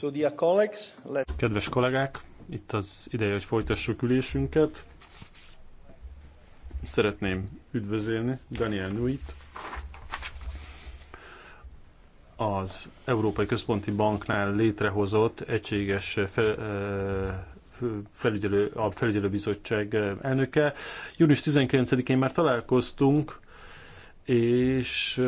So, dear colleagues, let... Kedves kollégák, itt az ideje, hogy folytassuk ülésünket. Szeretném üdvözölni Daniel Nuit, az Európai Központi Banknál létrehozott egységes fe, felügyelő, a felügyelőbizottság elnöke. Június 19-én már találkoztunk, és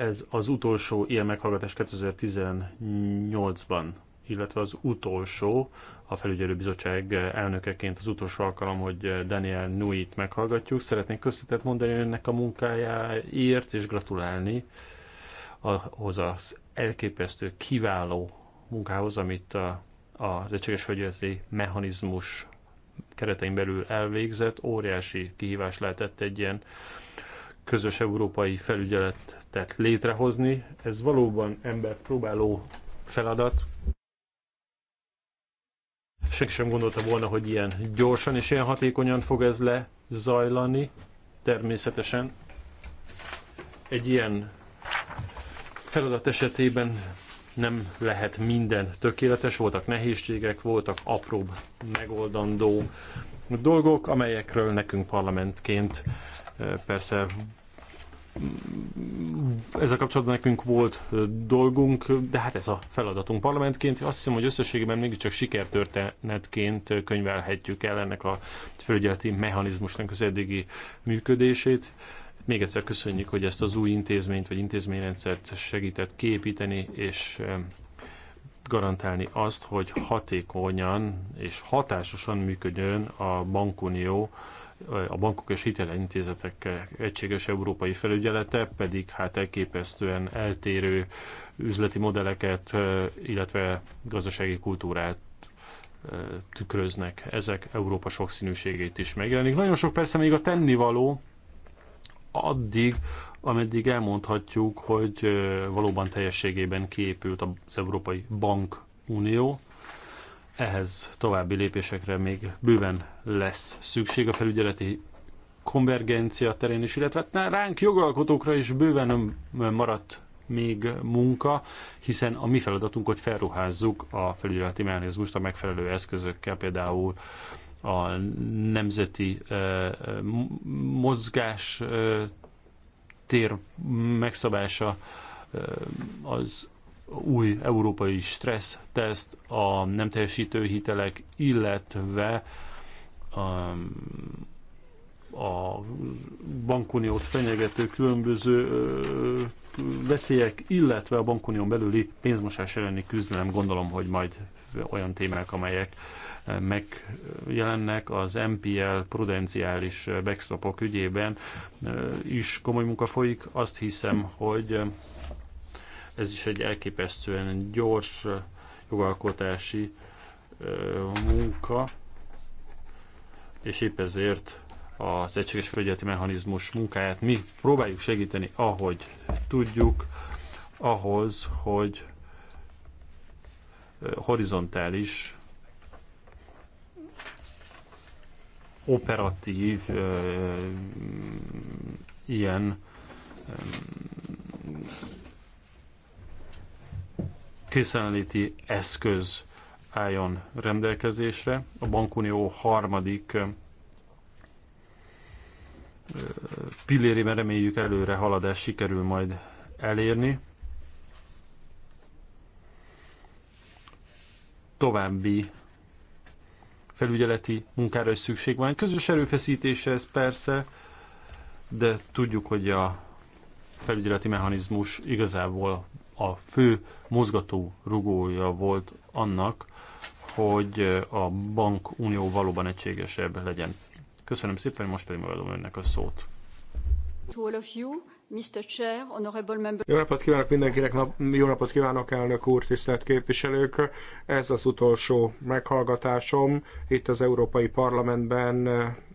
Ez az utolsó ilyen meghallgatás 2018-ban, illetve az utolsó, a felügyelőbizottság elnökeként az utolsó alkalom, hogy Daniel Nuit meghallgatjuk. Szeretnék köszönetet mondani önnek a munkájáért, és gratulálni ahhoz az elképesztő, kiváló munkához, amit a, az egységes felügyeleti mechanizmus keretein belül elvégzett. Óriási kihívás lehetett egy ilyen közös európai felügyelet tehát létrehozni. Ez valóban embert próbáló feladat. Senki sem gondolta volna, hogy ilyen gyorsan és ilyen hatékonyan fog ez lezajlani. Természetesen egy ilyen feladat esetében nem lehet minden tökéletes, voltak nehézségek, voltak apróbb megoldandó dolgok, amelyekről nekünk parlamentként eh, persze ezzel kapcsolatban nekünk volt dolgunk, de hát ez a feladatunk parlamentként. Azt hiszem, hogy összességében mégiscsak sikertörténetként könyvelhetjük el ennek a felügyeleti mechanizmusnak az eddigi működését. Még egyszer köszönjük, hogy ezt az új intézményt vagy intézményrendszert segített képíteni, és garantálni azt, hogy hatékonyan és hatásosan működjön a bankunió a bankok és hitelintézetek egységes európai felügyelete pedig hát elképesztően eltérő üzleti modelleket, illetve gazdasági kultúrát tükröznek. Ezek Európa sokszínűségét is megjelenik. Nagyon sok persze még a tennivaló, addig, ameddig elmondhatjuk, hogy valóban teljességében kiépült az Európai Bank Unió, ehhez további lépésekre még bőven lesz szükség a felügyeleti konvergencia terén is, illetve hát ránk jogalkotókra is bőven maradt még munka, hiszen a mi feladatunk, hogy felruházzuk a felügyeleti mechanizmust a megfelelő eszközökkel, például a nemzeti eh, mozgás eh, tér megszabása, eh, az új európai stressz teszt, a nem teljesítő hitelek, illetve a, um, a bankuniót fenyegető különböző veszélyek, illetve a bankunión belüli pénzmosás elleni küzdelem, gondolom, hogy majd olyan témák, amelyek megjelennek az MPL prudenciális backstopok ügyében is komoly munka folyik. Azt hiszem, hogy ez is egy elképesztően gyors jogalkotási munka, és épp ezért az egységes felügyeleti mechanizmus munkáját mi próbáljuk segíteni, ahogy tudjuk, ahhoz, hogy horizontális operatív ilyen készenléti eszköz álljon rendelkezésre. A Bankunió harmadik pillérében reméljük előre haladás sikerül majd elérni. További felügyeleti munkára is szükség van. Közös erőfeszítése ez persze, de tudjuk, hogy a felügyeleti mechanizmus igazából a fő mozgató rugója volt annak, hogy a bankunió valóban egységesebb legyen. Köszönöm szépen, most pedig megadom önnek a szót. To all of you, Mr. Chair, honorable member. Jó napot kívánok mindenkinek, nap, jó napot kívánok elnök úr, tisztelt képviselők! Ez az utolsó meghallgatásom itt az Európai Parlamentben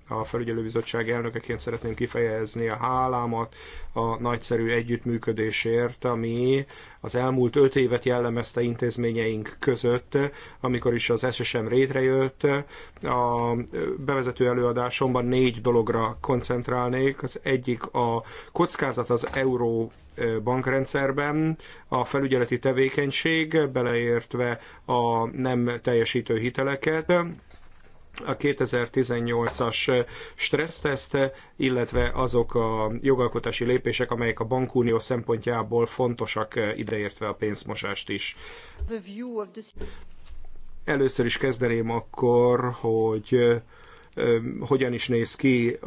a felügyelőbizottság elnökeként szeretném kifejezni a hálámat a nagyszerű együttműködésért, ami az elmúlt öt évet jellemezte intézményeink között, amikor is az SSM rétrejött. A bevezető előadásomban négy dologra koncentrálnék. Az egyik a kockázat az euró bankrendszerben, a felügyeleti tevékenység, beleértve a nem teljesítő hiteleket, a 2018-as eh, stresszteszt, eh, illetve azok a jogalkotási lépések, amelyek a bankunió szempontjából fontosak, eh, ideértve a pénzmosást is. Először is kezdeném akkor, hogy hogyan is néz ki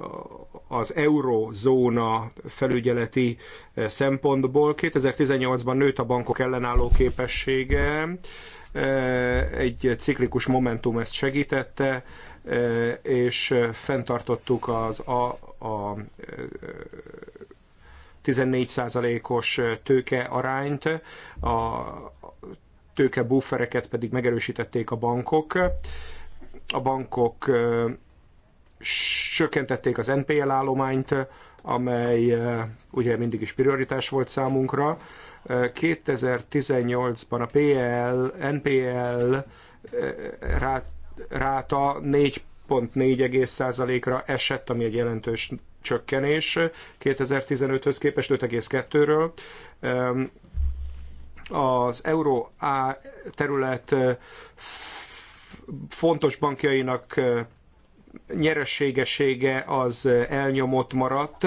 az eurozóna felügyeleti szempontból. 2018-ban nőtt a bankok ellenálló képessége, egy ciklikus momentum ezt segítette, és fenntartottuk az a, a 14%-os tőke arányt, a tőke buffereket pedig megerősítették a bankok. A bankok sökkentették az NPL állományt, amely ugye mindig is prioritás volt számunkra, 2018-ban a PL, NPL ráta 4.4%-ra esett, ami egy jelentős csökkenés 2015-höz képest 5,2-ről. Az euró terület fontos bankjainak nyerességesége az elnyomott maradt,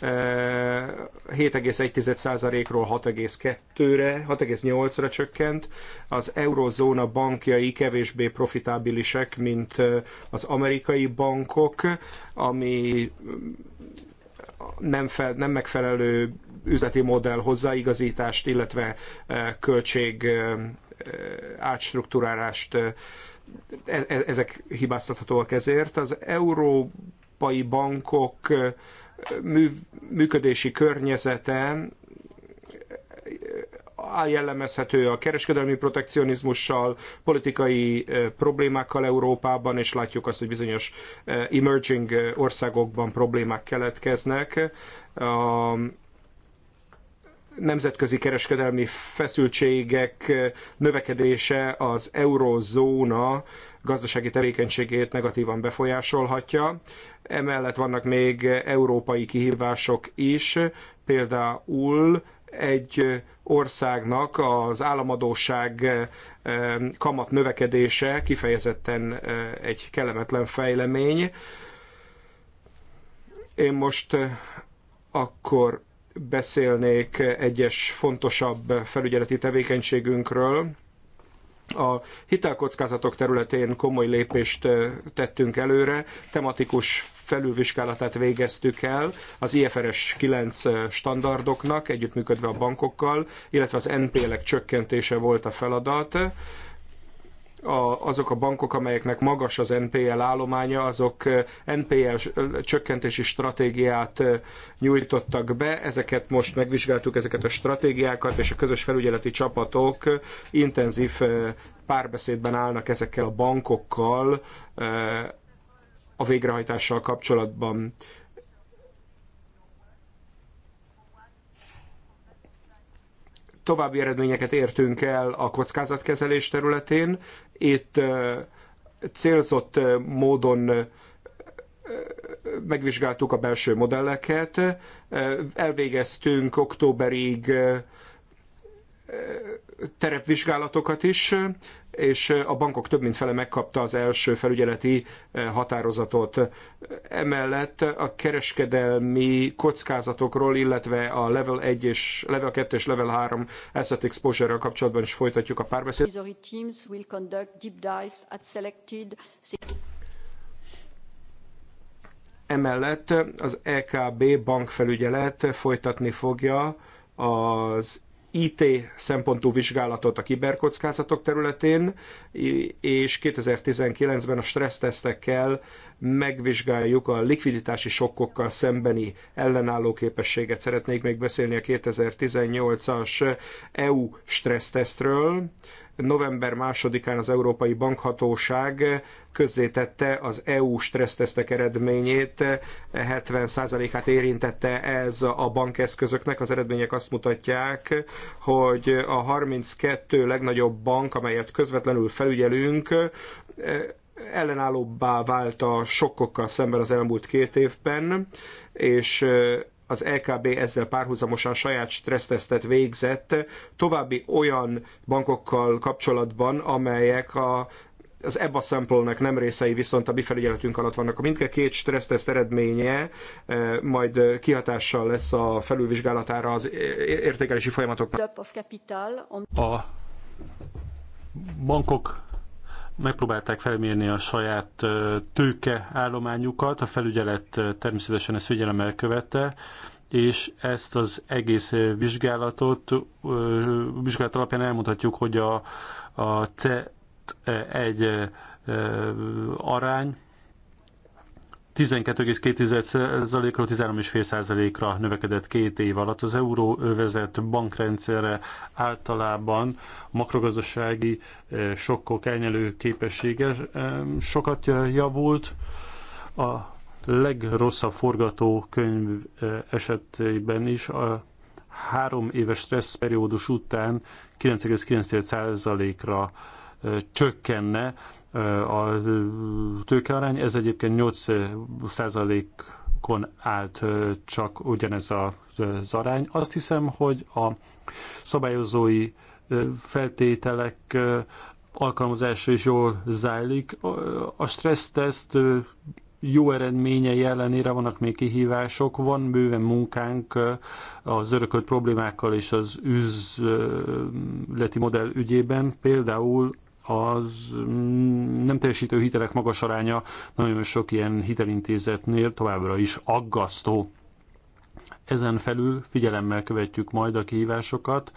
7,1%-ról 6,2-re, 6,8-ra csökkent. Az eurozóna bankjai kevésbé profitábilisek, mint eh, az amerikai bankok, ami eh, nem, fel, nem megfelelő üzleti modell hozzáigazítást, illetve eh, költség átstruktúrálást E-, e-, ezek hibáztathatóak ezért. Az európai bankok e, működési környezeten jellemezhető a kereskedelmi protekcionizmussal, politikai problémákkal Európában, és látjuk azt, hogy bizonyos emerging országokban problémák keletkeznek nemzetközi kereskedelmi feszültségek eh, növekedése az eurozóna gazdasági tevékenységét negatívan befolyásolhatja. Emellett vannak még európai kihívások is, például egy országnak az államadóság eh, kamat növekedése kifejezetten eh, egy kellemetlen fejlemény. Én most akkor beszélnék egyes fontosabb felügyeleti tevékenységünkről. A hitelkockázatok területén komoly lépést tettünk előre, tematikus felülvizsgálatát végeztük el az IFRS 9 standardoknak, együttműködve a bankokkal, illetve az NPL-ek csökkentése volt a feladat a, azok a bankok, amelyeknek magas az NPL állománya, azok NPL csökkentési stratégiát nyújtottak be. Ezeket most megvizsgáltuk, ezeket a stratégiákat, és a közös felügyeleti csapatok intenzív párbeszédben állnak ezekkel a bankokkal a végrehajtással kapcsolatban. további eredményeket értünk el a kockázatkezelés területén. Itt célzott módon megvizsgáltuk a belső modelleket, elvégeztünk októberig terepvizsgálatokat is, és a bankok több mint fele megkapta az első felügyeleti eh, határozatot. Emellett a kereskedelmi kockázatokról, illetve a level 1 és level 2 és level 3 asset exposure kapcsolatban is folytatjuk a párbeszédet. Emellett az EKB bankfelügyelet folytatni fogja az IT szempontú vizsgálatot a kiberkockázatok területén, és 2019-ben a stressztesztekkel megvizsgáljuk a likviditási sokkokkal szembeni ellenálló képességet. Szeretnék még beszélni a 2018-as EU stressztesztről, november másodikán az Európai Bankhatóság közzétette az EU stressztesztek eredményét, 70%-át érintette ez a bankeszközöknek. Az eredmények azt mutatják, hogy a 32 legnagyobb bank, amelyet közvetlenül felügyelünk, ellenállóbbá vált a sokkokkal szemben az elmúlt két évben, és az LKB ezzel párhuzamosan saját stressztesztet végzett további olyan bankokkal kapcsolatban, amelyek a az EBA sample nem részei, viszont a mi felügyeletünk alatt vannak. A mindkét két stresszteszt eredménye e, majd kihatással lesz a felülvizsgálatára az értékelési folyamatoknak. A bankok megpróbálták felmérni a saját tőke állományukat, a felügyelet természetesen ezt figyelemmel követte, és ezt az egész vizsgálatot, vizsgálat alapján elmondhatjuk, hogy a, a C1 e arány 12,2%-ról 13,5%-ra növekedett két év alatt. Az euróövezet bankrendszere általában makrogazdasági eh, sokkok elnyelő képessége eh, sokat javult. A legrosszabb forgatókönyv eh, esetében is a három éves stressz periódus után 9,9%-ra csökkenne a tőkearány, ez egyébként 8%-on állt csak ugyanez az arány. Azt hiszem, hogy a szabályozói feltételek alkalmazása is jól zajlik. A stresszteszt jó eredményei ellenére vannak még kihívások, van bőven munkánk az örökölt problémákkal és az üzleti modell ügyében, például az mm, nem teljesítő hitelek magas aránya nagyon sok ilyen hitelintézetnél továbbra is aggasztó. Ezen felül figyelemmel követjük majd a kihívásokat,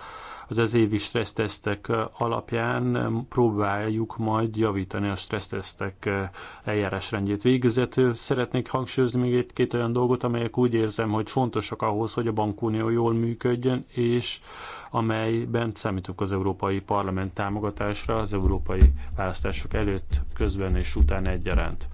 az ez évi stressztesztek alapján próbáljuk majd javítani a stressztesztek eljárásrendjét. Végezetül szeretnék hangsúlyozni még egy-két olyan dolgot, amelyek úgy érzem, hogy fontosak ahhoz, hogy a bankunió jól működjön, és amelyben számítunk az Európai Parlament támogatásra az európai választások előtt, közben és után egyaránt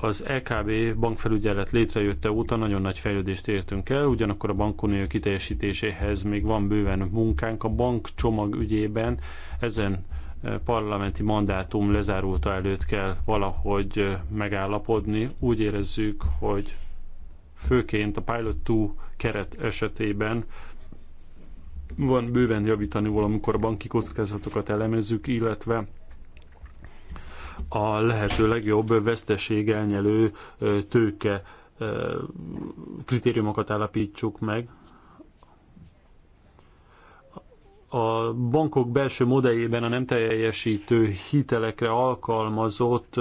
az EKB bankfelügyelet létrejötte óta nagyon nagy fejlődést értünk el, ugyanakkor a bankunió kiteljesítéséhez még van bőven munkánk. A bank csomag ügyében ezen eh, parlamenti mandátum lezárulta előtt kell valahogy eh, megállapodni. Úgy érezzük, hogy főként a Pilot 2 keret esetében van bőven javítani valamikor a banki kockázatokat elemezzük, illetve a lehető legjobb veszteség elnyelő tőke kritériumokat állapítsuk meg, a bankok belső modelljében a nem teljesítő hitelekre alkalmazott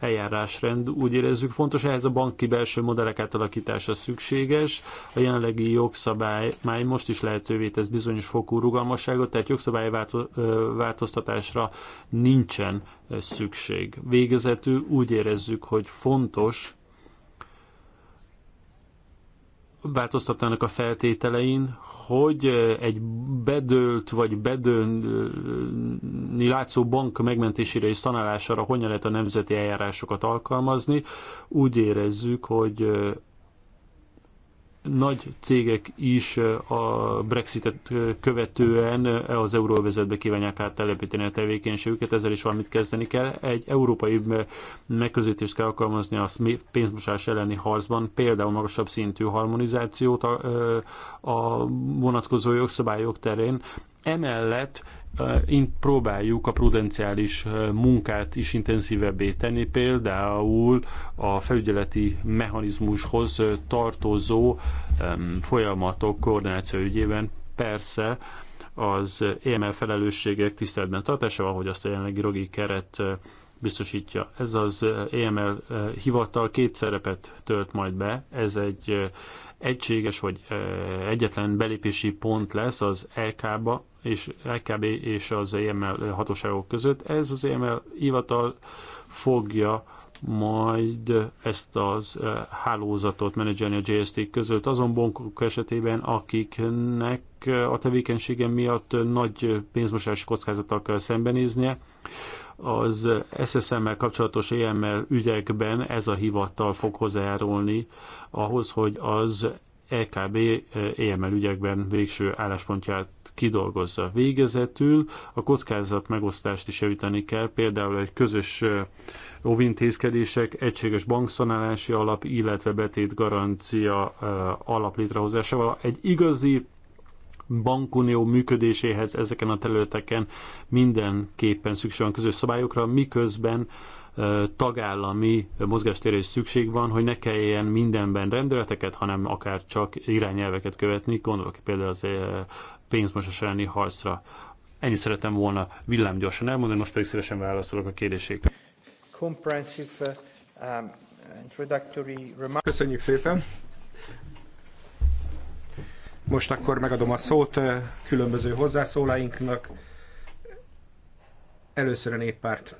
eljárásrend úgy érezzük fontos, ehhez a banki belső modellek átalakítása szükséges. A jelenlegi jogszabály már most is lehetővé tesz bizonyos fokú rugalmasságot, tehát jogszabály változtatásra nincsen szükség. Végezetül úgy érezzük, hogy fontos változtatnának a feltételein, hogy egy bedőlt vagy bedőlni látszó bank megmentésére és tanálására hogyan lehet a nemzeti eljárásokat alkalmazni. Úgy érezzük, hogy nagy cégek is a Brexitet követően az euróvezetbe kívánják áttelepíteni a tevékenységüket, ezzel is valamit kezdeni kell. Egy európai megközelítést kell alkalmazni a pénzmosás elleni harcban, például magasabb szintű harmonizációt a, a vonatkozó jogszabályok terén. Emellett próbáljuk a prudenciális munkát is intenzívebbé tenni, például a felügyeleti mechanizmushoz tartozó folyamatok koordináció ügyében. Persze az EML felelősségek tiszteletben tartásával, hogy azt a jelenlegi rogi keret biztosítja. Ez az EML hivatal két szerepet tölt majd be. Ez egy egységes vagy egyetlen belépési pont lesz az lk e ba és LKB és az EML hatóságok között. Ez az EML hivatal fogja majd ezt a eh, hálózatot menedzselni a JST között azon bankok esetében, akiknek eh, a tevékenysége miatt nagy pénzmosási kockázattal kell szembenéznie. Az SSM-mel kapcsolatos EML ügyekben ez a hivatal fog hozzájárulni ahhoz, hogy az EKB EML eh, e ügyekben végső álláspontját kidolgozza. Végezetül a kockázat megosztást is javítani kell, például egy közös eh, óvintézkedések, egységes bankszanálási alap, illetve betét garancia eh, alap létrehozásával. Egy igazi bankunió működéséhez ezeken a területeken mindenképpen szükség van közös szabályokra, miközben tagállami mozgástérre is szükség van, hogy ne kelljen mindenben rendeleteket, hanem akár csak irányelveket követni, gondolok például az pénzmosás elleni harcra. Ennyi szeretem volna villámgyorsan elmondani, most pedig szívesen válaszolok a kérdésékre. Uh, um, Köszönjük szépen! Most akkor megadom a szót különböző hozzászólainknak. Először a néppárt.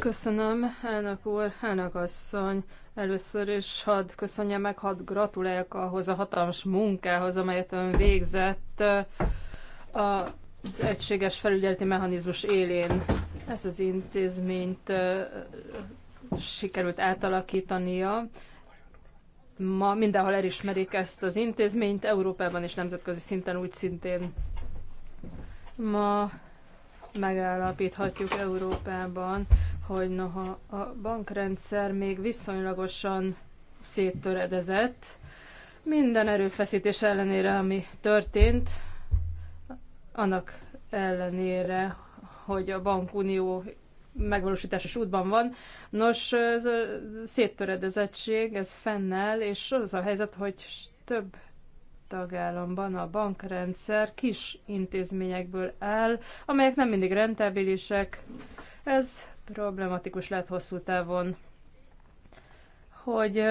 Köszönöm, elnök úr, elnök asszony. Először is hadd köszönjem meg, hadd gratuláljak ahhoz a hatalmas munkához, amelyet ön végzett az egységes felügyeleti mechanizmus élén. Ezt az intézményt sikerült átalakítania. Ma mindenhol elismerik ezt az intézményt, Európában és nemzetközi szinten úgy szintén. Ma megállapíthatjuk Európában, hogy noha a bankrendszer még viszonylagosan széttöredezett, minden erőfeszítés ellenére, ami történt, annak ellenére, hogy a bankunió megvalósításos útban van. Nos, ez a széttöredezettség, ez fennáll, és az a helyzet, hogy több tagállamban a bankrendszer kis intézményekből áll, amelyek nem mindig rentábilisek. Ez problematikus lehet hosszú távon, hogy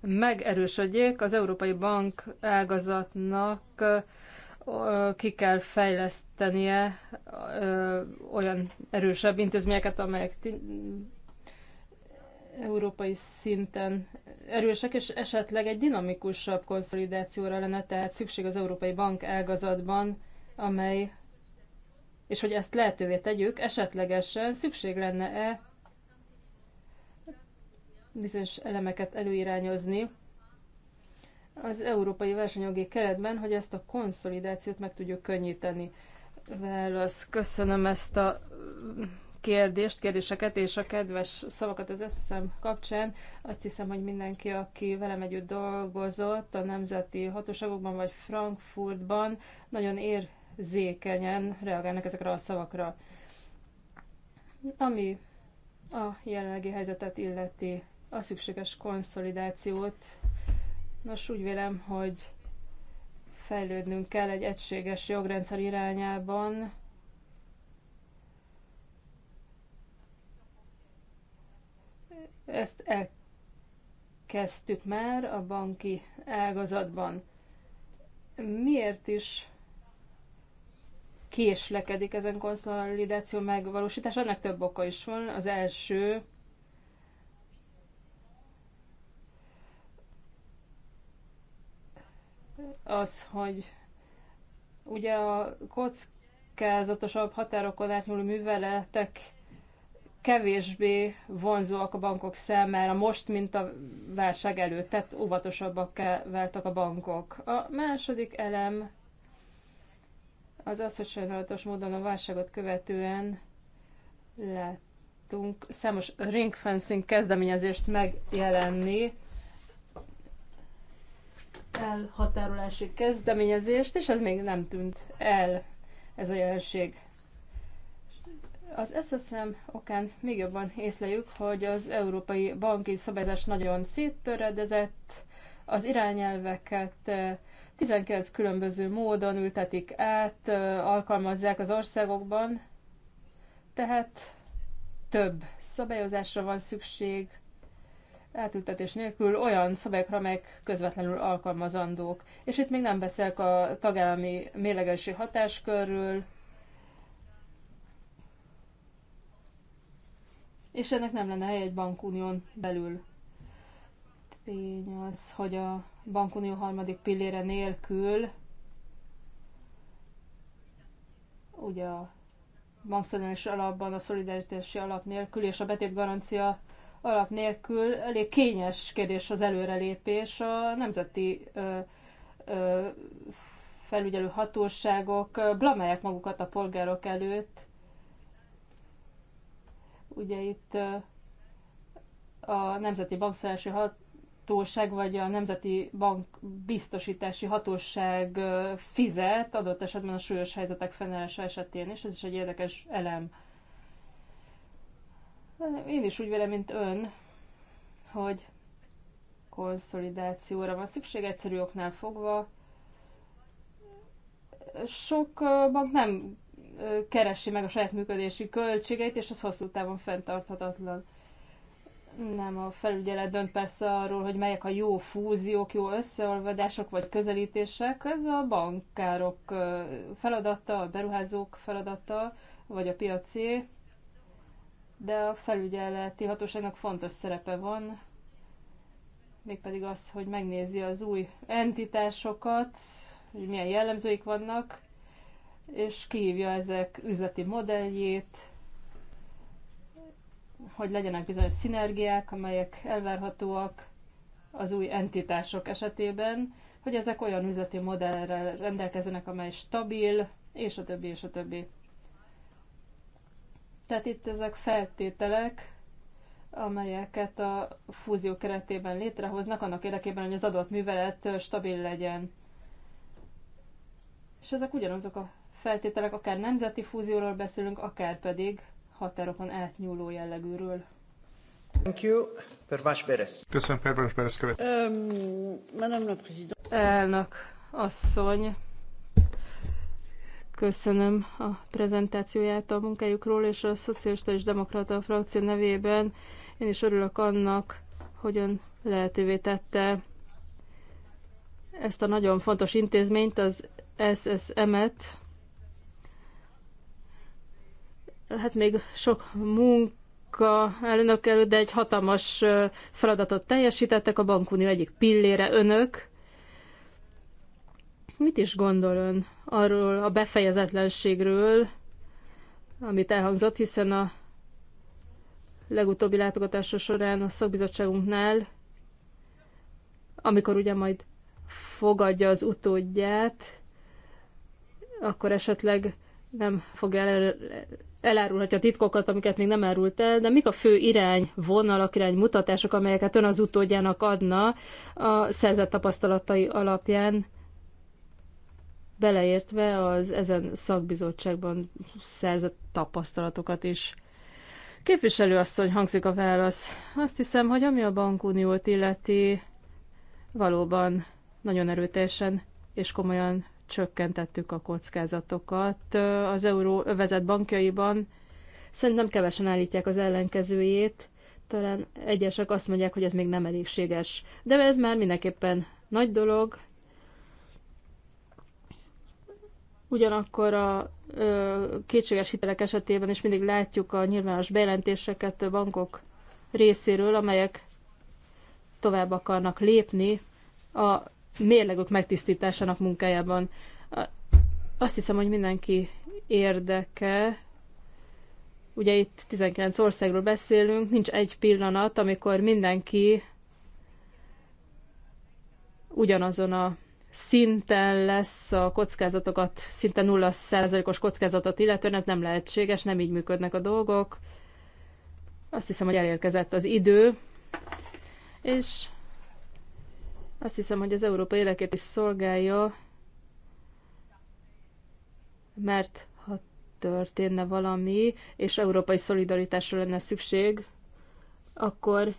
megerősödjék az európai bank ágazatnak ki kell fejlesztenie olyan erősebb intézményeket, amelyek európai szinten erősek, és esetleg egy dinamikusabb konszolidációra lenne tehát szükség az európai bank ágazatban, amely, és hogy ezt lehetővé tegyük, esetlegesen szükség lenne-e bizonyos elemeket előirányozni az európai versenyjogi keretben, hogy ezt a konszolidációt meg tudjuk könnyíteni. Válasz, köszönöm ezt a kérdést, kérdéseket és a kedves szavakat az SSM kapcsán. Azt hiszem, hogy mindenki, aki velem együtt dolgozott a nemzeti hatóságokban vagy Frankfurtban, nagyon érzékenyen reagálnak ezekre a szavakra. Ami a jelenlegi helyzetet illeti, a szükséges konszolidációt. Nos, úgy vélem, hogy fejlődnünk kell egy egységes jogrendszer irányában, Ezt elkezdtük már a banki ágazatban. Miért is késlekedik ezen konszolidáció megvalósítása? Ennek több oka is van. Az első, az, hogy ugye a kockázatosabb határokon átnyúló műveletek kevésbé vonzóak a bankok számára most, mint a válság előtt, tehát óvatosabbak váltak a bankok. A második elem az az, hogy sajnálatos módon a válságot követően láttunk számos ringfencing kezdeményezést megjelenni, elhatárolási kezdeményezést, és ez még nem tűnt el, ez a jelenség. Az SSM okán még jobban észleljük, hogy az európai banki szabályzás nagyon széttöredezett, az irányelveket 19 eh, különböző módon ültetik át, eh, alkalmazzák az országokban, tehát több szabályozásra van szükség, átültetés nélkül olyan szabályokra, amelyek közvetlenül alkalmazandók. És itt még nem beszélek a tagállami mérlegelési hatáskörről, és ennek nem lenne helye egy bankunión belül. Tény az, hogy a bankunió harmadik pillére nélkül ugye a bankszolidaritás alapban, a szolidaritási alap nélkül és a betétgarancia alap nélkül elég kényes kérdés az előrelépés. A nemzeti ö, ö, felügyelő hatóságok blamelják magukat a polgárok előtt, Ugye itt a Nemzeti Bankszállási Hatóság vagy a Nemzeti Bank Biztosítási Hatóság fizet adott esetben a súlyos helyzetek fennállása esetén, és ez is egy érdekes elem. Én is úgy vélem, mint ön, hogy konszolidációra van szükség, egyszerű oknál fogva. Sok bank nem keresi meg a saját működési költségeit, és az hosszú távon fenntarthatatlan. Nem, a felügyelet dönt persze arról, hogy melyek a jó fúziók, jó összeolvadások vagy közelítések. Ez a bankárok feladata, a beruházók feladata, vagy a piaci. De a felügyeleti hatóságnak fontos szerepe van, mégpedig az, hogy megnézi az új entitásokat, hogy milyen jellemzőik vannak, és kívja ezek üzleti modelljét, hogy legyenek bizonyos szinergiák, amelyek elvárhatóak az új entitások esetében, hogy ezek olyan üzleti modellre rendelkezzenek, amely stabil, és a többi, és a többi. Tehát itt ezek feltételek, amelyeket a fúzió keretében létrehoznak, annak érdekében, hogy az adott művelet stabil legyen. És ezek ugyanazok a feltételek, akár nemzeti fúzióról beszélünk, akár pedig határokon átnyúló jellegűről. Thank you. Pervás Beres. Köszönöm, Pervás Beres követ. Um, Madame la Présidente. Elnök asszony, köszönöm a prezentációját a munkájukról, és a Szocialista és Demokrata frakció nevében én is örülök annak, hogy ön lehetővé tette ezt a nagyon fontos intézményt, az SSM-et, hát még sok munka elnök előtt, de egy hatalmas feladatot teljesítettek a bankunió egyik pillére önök. Mit is gondol ön arról a befejezetlenségről, amit elhangzott, hiszen a legutóbbi látogatása során a szakbizottságunknál, amikor ugye majd fogadja az utódját, akkor esetleg nem fog el elárulhatja titkokat, amiket még nem árult el, de mik a fő irány, vonalak, irány, mutatások, amelyeket ön az utódjának adna a szerzett tapasztalatai alapján, beleértve az ezen szakbizottságban szerzett tapasztalatokat is. Képviselő asszony hangzik a válasz. Azt hiszem, hogy ami a bankuniót illeti, valóban nagyon erőteljesen és komolyan csökkentettük a kockázatokat az euróövezet bankjaiban. Szerintem kevesen állítják az ellenkezőjét, talán egyesek azt mondják, hogy ez még nem elégséges. De ez már mindenképpen nagy dolog. Ugyanakkor a ö, kétséges hitelek esetében is mindig látjuk a nyilvános bejelentéseket bankok részéről, amelyek tovább akarnak lépni a mérlegök megtisztításának munkájában. Azt hiszem, hogy mindenki érdeke, ugye itt 19 országról beszélünk, nincs egy pillanat, amikor mindenki ugyanazon a szinten lesz a kockázatokat, szinte 0%-os kockázatot illetően, ez nem lehetséges, nem így működnek a dolgok. Azt hiszem, hogy elérkezett az idő, és azt hiszem, hogy az Európa éleket is szolgálja, mert ha történne valami, és európai szolidaritásra lenne szükség, akkor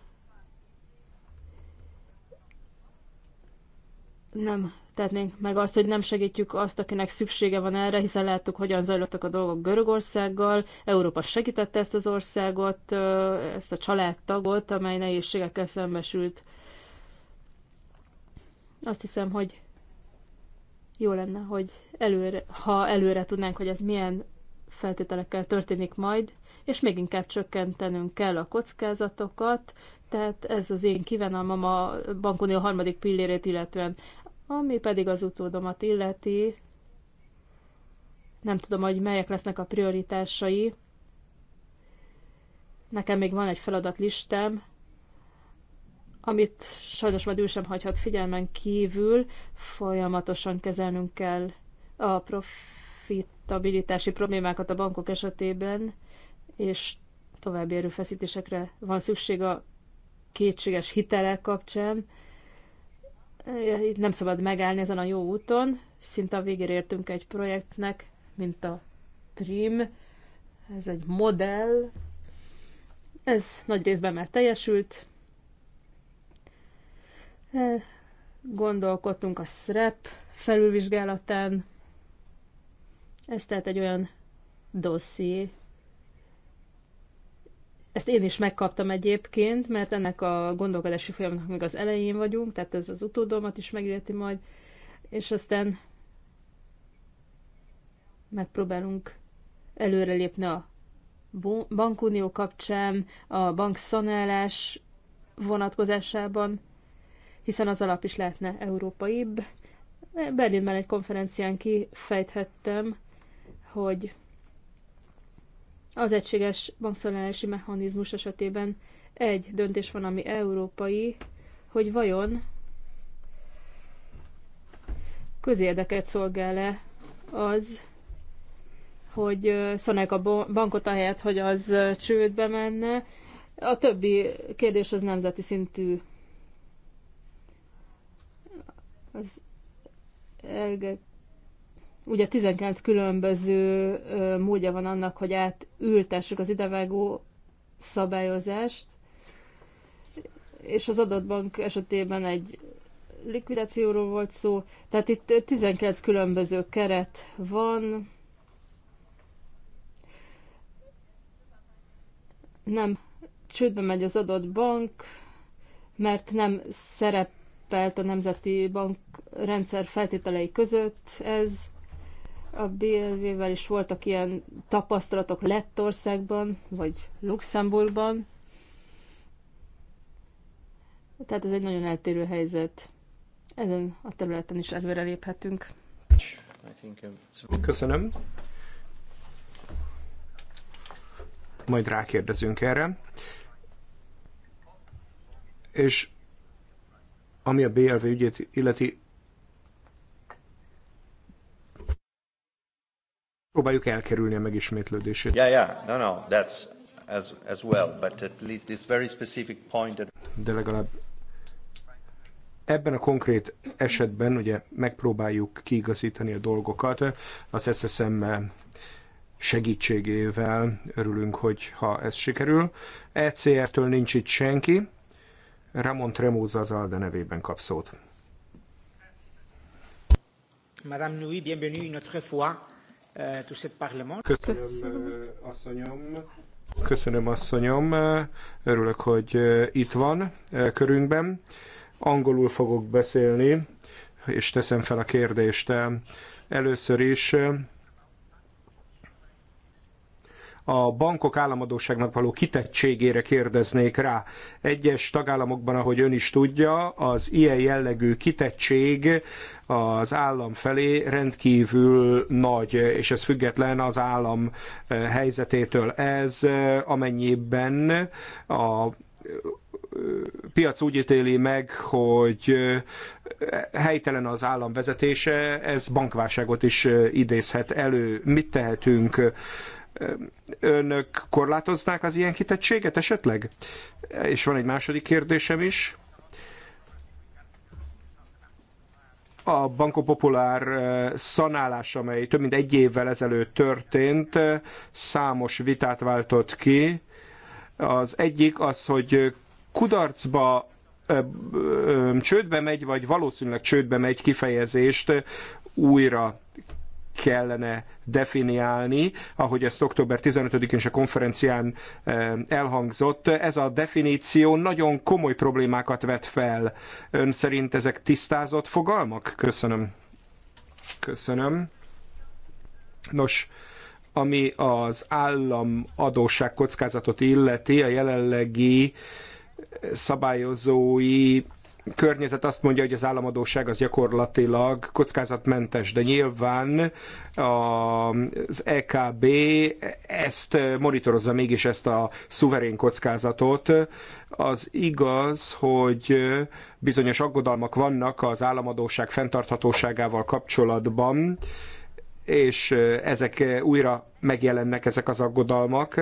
nem tehetnénk meg azt, hogy nem segítjük azt, akinek szüksége van erre, hiszen láttuk, hogyan zajlottak a dolgok Görögországgal. Európa segítette ezt az országot, ezt a családtagot, amely nehézségekkel szembesült. Azt hiszem, hogy jó lenne, hogy előre, ha előre tudnánk, hogy ez milyen feltételekkel történik majd, és még inkább csökkentenünk kell a kockázatokat, tehát ez az én kívánalmam a bankunió harmadik pillérét illetően. Ami pedig az utódomat illeti, nem tudom, hogy melyek lesznek a prioritásai. Nekem még van egy feladatlistám, amit sajnos majd ő sem hagyhat figyelmen kívül, folyamatosan kezelnünk kell a profitabilitási problémákat a bankok esetében, és további erőfeszítésekre van szükség a kétséges hitelek kapcsán. Itt nem szabad megállni ezen a jó úton. Szinte a végére értünk egy projektnek, mint a Trim. Ez egy modell. Ez nagy részben már teljesült, Gondolkodtunk a SREP felülvizsgálatán. Ez tehát egy olyan dosszié. Ezt én is megkaptam egyébként, mert ennek a gondolkodási folyamatnak még az elején vagyunk, tehát ez az utódomat is megérti majd, és aztán megpróbálunk előrelépni a bankunió kapcsán, a bankszanálás vonatkozásában hiszen az alap is lehetne európaibb. Berlinben egy konferencián kifejthettem, hogy az egységes bankszolgálási mechanizmus esetében egy döntés van, ami európai, hogy vajon közérdeket szolgál-e az, hogy szanek a bankot ahelyett, hogy az csődbe menne. A többi kérdés az nemzeti szintű az elge, ugye 19 különböző módja van annak, hogy átültessük az idevágó szabályozást, és az adott bank esetében egy likvidációról volt szó, tehát itt 19 különböző keret van, nem csődbe megy az adott bank, mert nem szerep szerepelt a Nemzeti Bankrendszer feltételei között ez. A BLV-vel is voltak ilyen tapasztalatok Lettországban, vagy Luxemburgban. Tehát ez egy nagyon eltérő helyzet. Ezen a területen is előre léphetünk. Köszönöm. Majd rákérdezünk erre. És ami a BLV ügyét illeti, próbáljuk elkerülni a megismétlődését. Yeah, yeah, no, no, that's as, as well, but at least this very specific point that... De legalább ebben a konkrét esetben ugye megpróbáljuk kiigazítani a dolgokat az SSM segítségével. Örülünk, hogy ha ez sikerül. ECR-től nincs itt senki, Ramon Tremóza az Alde nevében kap szót. Madame Nui, bienvenue une autre fois uh, tout cet parlement. Köszönöm, Köszönöm. Euh, asszonyom. Köszönöm, asszonyom. Örülök, hogy euh, itt van euh, körünkben. Angolul fogok beszélni, és teszem fel a kérdést. Először is a bankok államadóságnak való kitettségére kérdeznék rá. Egyes tagállamokban, ahogy ön is tudja, az ilyen jellegű kitettség az állam felé rendkívül nagy, és ez független az állam eh, helyzetétől. Ez eh, amennyiben a eh, piac úgy ítéli meg, hogy helytelen az állam vezetése, ez bankválságot is idézhet elő. Mit tehetünk? Önök korlátoznák az ilyen kitettséget esetleg? És van egy második kérdésem is. a Banco Popular eh, szanálás, amely több mint egy évvel ezelőtt történt, eh, számos vitát váltott ki. Az egyik az, hogy kudarcba eh, csődbe megy, vagy valószínűleg csődbe megy kifejezést újra kellene definiálni, ahogy ezt október 15-én is a konferencián eh, elhangzott. Ez a definíció nagyon komoly problémákat vet fel. Ön szerint ezek tisztázott fogalmak? Köszönöm. Köszönöm. Nos, ami az állam adósság kockázatot illeti, a jelenlegi szabályozói környezet azt mondja, hogy az államadóság az gyakorlatilag kockázatmentes, de nyilván az EKB ezt monitorozza mégis ezt a szuverén kockázatot. Az igaz, hogy bizonyos aggodalmak vannak az államadóság fenntarthatóságával kapcsolatban, és ezek újra megjelennek ezek az aggodalmak.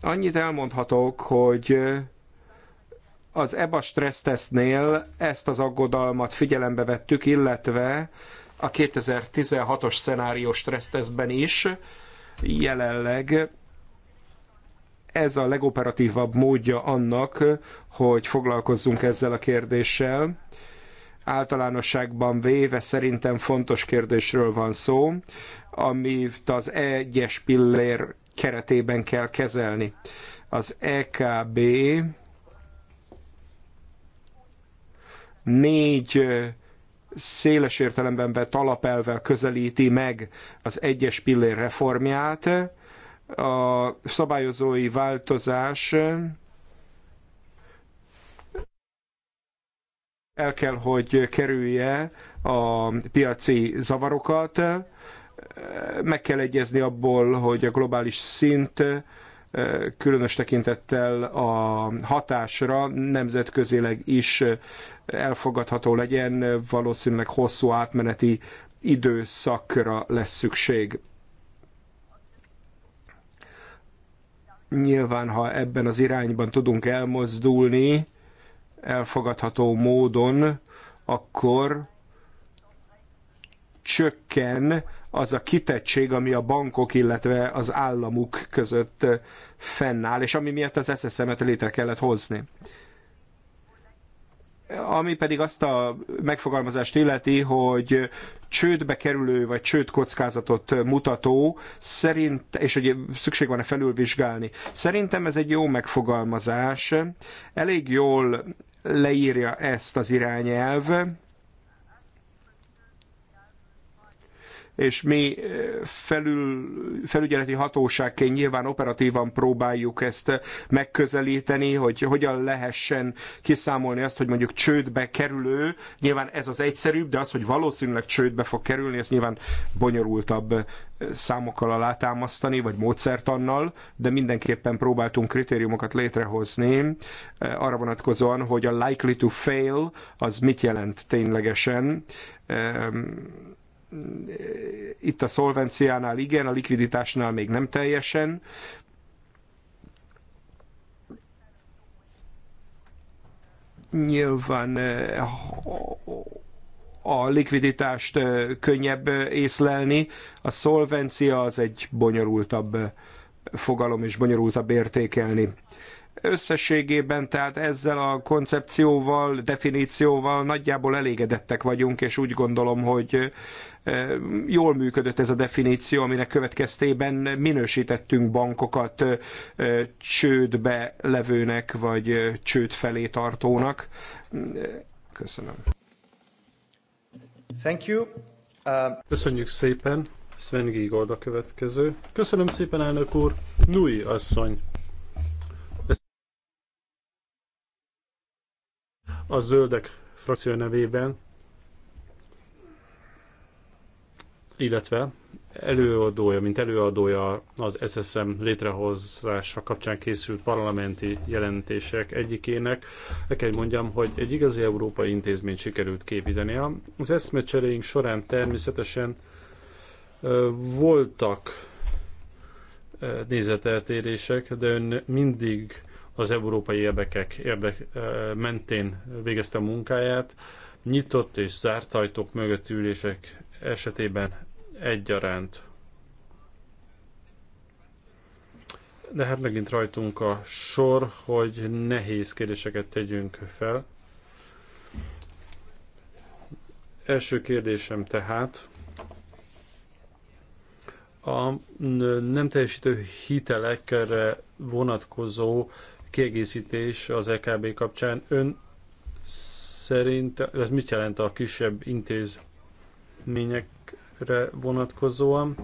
Annyit elmondhatok, hogy az EBA stressztesztnél ezt az aggodalmat figyelembe vettük, illetve a 2016-os szenárió stressztesztben is jelenleg ez a legoperatívabb módja annak, hogy foglalkozzunk ezzel a kérdéssel. Általánosságban véve szerintem fontos kérdésről van szó, amit az egyes pillér keretében kell kezelni. Az EKB négy széles értelemben vett alapelvel közelíti meg az egyes pillér reformját. A szabályozói változás el kell, hogy kerülje a piaci zavarokat, meg kell egyezni abból, hogy a globális szint különös tekintettel a hatásra nemzetközileg is elfogadható legyen, valószínűleg hosszú átmeneti időszakra lesz szükség. Nyilván, ha ebben az irányban tudunk elmozdulni elfogadható módon, akkor csökken az a kitettség, ami a bankok, illetve az államuk között eh, fennáll, és ami miatt az SSM-et létre kellett hozni. Ami pedig azt a megfogalmazást illeti, hogy csődbe kerülő vagy csőd kockázatot mutató, szerint, és hogy szükség van-e felülvizsgálni. Szerintem ez egy jó megfogalmazás, elég jól leírja ezt az irányelv, és mi eh, felül, felügyeleti hatóságként nyilván operatívan próbáljuk ezt eh, megközelíteni, hogy hogyan lehessen kiszámolni azt, hogy mondjuk csődbe kerülő, nyilván ez az egyszerűbb, de az, hogy valószínűleg csődbe fog kerülni, ez nyilván bonyolultabb eh, számokkal alátámasztani, vagy módszertannal, de mindenképpen próbáltunk kritériumokat létrehozni arra vonatkozóan, hogy a likely to fail az mit jelent ténylegesen itt a szolvenciánál igen, a likviditásnál még nem teljesen. Nyilván eh, a likviditást eh, könnyebb eh, észlelni, a szolvencia az egy bonyolultabb fogalom és bonyolultabb értékelni összességében, tehát ezzel a koncepcióval, definícióval nagyjából elégedettek vagyunk, és úgy gondolom, hogy jól működött ez a definíció, aminek következtében minősítettünk bankokat csődbe levőnek, vagy csőd felé tartónak. Köszönöm. Thank you. Uh... Köszönjük szépen. Sven Gigold a következő. Köszönöm szépen, elnök úr. Nui asszony. A zöldek frakció nevében illetve előadója, mint előadója az SSM létrehozása kapcsán készült parlamenti jelentések egyikének. Le kell mondjam, hogy egy igazi európai intézmény sikerült képítenie. Az eszmecseréink során természetesen voltak nézeteltérések, de ön mindig az európai érdekek érdek, mentén végezte a munkáját. Nyitott és zárt ajtók mögött ülések esetében egyaránt. De hát megint rajtunk a sor, hogy nehéz kérdéseket tegyünk fel. Első kérdésem tehát, a nem teljesítő hitelekre vonatkozó kiegészítés az EKB kapcsán. Ön szerint, ez mit jelent a kisebb intézmények vonatkozóan.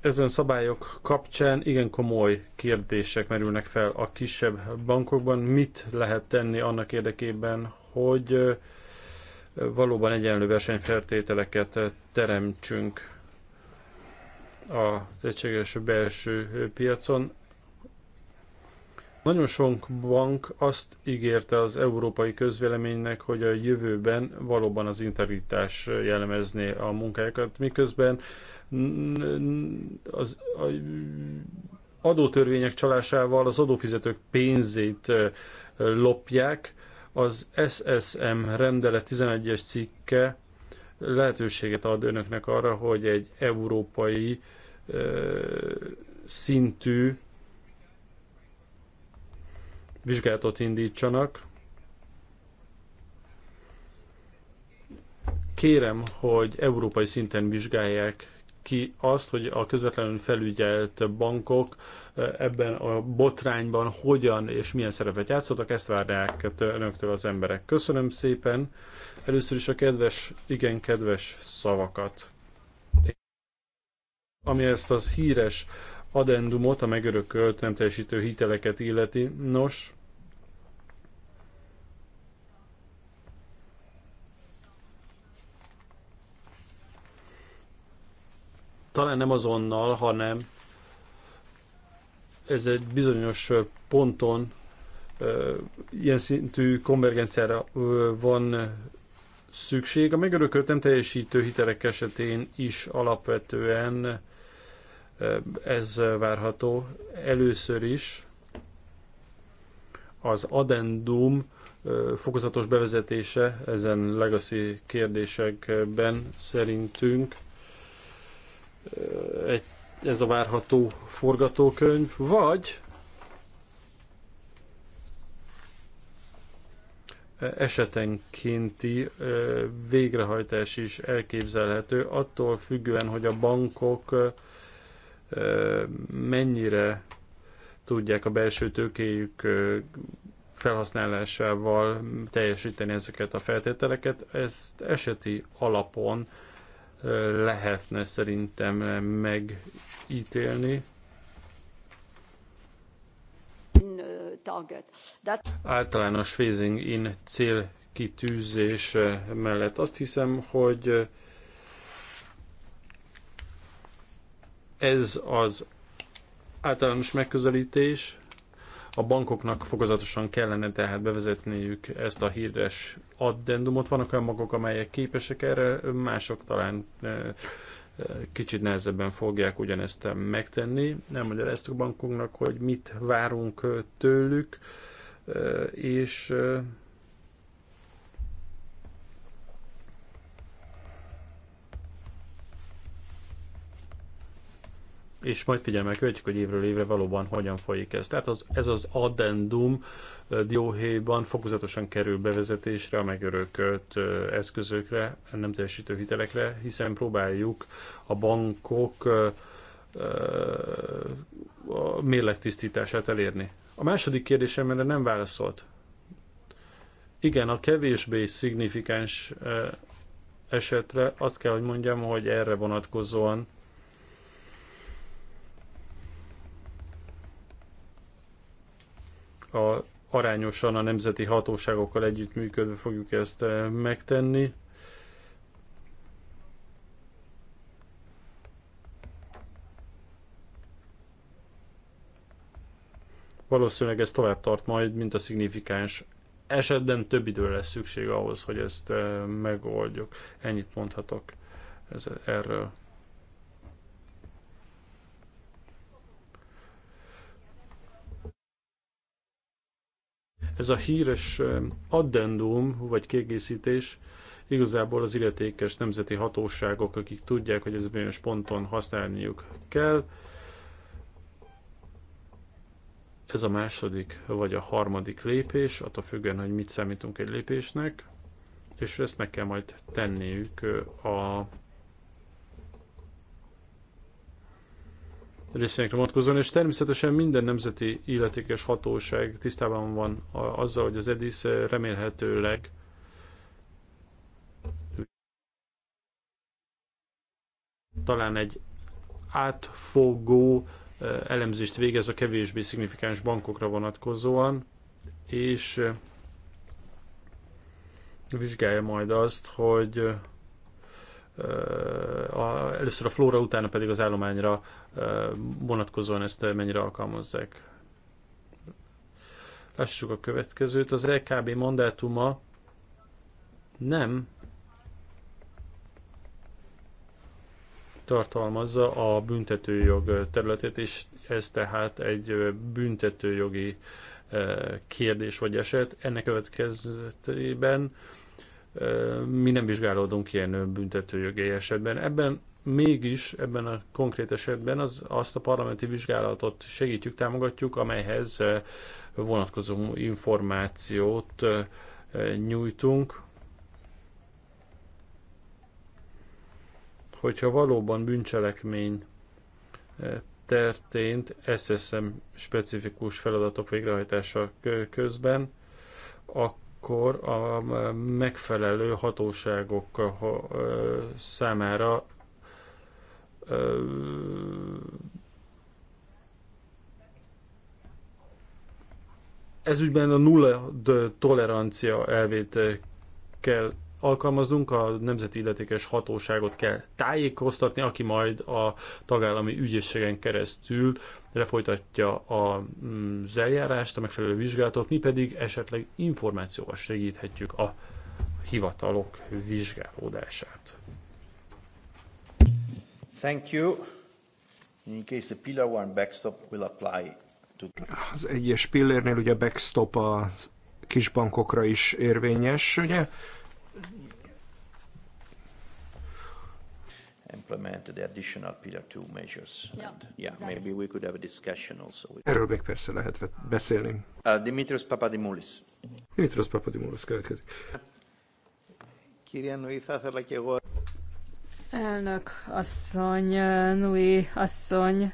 Ezen szabályok kapcsán igen komoly kérdések merülnek fel a kisebb bankokban. Mit lehet tenni annak érdekében, hogy valóban egyenlő versenyfeltételeket teremtsünk az egységes belső piacon. Nagyon sok bank azt ígérte az európai közvéleménynek, hogy a jövőben valóban az integritás jellemezné a munkájukat, miközben az a adótörvények csalásával az adófizetők pénzét lopják. Az SSM rendelet 11-es cikke lehetőséget ad önöknek arra, hogy egy európai szintű vizsgálatot indítsanak. Kérem, hogy európai szinten vizsgálják ki azt, hogy a közvetlenül felügyelt bankok eh, ebben a botrányban hogyan és milyen szerepet játszottak, ezt várják önöktől az emberek. Köszönöm szépen először is a kedves, igen kedves szavakat. Ami ezt az híres Adendumot a megörökölt nem teljesítő hiteleket illeti. Nos, talán nem azonnal, hanem ez egy bizonyos ponton ilyen szintű konvergenciára van szükség. A megörökölt nem teljesítő hitelek esetén is alapvetően ez várható. Először is az addendum fokozatos bevezetése ezen legacy kérdésekben szerintünk egy, ez a várható forgatókönyv, vagy esetenkénti végrehajtás is elképzelhető, attól függően, hogy a bankok mennyire tudják a belső tőkéjük felhasználásával teljesíteni ezeket a feltételeket, ezt eseti alapon lehetne szerintem megítélni. Általános phasing in célkitűzés mellett azt hiszem, hogy Ez az általános megközelítés. A bankoknak fokozatosan kellene tehát bevezetniük ezt a híres addendumot. Vannak olyan magok, amelyek képesek erre, mások talán eh, eh, kicsit nehezebben fogják ugyanezt megtenni. Nem magyaráztuk bankoknak, hogy mit várunk eh, tőlük, és és majd figyelemmel követjük, hogy évről évre valóban hogyan folyik ez. Tehát az, ez az addendum dióhéjban fokozatosan kerül bevezetésre a megörökölt eszközökre, nem teljesítő hitelekre, hiszen próbáljuk a bankok a tisztítását elérni. A második kérdésem erre nem válaszolt. Igen, a kevésbé szignifikáns esetre azt kell, hogy mondjam, hogy erre vonatkozóan a, arányosan a nemzeti hatóságokkal együttműködve fogjuk ezt eh, megtenni. Valószínűleg ez tovább tart majd, mint a szignifikáns esetben több idő lesz szükség ahhoz, hogy ezt eh, megoldjuk. Ennyit mondhatok ez, erről. Ez a híres addendum, vagy kiegészítés, igazából az illetékes nemzeti hatóságok, akik tudják, hogy ez bizonyos ponton használniuk kell. Ez a második vagy a harmadik lépés, attól függően, hogy mit számítunk egy lépésnek, és ezt meg kell majd tenniük a részvényekre vonatkozóan, és természetesen minden nemzeti illetékes hatóság tisztában van azzal, hogy az EDIS remélhetőleg talán egy átfogó eh, elemzést végez a kevésbé szignifikáns bankokra vonatkozóan, és eh, vizsgálja majd azt, hogy eh, a, először a flóra, utána pedig az állományra vonatkozóan ezt mennyire alkalmazzák. Lássuk a következőt. Az LKB e mandátuma nem tartalmazza a büntetőjog területét, és ez tehát egy büntetőjogi kérdés vagy eset. Ennek következtében mi nem vizsgálódunk ilyen büntetőjogi esetben. Ebben mégis ebben a konkrét esetben az, azt a parlamenti vizsgálatot segítjük, támogatjuk, amelyhez vonatkozó információt nyújtunk. Hogyha valóban bűncselekmény történt SSM specifikus feladatok végrehajtása közben, akkor a megfelelő hatóságok számára ez ügyben a nulla tolerancia elvét kell alkalmaznunk, a nemzeti illetékes hatóságot kell tájékoztatni, aki majd a tagállami ügyészségen keresztül lefolytatja az mm, eljárást, a megfelelő vizsgálatot, mi pedig esetleg információval segíthetjük a hivatalok vizsgálódását. Thank you. In case the pillar one backstop will apply to... Az egyes pillérnél ugye backstop a kisbankokra is érvényes, ugye? implemented the additional pillar two measures. Yeah, and, yeah exactly. maybe we could have a discussion also. With... Erről még persze lehet beszélni. Uh, Dimitros Papadimoulis. Dimitros Papadimoulis következik. Κύριε Νουή, θα ήθελα και Elnök asszony, Nui asszony,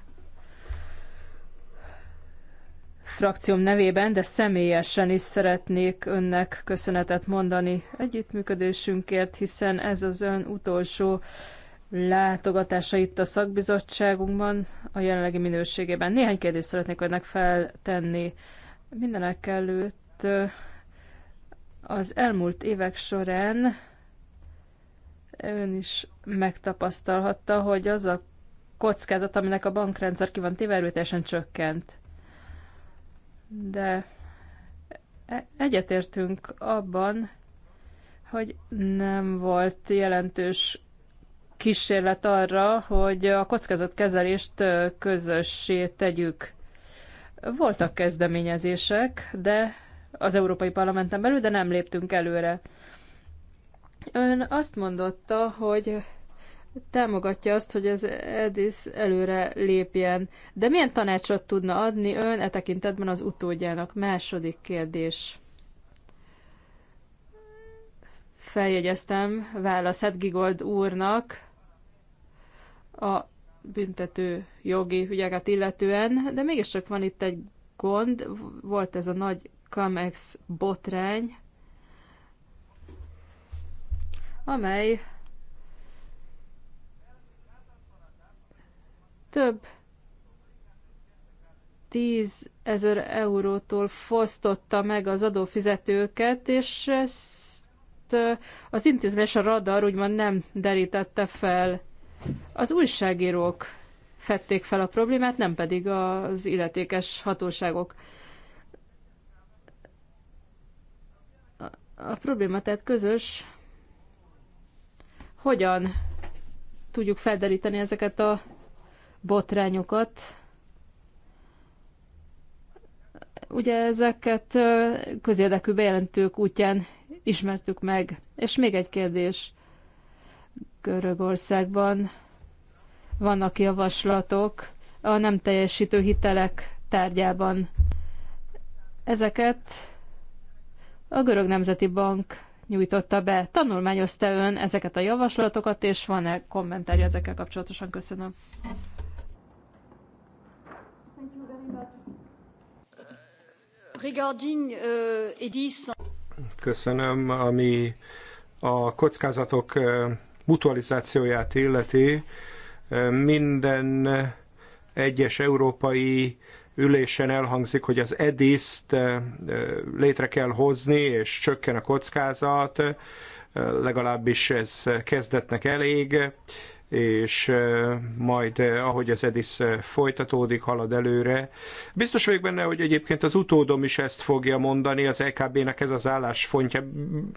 frakcióm nevében, de személyesen is szeretnék önnek köszönetet mondani együttműködésünkért, hiszen ez az ön utolsó látogatása itt a szakbizottságunkban a jelenlegi minőségében. Néhány kérdést szeretnék önnek feltenni. Mindenek előtt az elmúlt évek során Ön is megtapasztalhatta, hogy az a kockázat, aminek a bankrendszer ki van téve, csökkent. De e- egyetértünk abban, hogy nem volt jelentős kísérlet arra, hogy a kockázatkezelést közössé tegyük. Voltak kezdeményezések, de az Európai Parlamenten belül, de nem léptünk előre. Ön azt mondotta, hogy támogatja azt, hogy az Edis előre lépjen. De milyen tanácsot tudna adni ön e tekintetben az utódjának? Második kérdés. Feljegyeztem válaszát Gigold úrnak a büntető jogi ügyeket illetően, de mégiscsak van itt egy gond, volt ez a nagy Camex botrány, amely több tízezer eurótól fosztotta meg az adófizetőket, és ezt az intézmény a radar úgymond nem derítette fel. Az újságírók fették fel a problémát, nem pedig az illetékes hatóságok. A probléma tehát közös, hogyan tudjuk felderíteni ezeket a botrányokat. Ugye ezeket közérdekű bejelentők útján ismertük meg. És még egy kérdés. Görögországban vannak javaslatok a nem teljesítő hitelek tárgyában. Ezeket a Görög Nemzeti Bank nyújtotta be. Tanulmányozta ön ezeket a javaslatokat, és van-e kommentárja ezekkel kapcsolatosan? Köszönöm. Uh, Köszönöm, ami a kockázatok uh, mutualizációját illeti. Uh, minden egyes európai ülésen elhangzik, hogy az EDIS-t létre kell hozni, és csökken a kockázat, legalábbis ez kezdetnek elég és majd ahogy az EDIS folytatódik, halad előre. Biztos vagyok benne, hogy egyébként az utódom is ezt fogja mondani, az LKB-nek e ez az állásfontja,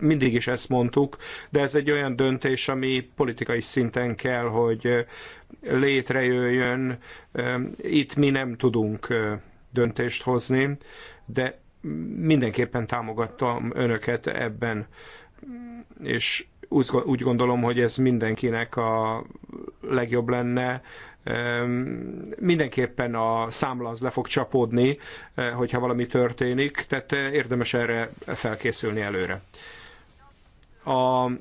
mindig is ezt mondtuk, de ez egy olyan döntés, ami politikai szinten kell, hogy létrejöjjön. Itt mi nem tudunk döntést hozni, de mindenképpen támogattam önöket ebben, és úgy gondolom, hogy ez mindenkinek a legjobb lenne. Mindenképpen a számla az le fog csapódni, hogyha valami történik, tehát érdemes erre felkészülni előre. A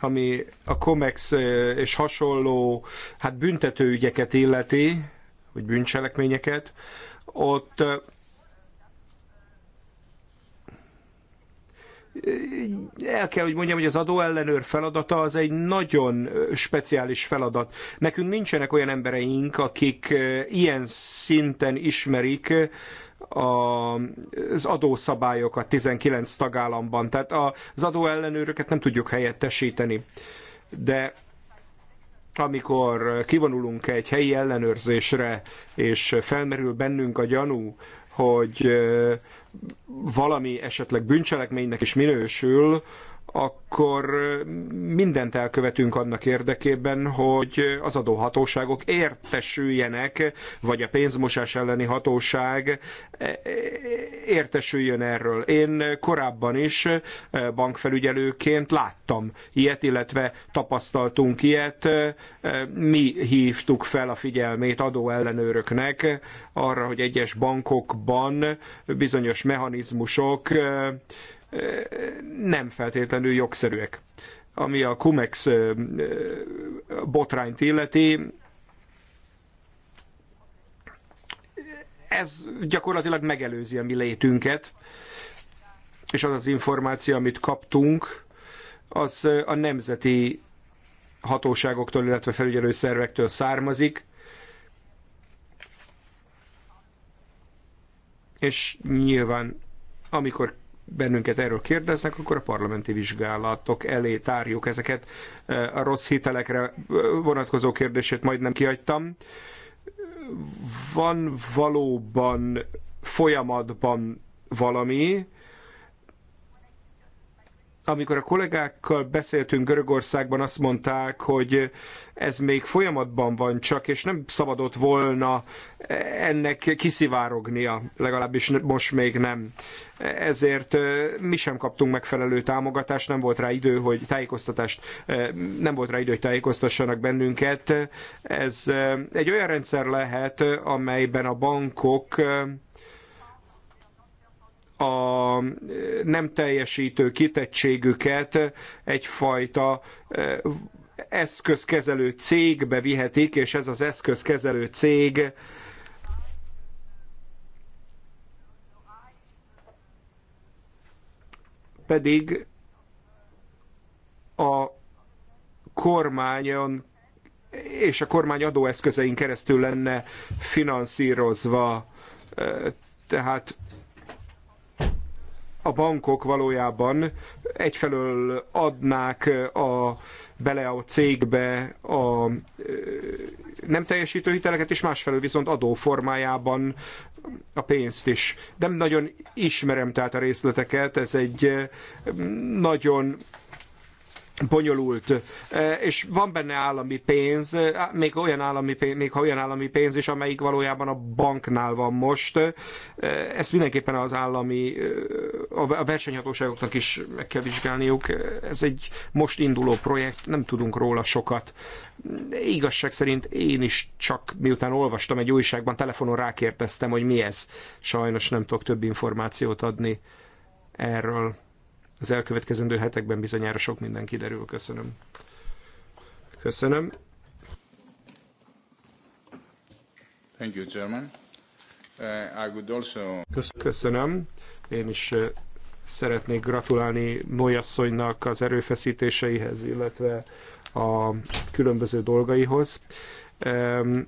ami a COMEX és hasonló hát büntetőügyeket illeti, vagy bűncselekményeket, ott el kell, hogy mondjam, hogy az adóellenőr feladata az egy nagyon speciális feladat. Nekünk nincsenek olyan embereink, akik ilyen szinten ismerik a, az adószabályokat 19 tagállamban. Tehát az adóellenőröket nem tudjuk helyettesíteni. De amikor kivonulunk egy helyi ellenőrzésre, és felmerül bennünk a gyanú, hogy valami esetleg bűncselekménynek is minősül, akkor mindent elkövetünk annak érdekében, hogy az adóhatóságok értesüljenek, vagy a pénzmosás elleni hatóság e, értesüljön erről. Én korábban is bankfelügyelőként láttam ilyet, illetve tapasztaltunk ilyet. Mi hívtuk fel a figyelmét adóellenőröknek arra, hogy egyes bankokban bizonyos mechanizmusok nem feltétlenül jogszerűek. Ami a Cumex botrányt illeti, ez gyakorlatilag megelőzi a mi létünket, és az az információ, amit kaptunk, az a nemzeti hatóságoktól, illetve felügyelő szervektől származik, és nyilván amikor bennünket erről kérdeznek, akkor a parlamenti vizsgálatok elé tárjuk ezeket. Eh, a rossz hitelekre eh, vonatkozó kérdését majdnem kihagytam. Van valóban folyamatban valami, amikor a kollégákkal beszéltünk Görögországban, azt mondták, hogy ez még folyamatban van csak, és nem szabadott volna ennek kiszivárognia, legalábbis most még nem. Ezért mi sem kaptunk megfelelő támogatást, nem volt rá idő, hogy tájékoztatást, nem volt rá idő, hogy tájékoztassanak bennünket. Ez egy olyan rendszer lehet, amelyben a bankok a nem teljesítő kitettségüket egyfajta eszközkezelő cégbe vihetik, és ez az eszközkezelő cég pedig a kormányon és a kormány adóeszközein keresztül lenne finanszírozva. Tehát a bankok valójában egyfelől adnák a, bele a cégbe a nem teljesítő hiteleket, és másfelől viszont adó formájában a pénzt is. Nem nagyon ismerem tehát a részleteket, ez egy nagyon bonyolult, e, és van benne állami pénz, e, még, olyan állami pénz, még ha olyan állami pénz is, amelyik valójában a banknál van most. E, ezt mindenképpen az állami, a versenyhatóságoknak is meg kell vizsgálniuk. Ez egy most induló projekt, nem tudunk róla sokat. Igazság szerint én is csak miután olvastam egy újságban, telefonon rákérdeztem, hogy mi ez. Sajnos nem tudok több információt adni erről az elkövetkezendő hetekben bizonyára sok minden kiderül. Köszönöm. Köszönöm. Thank you, German. Uh, I would also... Köszönöm. Én is uh, szeretnék gratulálni Molyasszonynak az erőfeszítéseihez, illetve a különböző dolgaihoz. Um,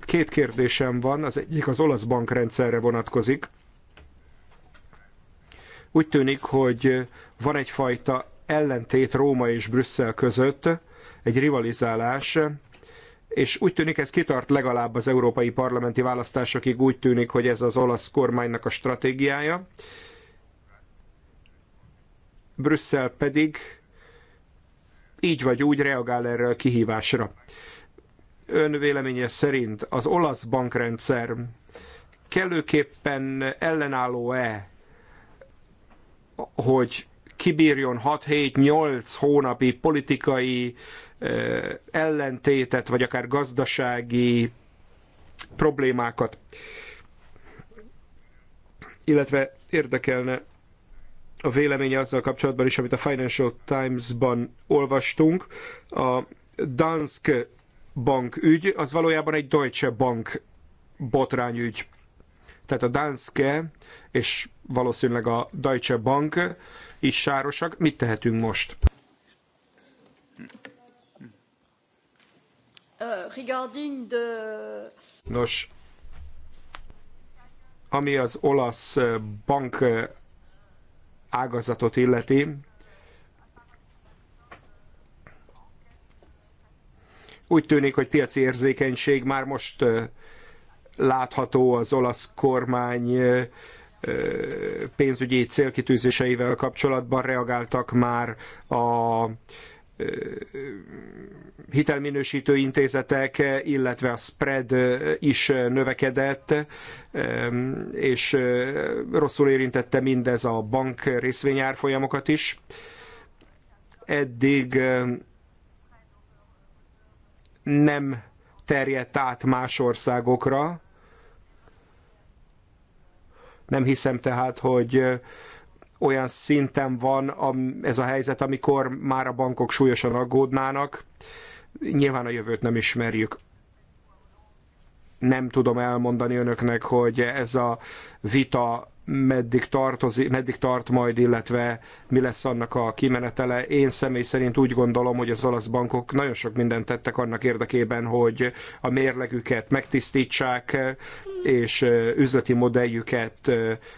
két kérdésem van, az egyik az olasz bankrendszerre vonatkozik. Úgy tűnik, hogy van egyfajta ellentét Róma és Brüsszel között, egy rivalizálás, és úgy tűnik ez kitart legalább az európai parlamenti választásokig, úgy tűnik, hogy ez az olasz kormánynak a stratégiája. Brüsszel pedig így vagy úgy reagál erre a kihívásra. Ön véleménye szerint az olasz bankrendszer kellőképpen ellenálló-e hogy kibírjon 6-7-8 hónapi politikai ellentétet, vagy akár gazdasági problémákat. Illetve érdekelne a véleménye azzal kapcsolatban is, amit a Financial Times-ban olvastunk. A Dansk Bank ügy, az valójában egy Deutsche Bank botrányügy tehát a Danske és valószínűleg a Deutsche Bank is sárosak. Mit tehetünk most? regarding the... Nos, ami az olasz bank ágazatot illeti, úgy tűnik, hogy piaci érzékenység már most látható az olasz kormány pénzügyi célkitűzéseivel kapcsolatban reagáltak már a hitelminősítő intézetek, illetve a spread is növekedett, és rosszul érintette mindez a bank részvényárfolyamokat is. Eddig nem terjedt át más országokra. Nem hiszem tehát, hogy olyan szinten van ez a helyzet, amikor már a bankok súlyosan aggódnának. Nyilván a jövőt nem ismerjük. Nem tudom elmondani önöknek, hogy ez a vita meddig, tartozik, meddig tart majd, illetve mi lesz annak a kimenetele. Én személy szerint úgy gondolom, hogy az olasz bankok nagyon sok mindent tettek annak érdekében, hogy a mérlegüket megtisztítsák, és üzleti modelljüket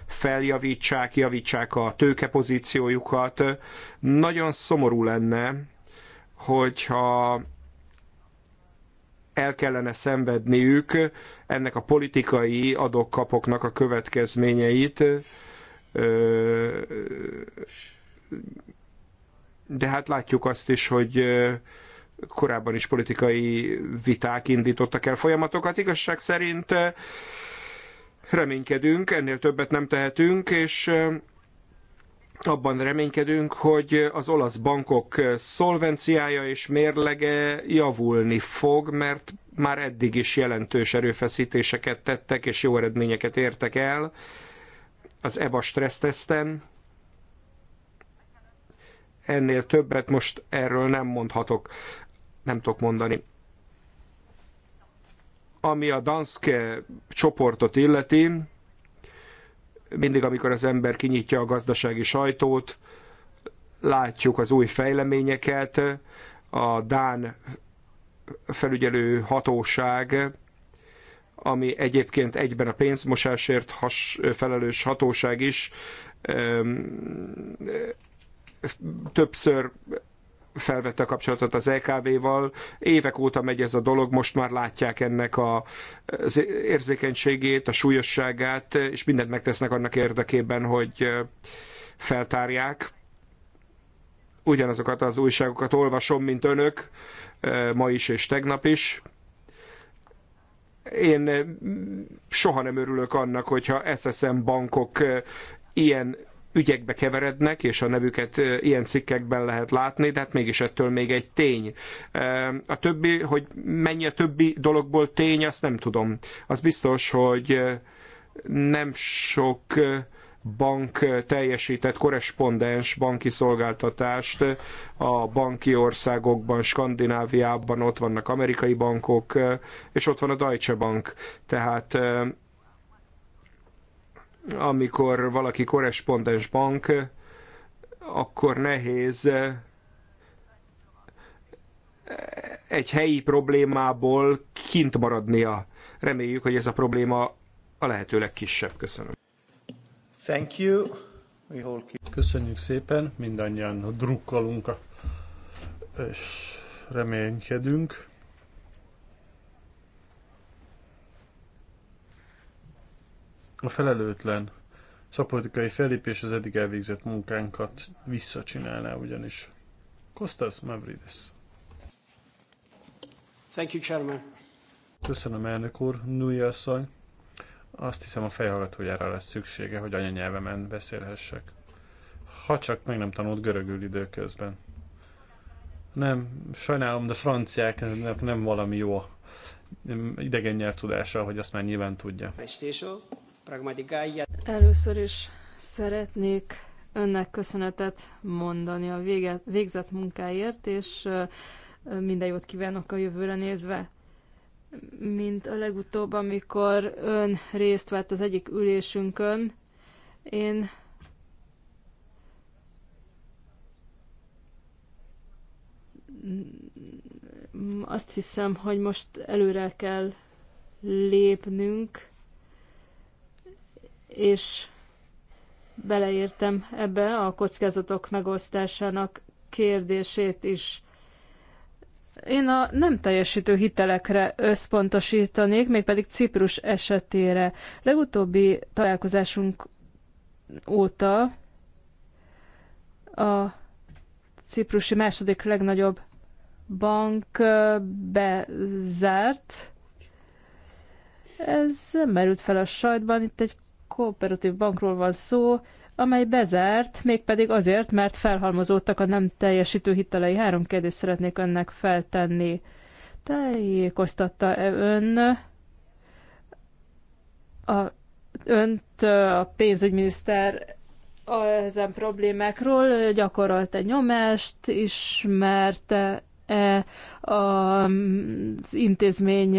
feljavítsák, javítsák a tőkepozíciójukat. Nagyon szomorú lenne, hogyha el kellene szenvedniük ennek a politikai adókapoknak a következményeit. De hát látjuk azt is, hogy korábban is politikai viták indítottak el folyamatokat. Igazság szerint reménykedünk, ennél többet nem tehetünk, és abban reménykedünk, hogy az olasz bankok szolvenciája és mérlege javulni fog, mert már eddig is jelentős erőfeszítéseket tettek, és jó eredményeket értek el az EBA stresszteszten. Ennél többet most erről nem mondhatok, nem tudok mondani. Ami a Danske csoportot illeti, mindig, amikor az ember kinyitja a gazdasági sajtót, látjuk az új fejleményeket, a Dán felügyelő hatóság, ami egyébként egyben a pénzmosásért has, felelős hatóság is, többször felvette a kapcsolatot az EKB-val. Évek óta megy ez a dolog, most már látják ennek a, az érzékenységét, a súlyosságát, és mindent megtesznek annak érdekében, hogy feltárják ugyanazokat az újságokat olvasom, mint önök, e, ma is és tegnap is. Én e, soha nem örülök annak, hogyha SSM bankok e, ilyen ügyekbe keverednek, és a nevüket ilyen cikkekben lehet látni, de hát mégis ettől még egy tény. A többi, hogy mennyi a többi dologból tény, azt nem tudom. Az biztos, hogy nem sok bank teljesített korrespondens banki szolgáltatást a banki országokban, Skandináviában, ott vannak amerikai bankok, és ott van a Deutsche Bank. Tehát amikor valaki korrespondens bank, akkor nehéz egy helyi problémából kint maradnia. Reméljük, hogy ez a probléma a lehető legkisebb. Köszönöm. Thank you. We all keep... Köszönjük szépen, mindannyian drukkolunk és reménykedünk. A felelőtlen szapolitikai fellépés az eddig elvégzett munkánkat visszacsinálná ugyanis. Kostas Mavridis. Thank you, Chairman. Köszönöm, elnök úr, Nui asszony. Azt hiszem a fejhallgatójára lesz szüksége, hogy anyanyelvemen beszélhessek. Ha csak meg nem tanult görögül időközben. Nem, sajnálom, de franciáknak nem valami jó idegen nyelvtudása, hogy azt már nyilván tudja. Először is szeretnék önnek köszönetet mondani a vége, végzett munkáért, és minden jót kívánok a jövőre nézve mint a legutóbb, amikor ön részt vett az egyik ülésünkön. Én azt hiszem, hogy most előre kell lépnünk, és beleértem ebbe a kockázatok megosztásának kérdését is. Én a nem teljesítő hitelekre összpontosítanék, mégpedig Ciprus esetére. Legutóbbi találkozásunk óta a ciprusi második legnagyobb bank bezárt. Ez merült fel a sajtban, itt egy kooperatív bankról van szó, amely bezárt, mégpedig azért, mert felhalmozódtak a nem teljesítő hitelei. Három kérdést szeretnék önnek feltenni. Tájékoztatta-e ön a, önt a pénzügyminiszter ezen problémákról, gyakorolt egy nyomást, ismerte -e az intézmény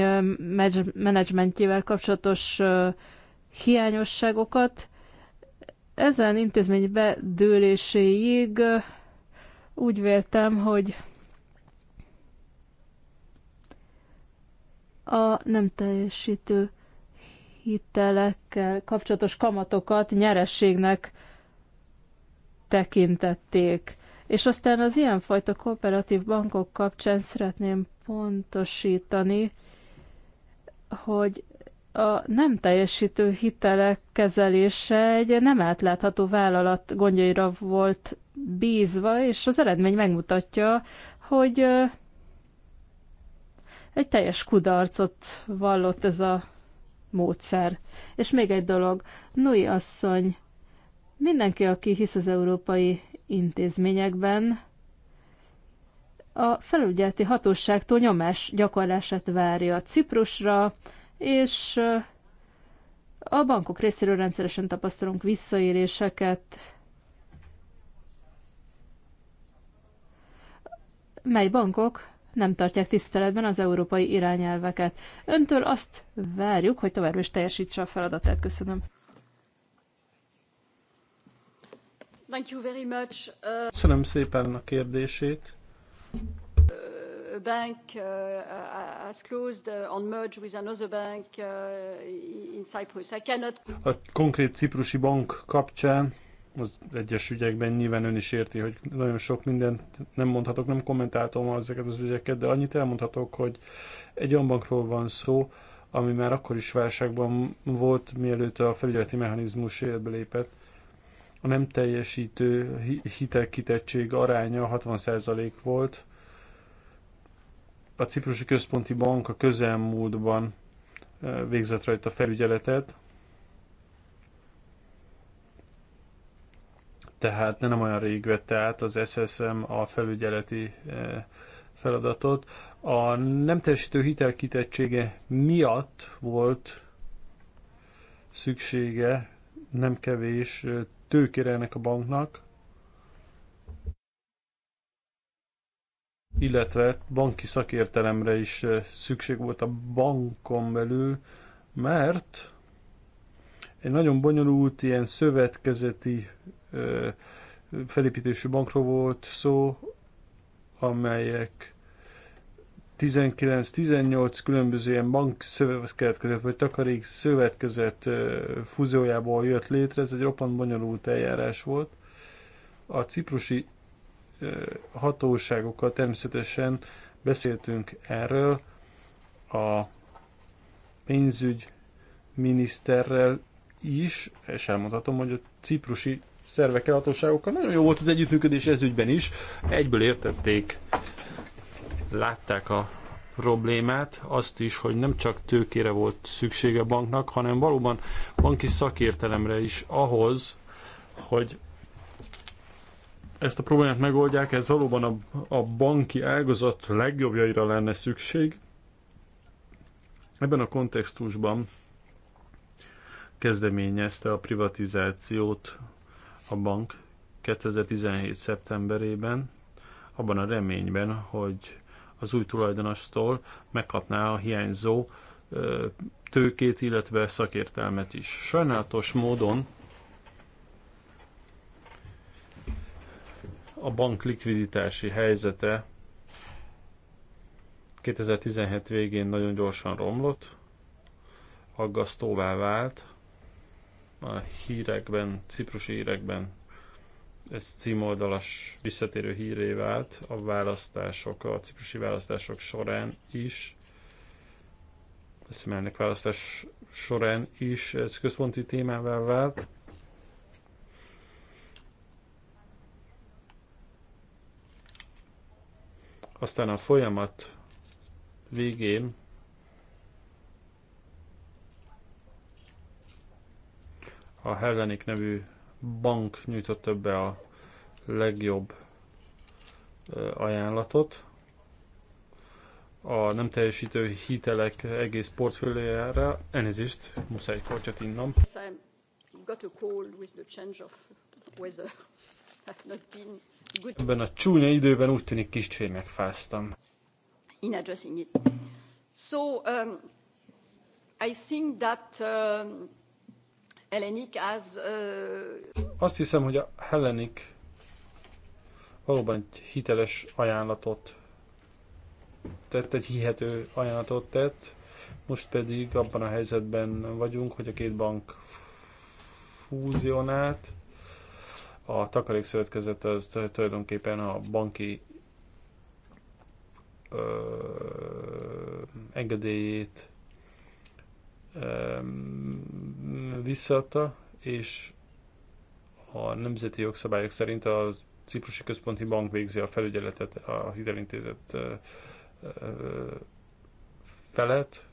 menedzsmentjével kapcsolatos hiányosságokat, ezen intézmény bedőléséig úgy véltem, hogy a nem teljesítő hitelekkel kapcsolatos kamatokat nyerességnek tekintették. És aztán az ilyenfajta kooperatív bankok kapcsán szeretném pontosítani, hogy a nem teljesítő hitelek kezelése egy nem átlátható vállalat gondjaira volt bízva, és az eredmény megmutatja, hogy egy teljes kudarcot vallott ez a módszer. És még egy dolog, Nui asszony, mindenki, aki hisz az európai intézményekben, a felügyeleti hatóságtól nyomás gyakorlását várja Ciprusra, és a bankok részéről rendszeresen tapasztalunk visszaéléseket, mely bankok nem tartják tiszteletben az európai irányelveket. Öntől azt várjuk, hogy továbbra is teljesítse a feladatát. Köszönöm. Thank you very much. Uh... Köszönöm szépen a kérdését a bank uh, uh, has closed uh, on merge with another bank in Cyprus. I cannot... A konkrét ciprusi bank kapcsán az egyes ügyekben nyilván ön is érti, hogy nagyon sok mindent nem mondhatok, nem kommentáltam ezeket az ügyeket, de annyit elmondhatok, hogy egy olyan bankról van szó, ami már akkor is válságban volt, mielőtt a felügyeleti mechanizmus életbe lépett. A nem teljesítő hitelkitettség aránya 60% volt, a Ciprusi Központi Bank a közelmúltban eh, végzett rajta felügyeletet, tehát nem olyan rég vette át az SSM a felügyeleti eh, feladatot. A nem teljesítő hitelkitettsége miatt volt szüksége nem kevés eh, tőkére ennek a banknak, illetve banki szakértelemre is eh, szükség volt a bankon belül, mert egy nagyon bonyolult, ilyen szövetkezeti eh, felépítésű bankról volt szó, amelyek 19-18 különböző ilyen bank szövetkezet, vagy takarék szövetkezet eh, fúziójából jött létre, ez egy roppant bonyolult eljárás volt. A ciprusi hatóságokkal természetesen beszéltünk erről, a pénzügy miniszterrel is, és elmondhatom, hogy a ciprusi szervekkel, hatóságokkal nagyon jó volt az együttműködés ez ügyben is. Egyből értették, látták a problémát, azt is, hogy nem csak tőkére volt szüksége a banknak, hanem valóban banki szakértelemre is ahhoz, hogy ezt a problémát megoldják, ez valóban a, a banki ágazat legjobbjaira lenne szükség. Ebben a kontextusban kezdeményezte a privatizációt a bank 2017. szeptemberében, abban a reményben, hogy az új tulajdonostól megkapná a hiányzó tőkét, illetve szakértelmet is. Sajnálatos módon a bank likviditási helyzete 2017 végén nagyon gyorsan romlott, aggasztóvá vált. A hírekben, ciprusi hírekben ez címoldalas visszatérő híré vált a választások, a ciprusi választások során is. ezt választás során is ez központi témává vált. Aztán a folyamat végén a Hellenic nevű bank nyújtotta be a legjobb ajánlatot. A nem teljesítő hitelek egész portfóliójára, elnézést, muszáj kortyot innom. Ebben a csúnya időben úgy tűnik kicsit megfáztam. In addressing it. So, um, I think that um, Hellenic has... Uh... Azt hiszem, hogy a Hellenic valóban egy hiteles ajánlatot tett, egy hihető ajánlatot tett. Most pedig abban a helyzetben vagyunk, hogy a két bank fúzionált, a takarékszövetkezet az tulajdonképpen a banki ö, engedélyét ö, visszaadta, és a nemzeti jogszabályok szerint a Ciprusi Központi Bank végzi a felügyeletet a hitelintézet ö, ö, felett.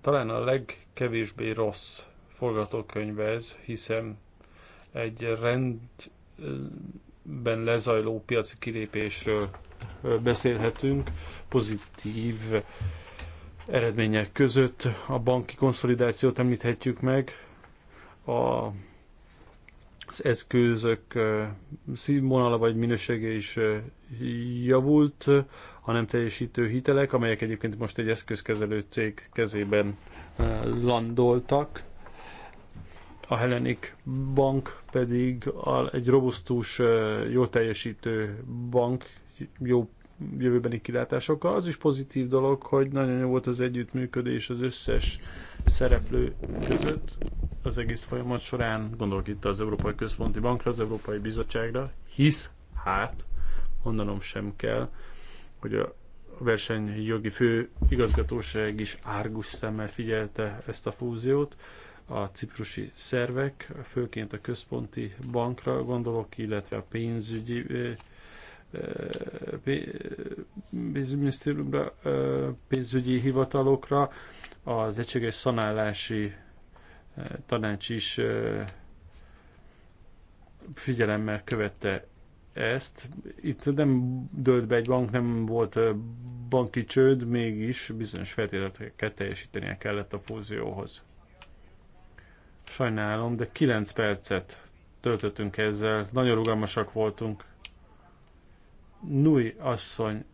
Talán a legkevésbé rossz forgatókönyv ez, hiszen egy rendben lezajló piaci kilépésről beszélhetünk, pozitív eredmények között a banki konszolidációt említhetjük meg, a, az eszközök színvonala vagy minősége is javult, a nem teljesítő hitelek, amelyek egyébként most egy eszközkezelő cég kezében landoltak, a Hellenic Bank pedig egy robusztus, jó teljesítő bank, jó jövőbeni kilátásokkal. Az is pozitív dolog, hogy nagyon jó volt az együttműködés az összes szereplő között az egész folyamat során, gondolok itt az Európai Központi Bankra, az Európai Bizottságra, hisz hát, mondanom sem kell, hogy a versenyjogi fő igazgatóság is árgus szemmel figyelte ezt a fúziót a ciprusi szervek, főként a központi bankra gondolok, illetve a pénzügyi pénzügyminisztériumra, pénzügyi hivatalokra, az egységes szanálási tanács is figyelemmel követte ezt. Itt nem dölt be egy bank, nem volt banki csőd, mégis bizonyos feltételeket teljesítenie kellett a fúzióhoz. Sajnálom, de 9 percet töltöttünk ezzel, nagyon rugalmasak voltunk. Nui asszony,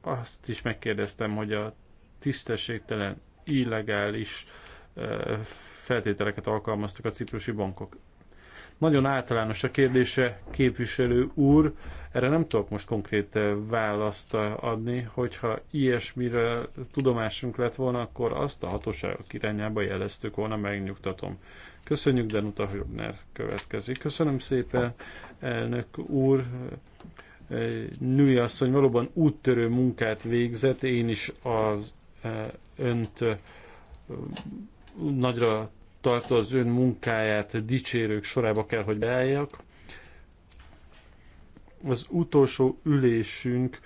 azt is megkérdeztem, hogy a tisztességtelen, illegális feltételeket alkalmaztak a ciprusi bankok. Nagyon általános a kérdése, képviselő úr, erre nem tudok most konkrét eh, választ eh, adni, hogyha ilyesmire tudomásunk lett volna, akkor azt a hatóságok irányába jeleztük volna, megnyugtatom. Köszönjük, Denuta Hübner következik. Köszönöm szépen, elnök úr eh, női asszony valóban úttörő munkát végzett, én is az önt nagyra tartó az ön munkáját dicsérők sorába kell, hogy beálljak. Az utolsó ülésünk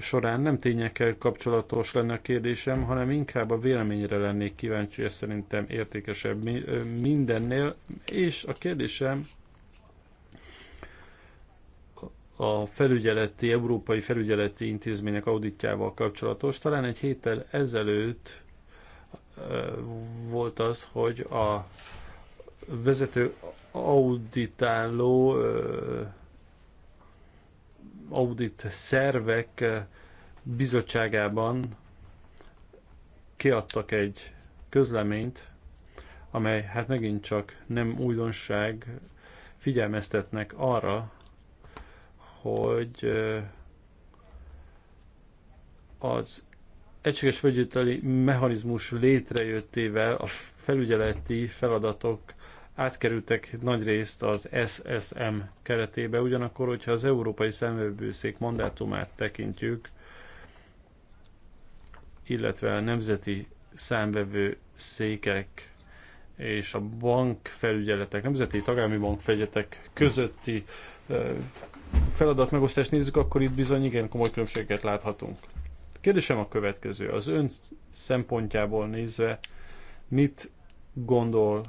során nem tényekkel kapcsolatos lenne a kérdésem, hanem inkább a véleményre lennék kíváncsi, ez szerintem értékesebb mindennél, és a kérdésem a felügyeleti, európai felügyeleti intézmények auditjával kapcsolatos. Talán egy héttel ezelőtt volt az, hogy a vezető auditáló audit szervek bizottságában kiadtak egy közleményt, amely hát megint csak nem újdonság, figyelmeztetnek arra, hogy az egységes vegyételi mechanizmus létrejöttével a felügyeleti feladatok átkerültek nagy részt az SSM keretébe, ugyanakkor, hogyha az Európai Szemvevőszék mandátumát tekintjük, illetve a nemzeti számvevő székek és a bankfelügyeletek, nemzeti tagállami bankfegyetek közötti feladatmegosztást nézzük, akkor itt bizony igen komoly különbségeket láthatunk. Kérdésem a következő. Az ön szempontjából nézve, mit gondol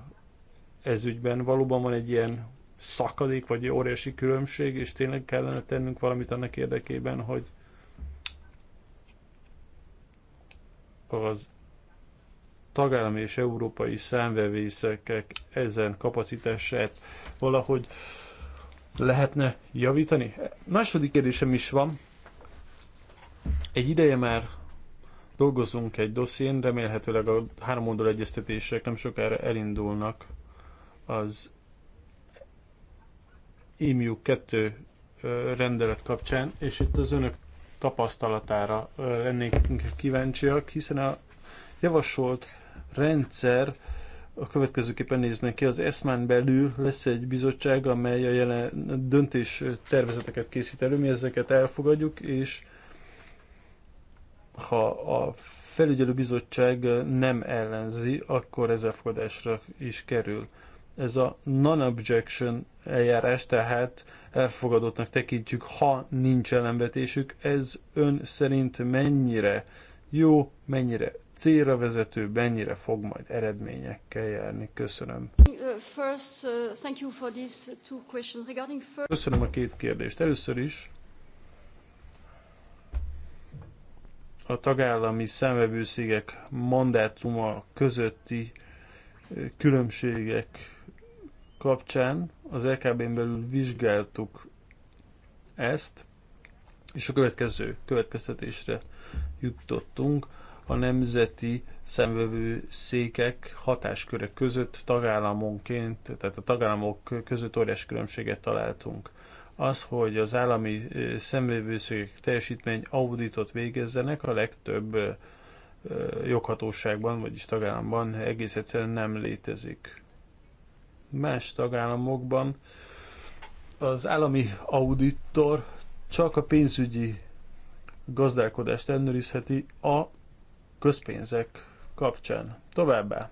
ez ügyben? Valóban van egy ilyen szakadék, vagy óriási különbség, és tényleg kellene tennünk valamit annak érdekében, hogy az tagállami és európai számvevészekek ezen kapacitását valahogy lehetne javítani? Második kérdésem is van. Egy ideje már dolgozunk egy dosszén, remélhetőleg a három oldal egyeztetések nem sokára elindulnak az EMU 2 rendelet kapcsán, és itt az önök tapasztalatára lennénk kíváncsiak, hiszen a javasolt rendszer a következőképpen néznek ki. Az ESMÁN belül lesz egy bizottság, amely a jelen döntés tervezeteket készít elő, mi ezeket elfogadjuk, és ha a felügyelőbizottság nem ellenzi, akkor ez elfogadásra is kerül. Ez a non-objection eljárás, tehát elfogadottnak tekintjük, ha nincs ellenvetésük. Ez ön szerint mennyire jó, mennyire célra vezető, mennyire fog majd eredményekkel járni. Köszönöm. Köszönöm a két kérdést. Először is a tagállami számvevőszégek mandátuma közötti különbségek kapcsán az LKB-n belül vizsgáltuk ezt, és a következő következtetésre jutottunk. A nemzeti szemvevő székek hatásköre között tagállamonként, tehát a tagállamok között óriási különbséget találtunk az, hogy az állami szemvévőszék teljesítmény auditot végezzenek, a legtöbb joghatóságban, vagyis tagállamban egész egyszerűen nem létezik. Más tagállamokban az állami auditor csak a pénzügyi gazdálkodást ellenőrizheti a közpénzek kapcsán. Továbbá,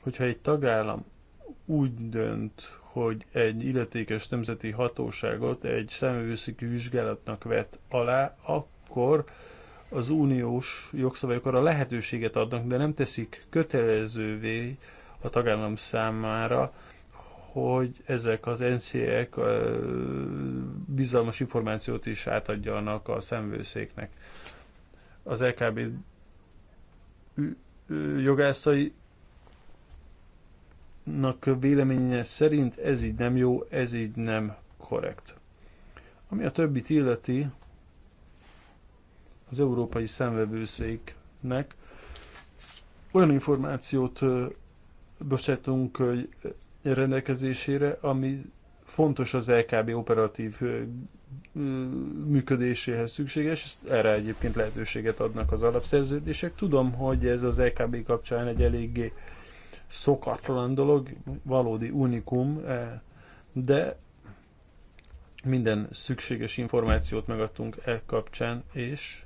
hogyha egy tagállam úgy dönt, hogy egy illetékes nemzeti hatóságot egy szemvőszikű vizsgálatnak vett alá, akkor az uniós jogszabályok arra lehetőséget adnak, de nem teszik kötelezővé a tagállam számára, hogy ezek az NCE-ek bizalmas információt is átadjanak a szemvőszéknek. Az LKB jogászai véleménye szerint ez így nem jó, ez így nem korrekt. Ami a többit illeti, az Európai Szemvevőszéknek olyan információt bocsátunk rendelkezésére, ami fontos az LKB operatív működéséhez szükséges, ezt erre egyébként lehetőséget adnak az alapszerződések. Tudom, hogy ez az LKB kapcsán egy eléggé szokatlan dolog, valódi unikum, eh, de minden szükséges információt megadtunk e kapcsán, és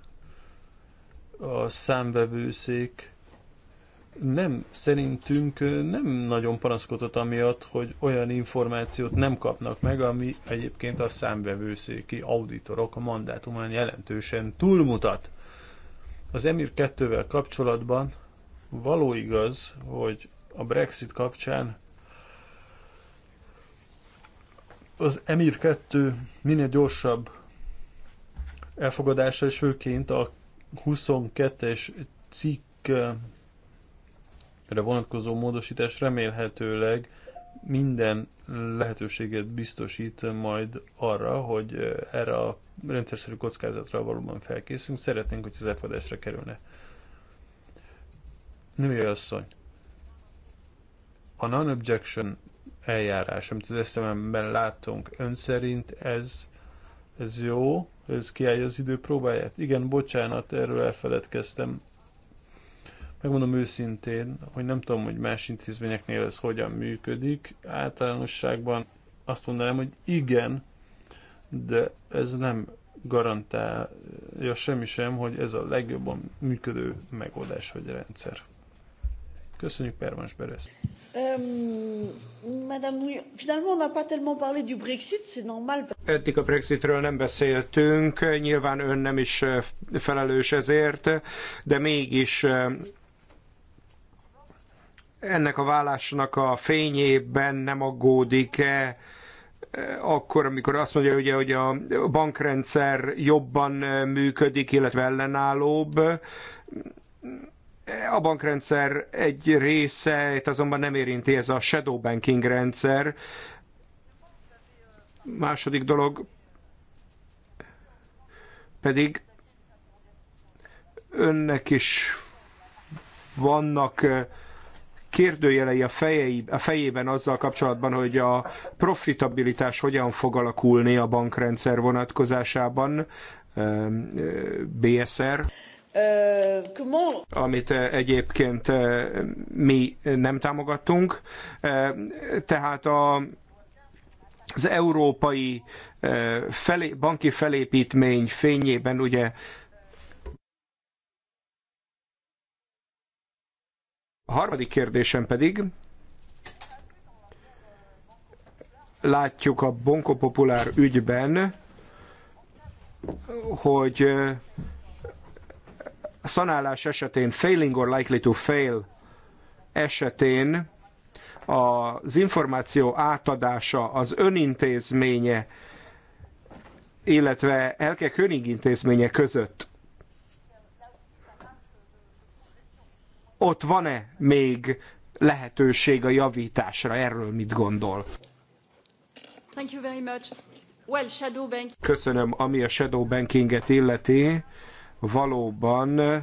a számvevőszék nem, szerintünk nem nagyon panaszkodott amiatt, hogy olyan információt nem kapnak meg, ami egyébként a számvevőszéki auditorok a mandátumán jelentősen túlmutat. Az Emir 2-vel kapcsolatban való igaz, hogy a Brexit kapcsán az Emir 2 minél gyorsabb elfogadása, és főként a 22-es cikkre vonatkozó módosítás remélhetőleg minden lehetőséget biztosít majd arra, hogy erre a rendszerszerű kockázatra valóban felkészülünk. Szeretnénk, hogy az elfogadásra kerülne. Női asszony. A non-objection eljárás, amit az eszememben látunk, ön szerint ez, ez jó? Ez kiállja az idő próbáját? Igen, bocsánat, erről elfeledkeztem. Megmondom őszintén, hogy nem tudom, hogy más intézményeknél ez hogyan működik. Általánosságban azt mondanám, hogy igen, de ez nem garantálja semmi sem, hogy ez a legjobban működő megoldás vagy rendszer. Köszönjük, Permans Beresz! Euh, Eddig a Brexitről nem beszéltünk, nyilván ön nem is felelős ezért, de mégis ennek a vállásnak a fényében nem aggódik-e akkor, amikor azt mondja, ugye, hogy a bankrendszer jobban működik, illetve ellenállóbb, a bankrendszer egy része, itt azonban nem érinti ez a shadow banking rendszer. Második dolog pedig önnek is vannak eh, kérdőjelei a, fejei, a fejében azzal kapcsolatban, hogy a profitabilitás hogyan fog alakulni a bankrendszer vonatkozásában, eh, eh, BSR amit egyébként mi nem támogattunk. Tehát a, az európai felé, banki felépítmény fényében ugye A harmadik kérdésem pedig, látjuk a Bonko Populár ügyben, hogy a szanálás esetén, failing or likely to fail esetén az információ átadása, az önintézménye, illetve Elke König intézménye között ott van-e még lehetőség a javításra? Erről mit gondol? Köszönöm, ami a shadow bankinget illeti valóban eh,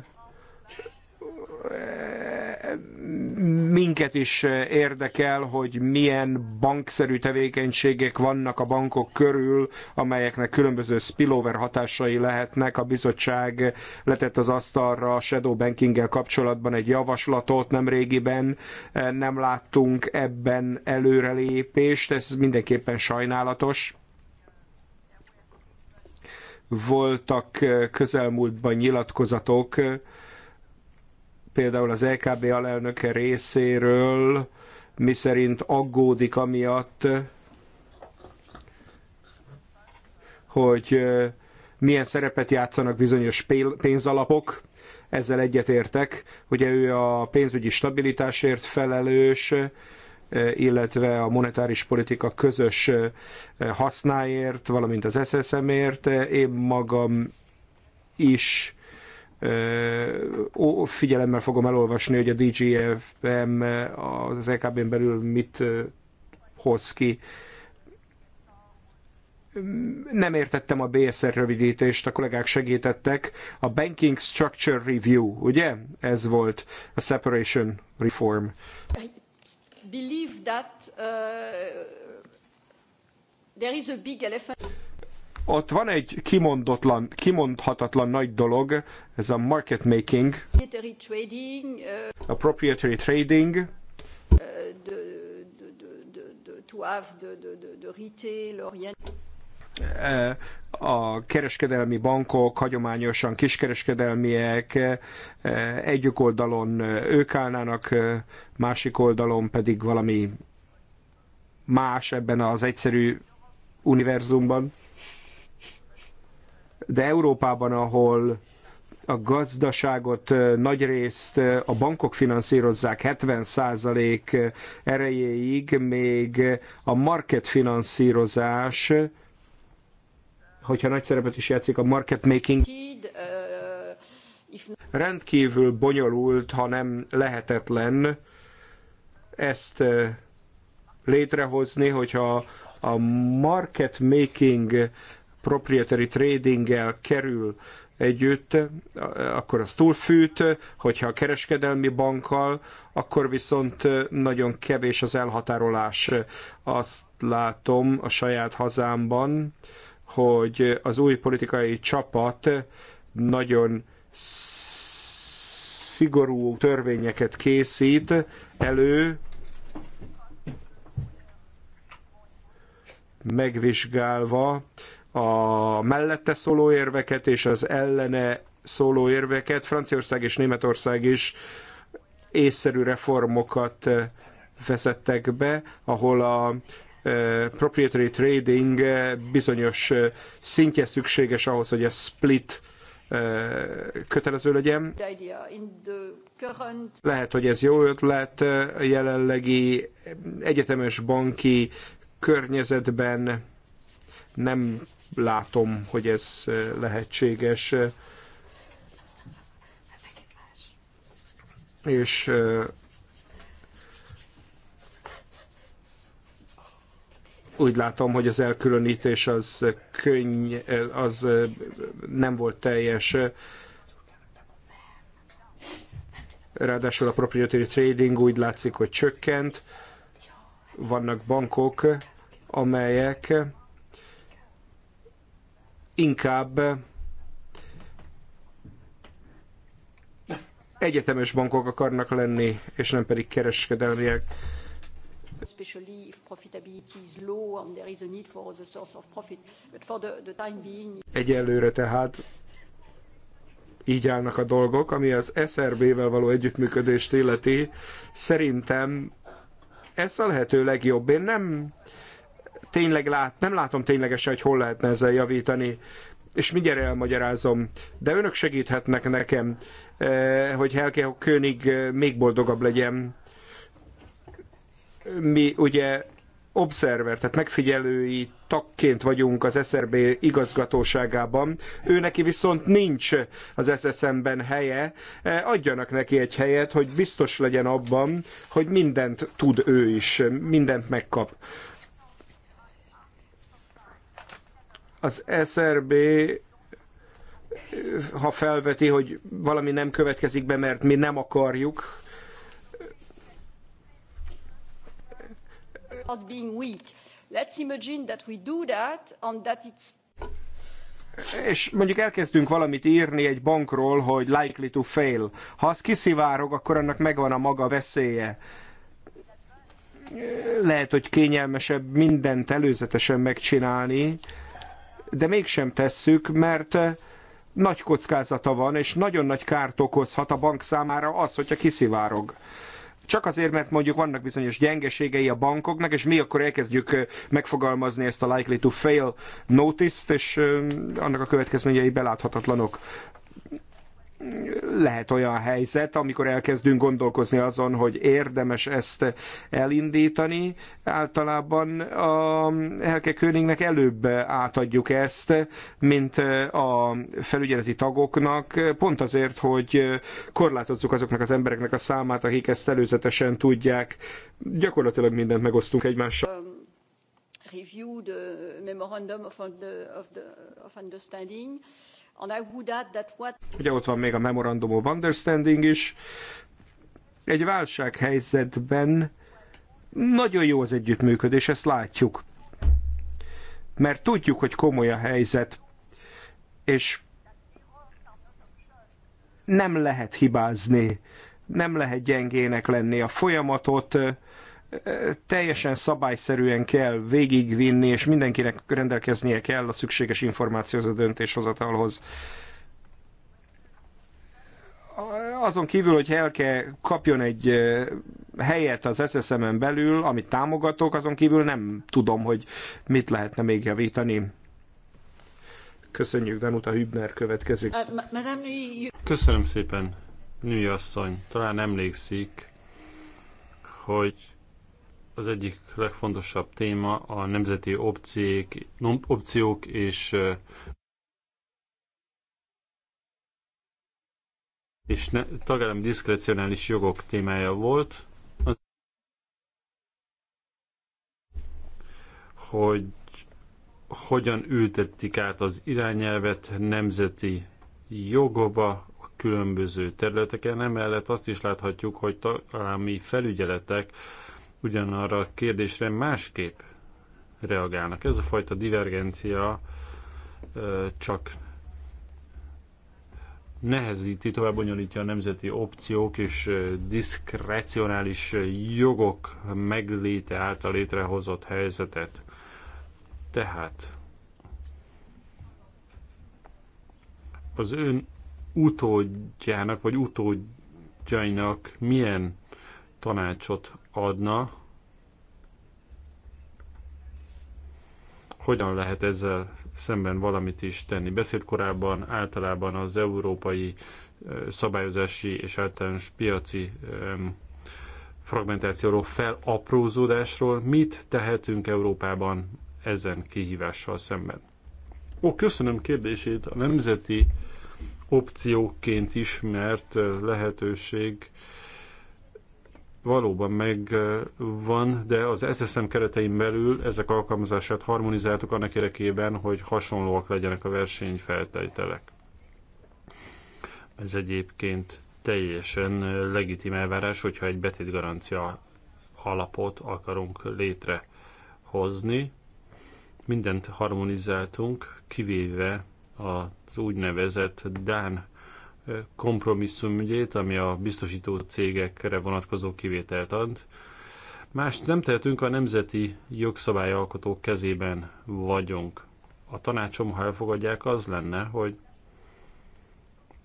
minket is érdekel, hogy milyen bankszerű tevékenységek vannak a bankok körül, amelyeknek különböző spillover hatásai lehetnek. A bizottság letett az asztalra a shadow bankinggel kapcsolatban egy javaslatot nem régiben, eh, nem láttunk ebben előrelépést, ez mindenképpen sajnálatos voltak eh, közelmúltban nyilatkozatok, eh, például az LKB e alelnöke részéről, miszerint aggódik amiatt, hogy eh, milyen szerepet játszanak bizonyos pénzalapok, ezzel egyetértek. hogy ő a pénzügyi stabilitásért felelős, Eh, illetve a monetáris politika közös eh, hasznáért, valamint az SSM-ért. Én magam is eh, ó, figyelemmel fogom elolvasni, hogy a DGFM az EKB-n belül mit hoz ki. Nem értettem a BSR rövidítést, a kollégák segítettek. A Banking Structure Review, ugye? Ez volt a Separation Reform believe that uh, there is a big elephant. Ott van egy kimondatlan, kimondhatatlan nagy dolog, ez a market making, proprietary trading, uh, a proprietary trading, uh, de, de, de, de, de, to have the, the, the, the retail oriented Eh, a kereskedelmi bankok hagyományosan kiskereskedelmiek, eh, egyik oldalon eh, ők állnának, másik oldalon pedig valami más ebben az egyszerű univerzumban. De Európában, ahol a gazdaságot nagy részt a bankok finanszírozzák 70% erejéig, még a market finanszírozás hogyha nagy szerepet is játszik a market making, rendkívül bonyolult, ha nem lehetetlen ezt létrehozni, hogyha a market making proprietary tradinggel kerül együtt, akkor az túlfűt, hogyha a kereskedelmi bankkal, akkor viszont nagyon kevés az elhatárolás. Azt látom a saját hazámban, hogy az új politikai csapat nagyon szigorú törvényeket készít elő, megvizsgálva a mellette szóló érveket és az ellene szóló érveket. Franciaország és Németország is észszerű reformokat vezettek be, ahol a proprietary trading bizonyos szintje szükséges ahhoz, hogy a split kötelező legyen. Lehet, hogy ez jó ötlet a jelenlegi egyetemes banki környezetben. Nem látom, hogy ez lehetséges. Hát És úgy látom, hogy az elkülönítés az könny, az nem volt teljes. Ráadásul a proprietary trading úgy látszik, hogy csökkent. Vannak bankok, amelyek inkább egyetemes bankok akarnak lenni, és nem pedig kereskedelmiek especially if profitability is low and there is a need for other source of profit. But for the, the time being... Egyelőre tehát így állnak a dolgok, ami az SRB-vel való együttműködést illeti, szerintem ez a lehető legjobb. Én nem tényleg lát, nem látom ténylegesen, hogy hol lehetne ezzel javítani, és mindjárt elmagyarázom, de önök segíthetnek nekem, eh, hogy Helke König eh, még boldogabb legyen mi ugye observer, tehát megfigyelői tagként vagyunk az SRB igazgatóságában. Ő neki viszont nincs az SSM-ben helye. E, adjanak neki egy helyet, hogy biztos legyen abban, hogy mindent tud ő is, mindent megkap. Az SRB ha felveti, hogy valami nem következik be, mert mi nem akarjuk, not being weak. Let's imagine that we do that and that it's és mondjuk elkezdünk valamit írni egy bankról, hogy likely to fail. Ha az kiszivárog, akkor annak megvan a maga veszélye. Lehet, hogy kényelmesebb mindent előzetesen megcsinálni, de mégsem tesszük, mert nagy kockázata van, és nagyon nagy kárt okozhat a bank számára az, hogyha kiszivárog. Csak azért, mert mondjuk vannak bizonyos gyengeségei a bankoknak, és mi akkor elkezdjük megfogalmazni ezt a likely to fail notice-t, és annak a következményei beláthatatlanok lehet olyan helyzet, amikor elkezdünk gondolkozni azon, hogy érdemes ezt elindítani. Általában a Helke Könignek előbb átadjuk ezt, mint a felügyeleti tagoknak, pont azért, hogy korlátozzuk azoknak az embereknek a számát, akik ezt előzetesen tudják. Gyakorlatilag mindent megosztunk egymással. Um, review the memorandum of, the, of, the, of understanding. Ugye ott van még a Memorandum of Understanding is. Egy válsághelyzetben nagyon jó az együttműködés, ezt látjuk. Mert tudjuk, hogy komoly a helyzet, és nem lehet hibázni, nem lehet gyengének lenni a folyamatot, teljesen szabályszerűen kell végigvinni, és mindenkinek rendelkeznie kell a szükséges információhoz a döntéshozatalhoz azon kívül, hogy Helke kapjon egy helyet az ssm belül, amit támogatok, azon kívül nem tudom, hogy mit lehetne még javítani. Köszönjük, Danuta Hübner következik. Uh, Köszönöm szépen, női asszony. Talán emlékszik, hogy az egyik legfontosabb téma a nemzeti opciók, opciók és eh, és ne, tagállam diszkrecionális jogok témája volt, hogy hogyan ültettik át az irányelvet nemzeti jogokba a különböző területeken. Emellett azt is láthatjuk, hogy tagállami felügyeletek ugyanarra a kérdésre másképp reagálnak. Ez a fajta divergencia csak nehezíti, tovább bonyolítja a nemzeti opciók és diszkrecionális jogok megléte által létrehozott helyzetet. Tehát az ön utódjának vagy utódjainak milyen tanácsot adna, hogyan lehet ezzel szemben valamit is tenni. Beszélt korábban általában az európai szabályozási és általános piaci fragmentációról, felaprózódásról. Mit tehetünk Európában ezen kihívással szemben? Ó, köszönöm kérdését. A nemzeti opcióként ismert lehetőség valóban megvan, de az SSM keretein belül ezek alkalmazását harmonizáltuk annak érdekében, hogy hasonlóak legyenek a versenyfeltételek. Ez egyébként teljesen legitim elvárás, hogyha egy betétgarancia alapot akarunk létrehozni. Mindent harmonizáltunk, kivéve az úgynevezett Dán kompromisszumügyét, ami a biztosító cégekre vonatkozó kivételt ad. Mást nem tehetünk, a nemzeti jogszabályalkotók kezében vagyunk. A tanácsom, ha elfogadják, az lenne, hogy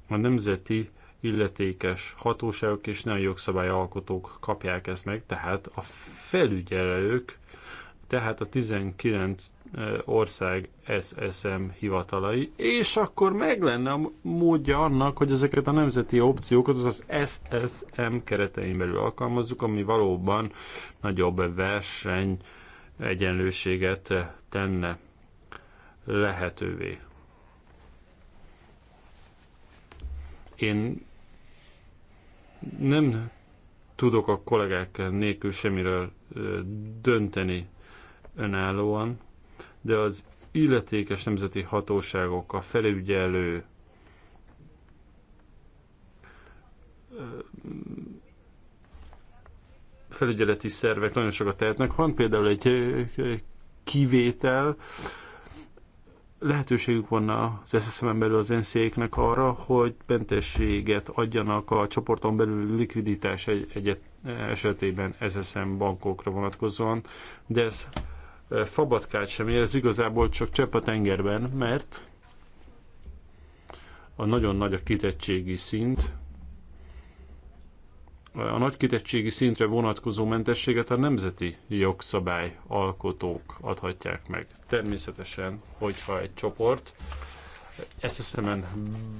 a nemzeti illetékes hatóságok és nem jogszabályalkotók kapják ezt meg, tehát a felügyelők, tehát a 19 ország SSM hivatalai, és akkor meg lenne a módja annak, hogy ezeket a nemzeti opciókat az SSM keretein belül alkalmazzuk, ami valóban nagyobb verseny egyenlőséget tenne lehetővé. Én nem tudok a kollégák nélkül semmiről dönteni önállóan, de az illetékes nemzeti hatóságok, a felügyelő felügyeleti szervek nagyon sokat tehetnek. Van például egy kivétel, lehetőségük van az ssm belül az NCA-knek arra, hogy mentességet adjanak a csoporton belül likviditás egy, egy esetében SSM bankokra vonatkozóan, de ez fabatkát sem érez, igazából csak csepp a tengerben, mert a nagyon nagy a kitettségi szint, a nagy kitettségi szintre vonatkozó mentességet a nemzeti jogszabály alkotók adhatják meg. Természetesen, hogyha egy csoport SSM-en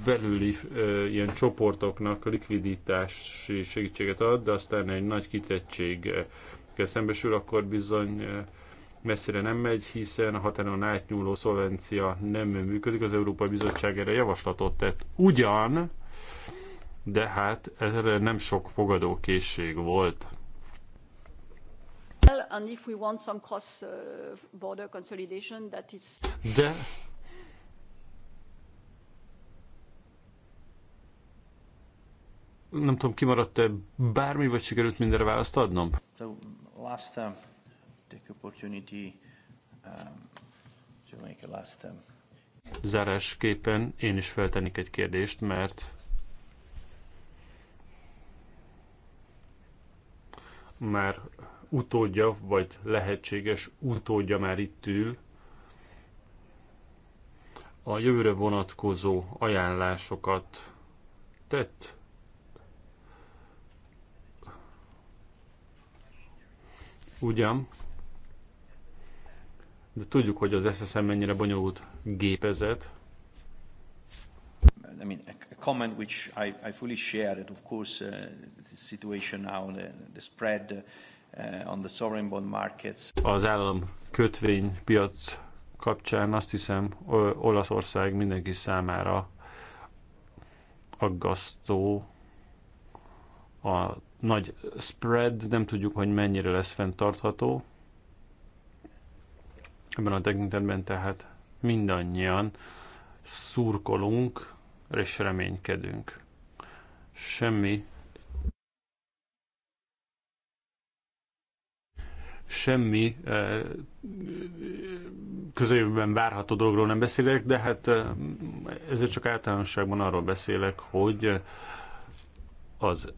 belüli ö, ilyen csoportoknak likviditási segítséget ad, de aztán egy nagy kitettséggel szembesül, akkor bizony messzire nem megy, hiszen a határon átnyúló szolvencia nem működik. Az Európai Bizottság erre javaslatot tett. Ugyan, de hát erre nem sok fogadókészség volt. Uh, de nem tudom, kimaradt-e bármi, vagy sikerült mindenre választ adnom? last, um, take opportunity um, to make a last um... Zárásképpen én is feltennék egy kérdést, mert már utódja, vagy lehetséges utódja már itt ül, a jövőre vonatkozó ajánlásokat tett. Ugyan, de tudjuk, hogy az SSM mennyire bonyolult gépezet. I mean, a comment which I, I fully share that of course uh, the situation now, the, the spread uh, on the sovereign bond markets. Az állam kötvény piac kapcsán azt hiszem Olaszország mindenki számára aggasztó a nagy spread, nem tudjuk, hogy mennyire lesz fenntartható. Ebben a tekintetben tehát mindannyian szurkolunk és reménykedünk. Semmi semmi eh, közeljövőben várható dologról nem beszélek, de hát eh, ezért csak általánosságban arról beszélek, hogy az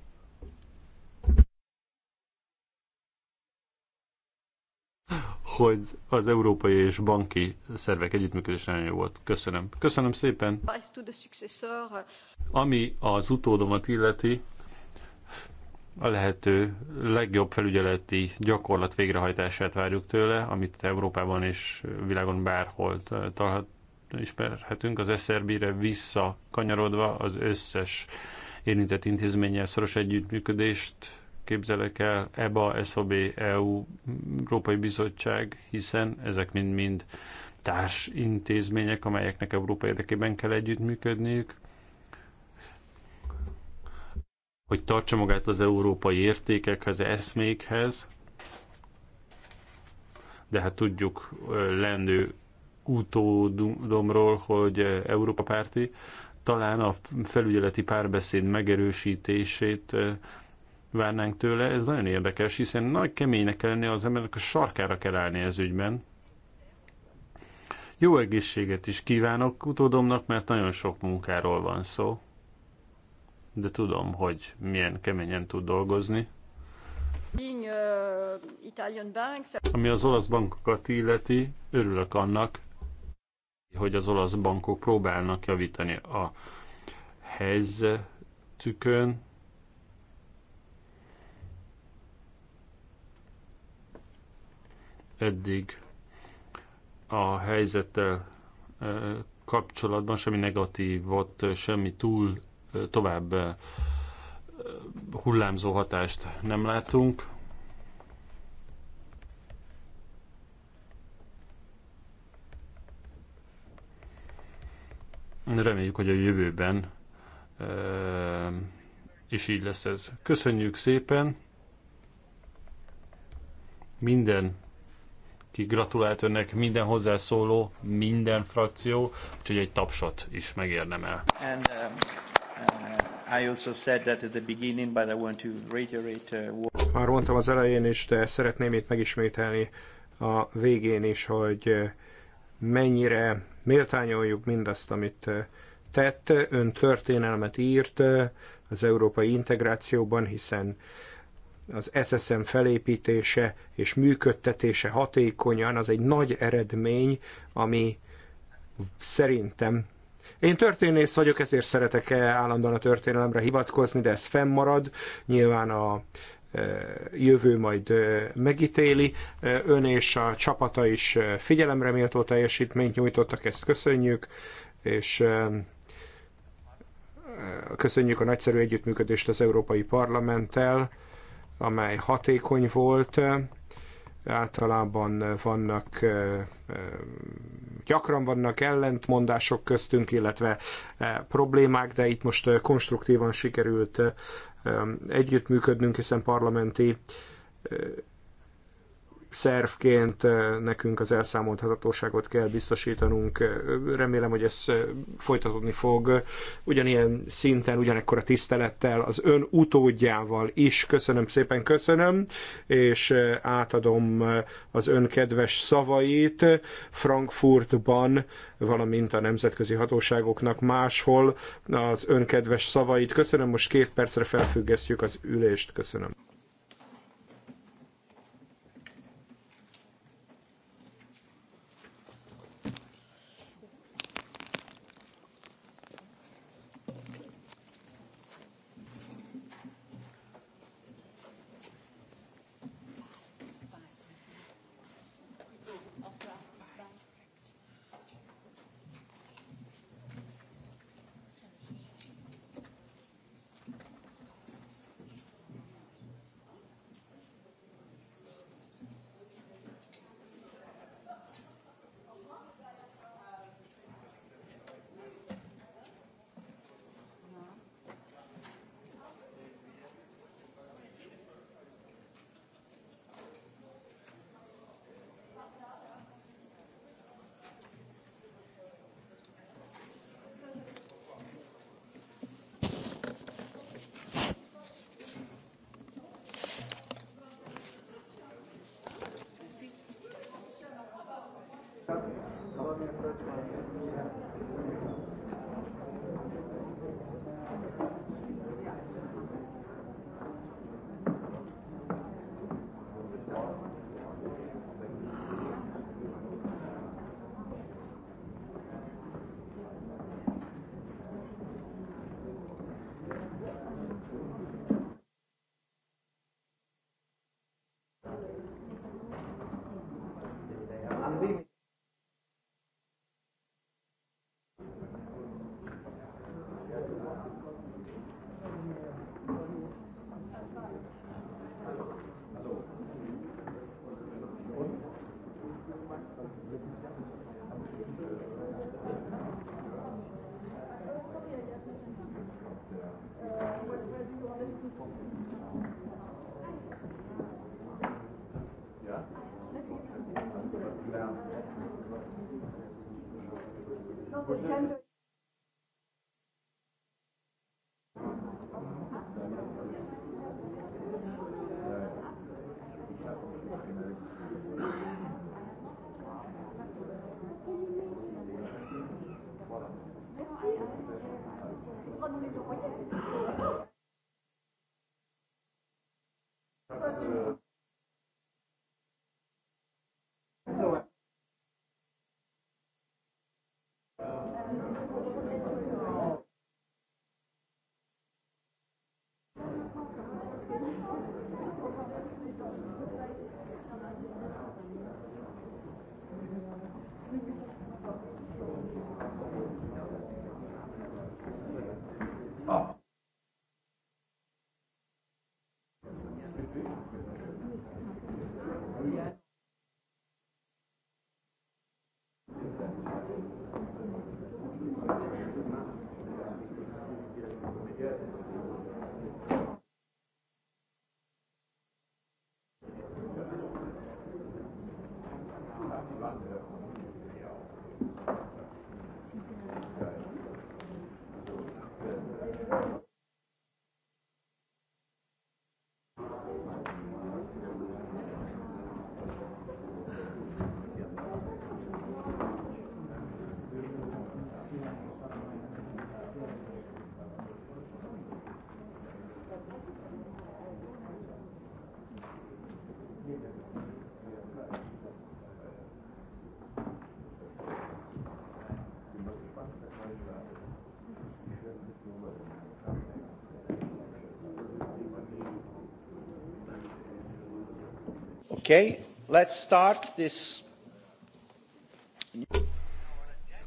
hogy az európai és banki szervek együttműködés nagyon jó volt. Köszönöm. Köszönöm szépen. Ami az utódomat illeti, a lehető legjobb felügyeleti gyakorlat végrehajtását várjuk tőle, amit Európában és világon bárhol talhat, ismerhetünk. Az SRB-re visszakanyarodva az összes érintett intézménnyel szoros együttműködést képzelek el, EBA, SOB, EU, Európai Bizottság, hiszen ezek mind-mind társ intézmények, amelyeknek Európa érdekében kell együttműködniük, hogy tartsa magát az európai értékekhez, eszmékhez, de hát tudjuk lendő utódomról, hogy Európa párti, talán a felügyeleti párbeszéd megerősítését várnánk tőle, ez nagyon érdekes, hiszen nagy keménynek kell lenni az embernek, a sarkára kell állni ez ügyben. Jó egészséget is kívánok utódomnak, mert nagyon sok munkáról van szó. De tudom, hogy milyen keményen tud dolgozni. Ami az olasz bankokat illeti, örülök annak, hogy az olasz bankok próbálnak javítani a helyzetükön, eddig a helyzettel kapcsolatban semmi negatívot, semmi túl tovább hullámzó hatást nem látunk. Reméljük, hogy a jövőben is így lesz ez. Köszönjük szépen! Minden ki gratulált önnek minden hozzászóló, minden frakció, úgyhogy egy tapsot is megérdemel. And, um, Már mondtam az elején is, de szeretném itt megismételni a végén is, hogy mennyire méltányoljuk mindazt, amit tett, ön történelmet írt az európai integrációban, hiszen az SSM felépítése és működtetése hatékonyan, az egy nagy eredmény, ami szerintem én történész vagyok, ezért szeretek -e állandóan a történelemre hivatkozni, de ez fennmarad. Nyilván a e, jövő majd e, megítéli. Ön és a csapata is figyelemre méltó teljesítményt nyújtottak, ezt köszönjük, és köszönjük a nagyszerű együttműködést az Európai Parlamenttel amely hatékony volt. Általában vannak, gyakran vannak ellentmondások köztünk, illetve problémák, de itt most konstruktívan sikerült együttműködnünk, hiszen parlamenti szervként nekünk az elszámolthatatóságot kell biztosítanunk. Remélem, hogy ez folytatódni fog ugyanilyen szinten, ugyanekkor a tisztelettel, az ön utódjával is. Köszönöm szépen, köszönöm, és átadom az ön kedves szavait Frankfurtban, valamint a nemzetközi hatóságoknak máshol az ön kedves szavait. Köszönöm, most két percre felfüggesztjük az ülést. Köszönöm.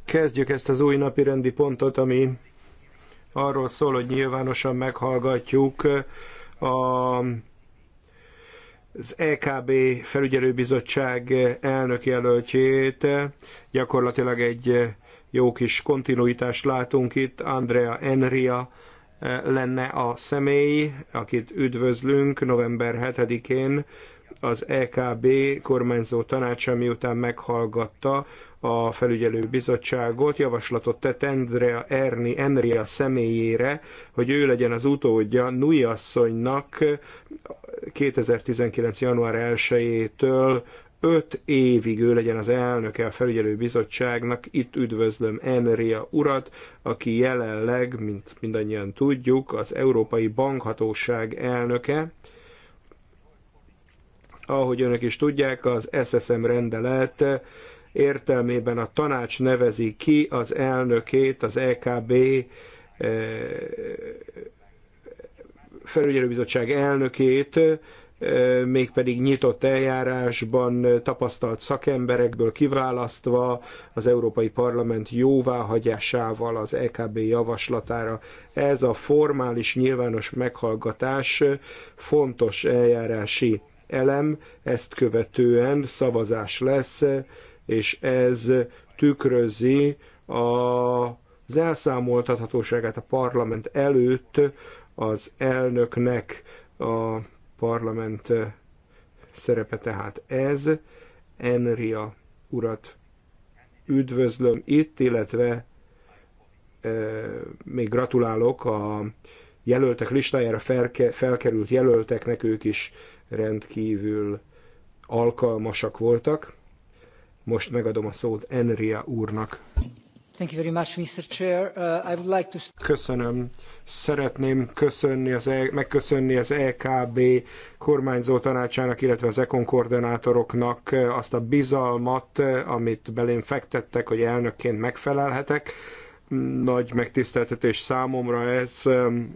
Kezdjük ezt az új napi rendi pontot, ami arról szól, hogy nyilvánosan meghallgatjuk uh, a, az EKB felügyelőbizottság elnök jelöltjét. Gyakorlatilag egy jó kis kontinuitást látunk itt. Andrea Enria uh, lenne a személy, akit üdvözlünk november 7-én az EKB kormányzó tanácsa miután meghallgatta a felügyelő bizottságot, javaslatot tett Andrea Erni Enria személyére, hogy ő legyen az utódja Nui asszonynak 2019. január 1-től 5 évig ő legyen az elnöke a felügyelő bizottságnak. Itt üdvözlöm Enria urat, aki jelenleg, mint mindannyian tudjuk, az Európai Bankhatóság elnöke ahogy önök is tudják, az SSM rendelet értelmében a tanács nevezi ki az elnökét az EKB eh, felügyelőbizottság elnökét, eh, mégpedig nyitott eljárásban tapasztalt szakemberekből kiválasztva az Európai Parlament jóváhagyásával az EKB javaslatára. Ez a formális nyilvános meghallgatás fontos eljárási elem, ezt követően szavazás lesz, és ez tükrözi a az elszámoltathatóságát a parlament előtt az elnöknek a parlament szerepe tehát ez. Enria urat üdvözlöm itt, illetve e, még gratulálok a jelöltek listájára felke, felkerült jelölteknek, ők is rendkívül alkalmasak voltak. Most megadom a szót Enria úrnak. Thank you very much, Mr. Chair. Uh, I would like to... Köszönöm. Szeretném köszönni az e- megköszönni az EKB kormányzó tanácsának, illetve az EKON koordinátoroknak uh, azt a bizalmat, uh, amit belém fektettek, hogy elnökként megfelelhetek. Nagy megtiszteltetés számomra ez um,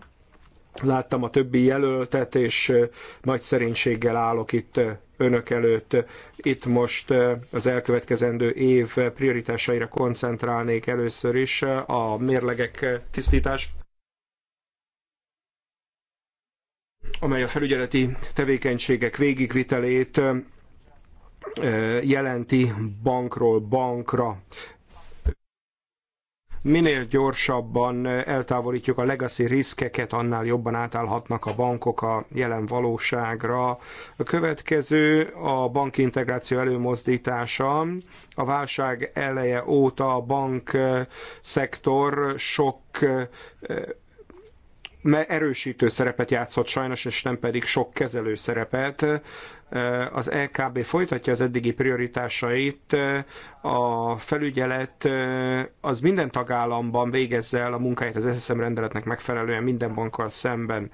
láttam a többi jelöltet, és nagy szerénységgel állok itt önök előtt. Itt most az elkövetkezendő év prioritásaira koncentrálnék először is a mérlegek tisztítás amely a felügyeleti tevékenységek végigvitelét jelenti bankról bankra minél gyorsabban eltávolítjuk a legacy riskeket, annál jobban átállhatnak a bankok a jelen valóságra. A következő a bankintegráció előmozdítása. A válság eleje óta a eh, szektor sok eh, erősítő szerepet játszott sajnos, és nem pedig sok kezelő szerepet. Az LKB e folytatja az eddigi prioritásait, a felügyelet az minden tagállamban végezze el a munkáját az SSM rendeletnek megfelelően minden bankkal szemben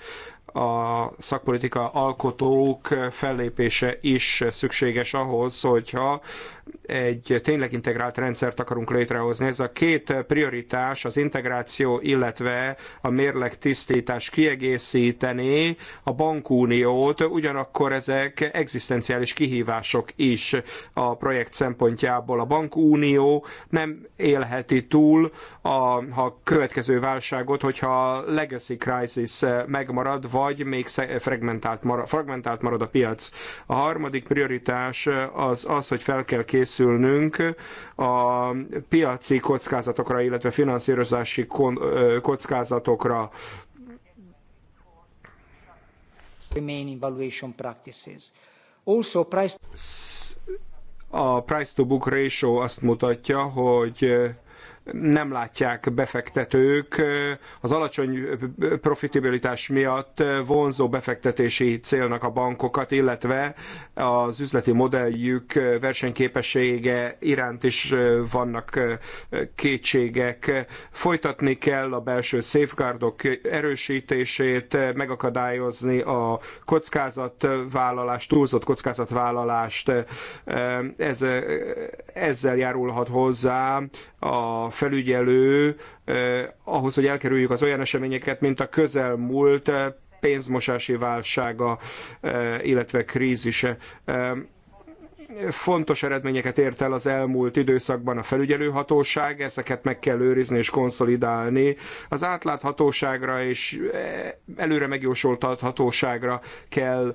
a szakpolitika alkotók fellépése is szükséges ahhoz, hogyha egy tényleg integrált rendszert akarunk létrehozni. Ez a két prioritás, az integráció, illetve a mérleg tisztítás kiegészítené a bankuniót, ugyanakkor ezek egzisztenciális kihívások is a projekt szempontjából. A bankunió nem élheti túl a, a következő válságot, hogyha a legacy crisis megmarad, vagy még fragmentált marad, fragmentált marad a piac. A harmadik prioritás az az, hogy fel kell készülnünk a piaci kockázatokra, illetve finanszírozási kockázatokra. Remaining valuation practices. Also price... A price to book ratio azt mutatja, hogy nem látják befektetők az alacsony profitabilitás miatt vonzó befektetési célnak a bankokat, illetve az üzleti modelljük versenyképessége iránt is vannak kétségek. Folytatni kell a belső safeguardok erősítését, megakadályozni a kockázatvállalást, túlzott kockázatvállalást. Ez, ezzel járulhat hozzá a felügyelő eh, ahhoz, hogy elkerüljük az olyan eseményeket, mint a közelmúlt eh, pénzmosási válsága, eh, illetve krízise fontos eredményeket ért el az elmúlt időszakban a felügyelőhatóság, ezeket meg kell őrizni és konszolidálni. Az átláthatóságra és előre megjósoltathatóságra kell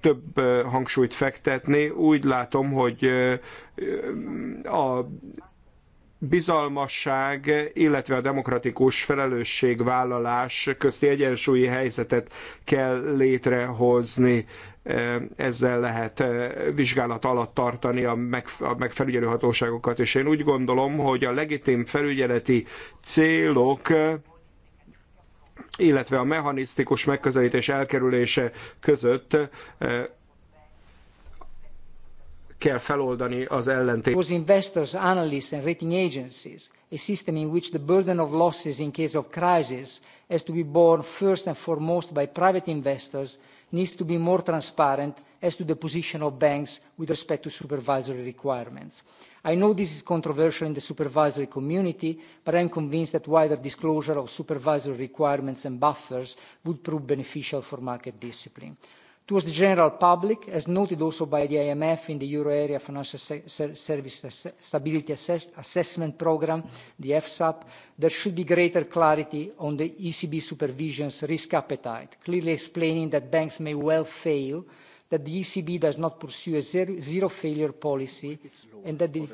több hangsúlyt fektetni. Úgy látom, hogy a bizalmasság, illetve a demokratikus felelősségvállalás közti egyensúlyi helyzetet kell létrehozni. Ezzel lehet eh, vizsgálat alatt tartani a, meg, a megfelügyelő hatóságokat, és én úgy gondolom, hogy a legitim felügyeleti célok illetve a mechanisztikus megközelítés elkerülése között eh, kell feloldani az ellentét. Those investors, analysts and rating agencies, a system in which the burden of losses in case of crisis has to be borne first and foremost by private investors needs to be more transparent as to the position of banks with respect to supervisory requirements. I know this is controversial in the supervisory community, but I am convinced that wider disclosure of supervisory requirements and buffers would prove beneficial for market discipline towards the general public as noted also by the imf in the euro area financial services stability assessment programme the efsap there should be greater clarity on the ecb supervision's risk appetite clearly explaining that banks may well fail that the ecb does not pursue a zero, failure policy and that the,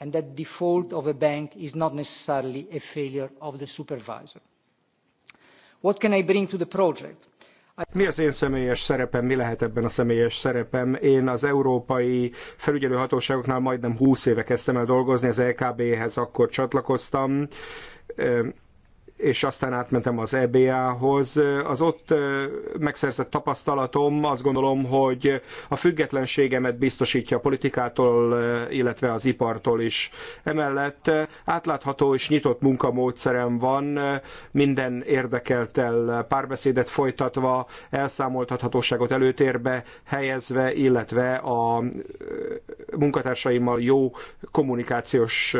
and that default of a bank is not necessarily a failure of the supervisor what can i bring to the project? Mi az én személyes szerepem, mi lehet ebben a személyes szerepem? Én az európai felügyelőhatóságoknál majdnem 20 éve kezdtem el dolgozni, az LKB-hez akkor csatlakoztam és aztán átmentem az EBA-hoz. Az ott megszerzett tapasztalatom azt gondolom, hogy a függetlenségemet biztosítja a politikától, illetve az ipartól is. Emellett átlátható és nyitott munkamódszerem van, minden érdekeltel párbeszédet folytatva, elszámoltathatóságot előtérbe helyezve, illetve a munkatársaimmal jó kommunikációs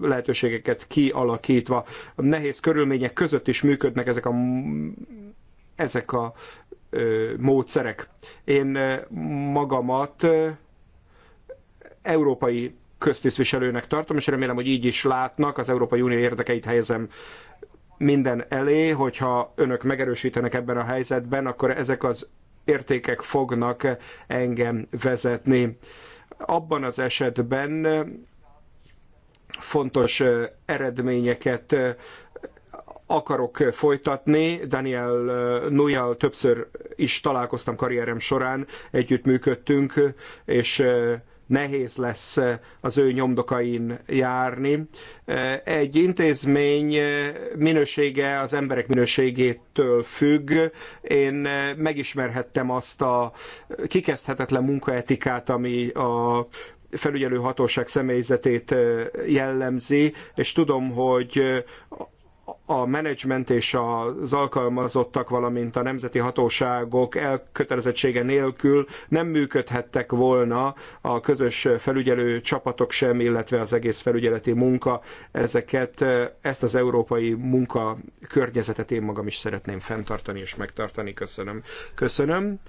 lehetőségeket kialakítva. Nehéz körülmények körülmények között is működnek ezek a, ezek a ö, módszerek. Én magamat ö, európai köztisztviselőnek tartom, és remélem, hogy így is látnak, az Európai Unió érdekeit helyezem minden elé, hogyha önök megerősítenek ebben a helyzetben, akkor ezek az értékek fognak engem vezetni. Abban az esetben fontos eredményeket akarok eh, folytatni. Daniel eh, Noyal többször is találkoztam karrierem során, együttműködtünk, és eh, nehéz lesz az ő nyomdokain járni. Egy intézmény minősége az emberek minőségétől függ. Én megismerhettem azt a kikezdhetetlen munkaetikát, ami a felügyelő hatóság személyzetét jellemzi, és tudom, hogy a menedzsment és az alkalmazottak, valamint a nemzeti hatóságok elkötelezettsége nélkül nem működhettek volna a közös felügyelő csapatok sem, illetve az egész felügyeleti munka. Ezeket, ezt az európai munka környezetet én magam is szeretném fenntartani és megtartani. Köszönöm. Köszönöm.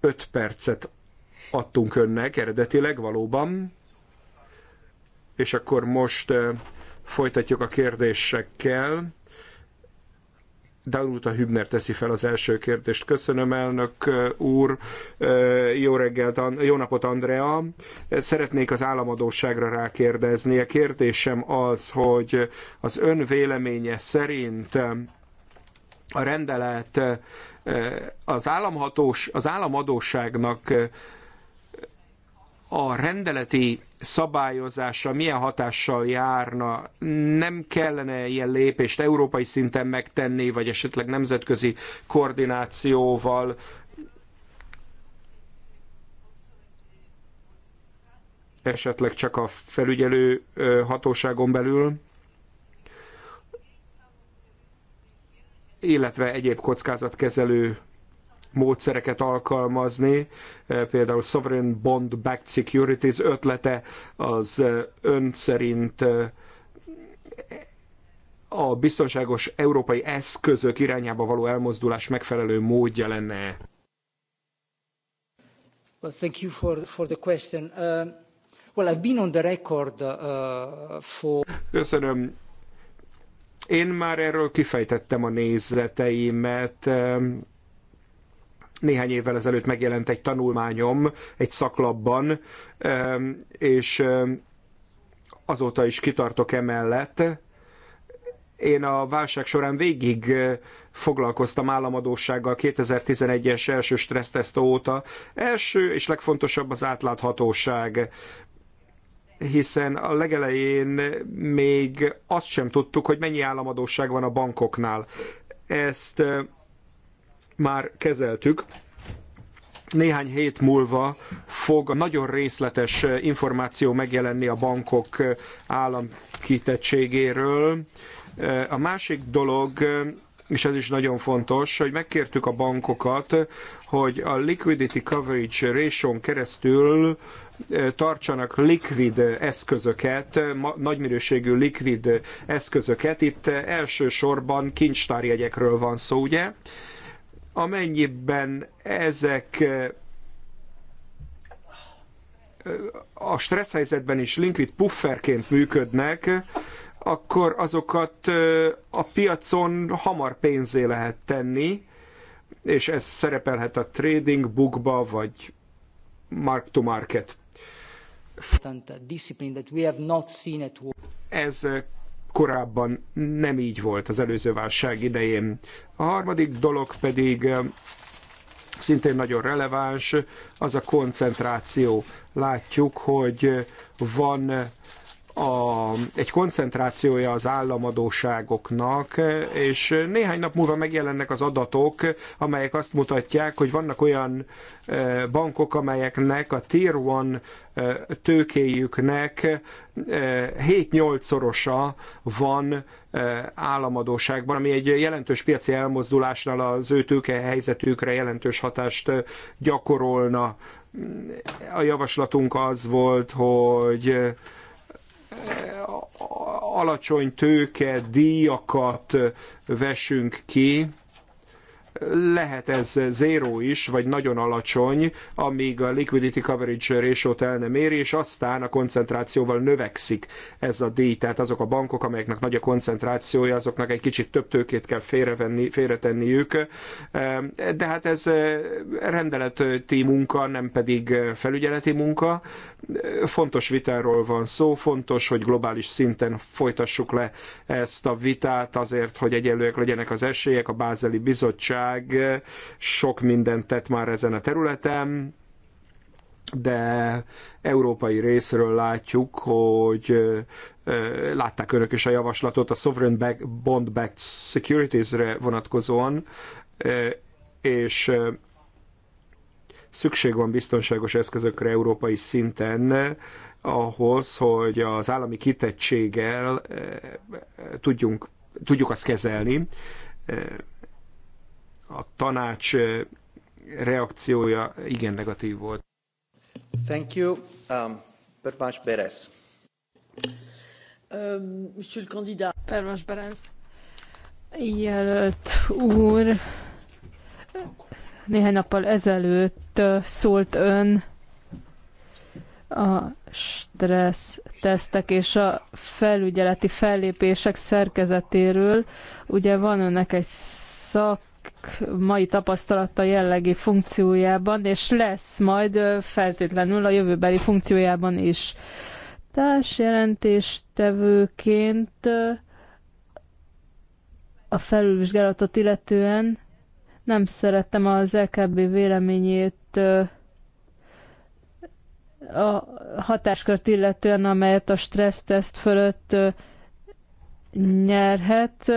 Öt percet adtunk önnek eredetileg, valóban és akkor most folytatjuk a kérdésekkel. Daluta Hübner teszi fel az első kérdést. Köszönöm, elnök úr. Jó reggelt, jó napot, Andrea. Szeretnék az államadóságra rákérdezni. A kérdésem az, hogy az ön véleménye szerint a rendelet az, államhatós, az államadóságnak a rendeleti szabályozása milyen hatással járna, nem kellene ilyen lépést európai szinten megtenni, vagy esetleg nemzetközi koordinációval, esetleg csak a felügyelő hatóságon belül, illetve egyéb kockázatkezelő módszereket alkalmazni, eh, például Sovereign Bond Backed Securities ötlete az eh, ön szerint eh, a biztonságos európai eszközök irányába való elmozdulás megfelelő módja lenne? Well, thank you for, for the question. Uh, well, I've been on the record uh, for... Köszönöm. Én már erről kifejtettem a nézeteimet néhány évvel ezelőtt megjelent egy tanulmányom egy szaklapban, és azóta is kitartok emellett. Én a válság során végig eh, foglalkoztam államadósággal 2011-es első stresszteszt óta. Első és legfontosabb az átláthatóság hiszen a legelején még azt sem tudtuk, hogy mennyi államadóság van a bankoknál. Ezt eh, már kezeltük. Néhány hét múlva fog nagyon részletes eh, információ megjelenni a bankok eh, államkitettségéről. Eh, a másik dolog, és ez is nagyon fontos, hogy megkértük a bankokat, hogy a liquidity coverage ratio keresztül tartsanak likvid eszközöket, nagyminőségű likvid eszközöket. Itt elsősorban kincstárjegyekről van szó, ugye? amennyiben ezek a stressz helyzetben is liquid pufferként működnek, akkor azokat a piacon hamar pénzé lehet tenni, és ez szerepelhet a trading bookba, vagy mark to market. Ez korábban nem így volt az előző válság idején. A harmadik dolog pedig szintén nagyon releváns, az a koncentráció. Látjuk, hogy van a, egy koncentrációja az államadóságoknak, és néhány nap múlva megjelennek az adatok, amelyek azt mutatják, hogy vannak olyan e, bankok, amelyeknek a Tier 1 e, tőkéjüknek 7-8-szorosa e, van államadóságban, ami egy jelentős piaci elmozdulásnál az ő tőke helyzetükre jelentős hatást gyakorolna. A javaslatunk az volt, hogy Eh, alacsony tőke, díjakat vesünk ki, lehet ez zéró is, vagy nagyon alacsony, amíg a liquidity coverage ratio-t el nem éri, és aztán a koncentrációval növekszik ez a díj. Tehát azok a bankok, amelyeknek nagy a koncentrációja, azoknak egy kicsit több tőkét kell félrevenni, félretenniük. Eh, de hát ez eh, rendeleti munka, nem pedig felügyeleti munka fontos vitáról van szó, fontos, hogy globális szinten folytassuk le ezt a vitát azért, hogy egyenlőek legyenek az esélyek. A Bázeli Bizottság sok mindent tett már ezen a területen, de európai részről látjuk, hogy látták önök is a javaslatot a Sovereign Back, Bond Backed Securities-re vonatkozóan, és Szükség van biztonságos eszközökre európai szinten, eh, ahhoz, hogy az állami kitettséggel eh, tudjunk, tudjuk azt kezelni. Eh, a tanács reakciója igen negatív volt. Thank you. Um, Pervás Berez. Um, monsieur le candidat. Pervás Jelölt úr. Néhány nappal ezelőtt szólt ön a stressz tesztek és a felügyeleti fellépések szerkezetéről. Ugye van önnek egy szak mai tapasztalata jellegi funkciójában, és lesz majd feltétlenül a jövőbeli funkciójában is. Társjelentéstevőként a felülvizsgálatot illetően nem szerettem az LKB e véleményét a hatáskört illetően, amelyet a stresszteszt fölött nyerhet.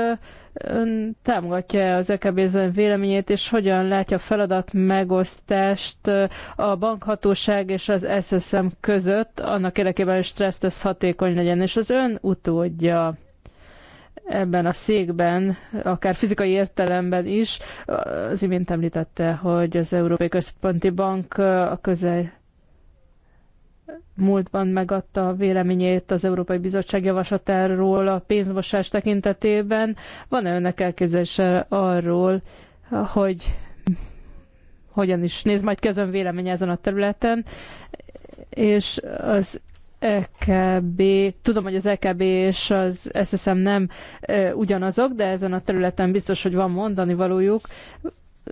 Ön támogatja az EKB véleményét, és hogyan látja a feladat megosztást a bankhatóság és az SSM között, annak érdekében, hogy stressztesz hatékony legyen, és az ön utódja ebben a székben, akár fizikai értelemben is. Az imént említette, hogy az Európai Központi Bank a közel múltban megadta a véleményét az Európai Bizottság javaslatáról a pénzmosás tekintetében. Van-e önnek elképzelése arról, hogy hogyan is néz majd ki véleménye ezen a területen, és az EKB, tudom, hogy az EKB és az SSM nem ugyanazok, de ezen a területen biztos, hogy van mondani valójuk.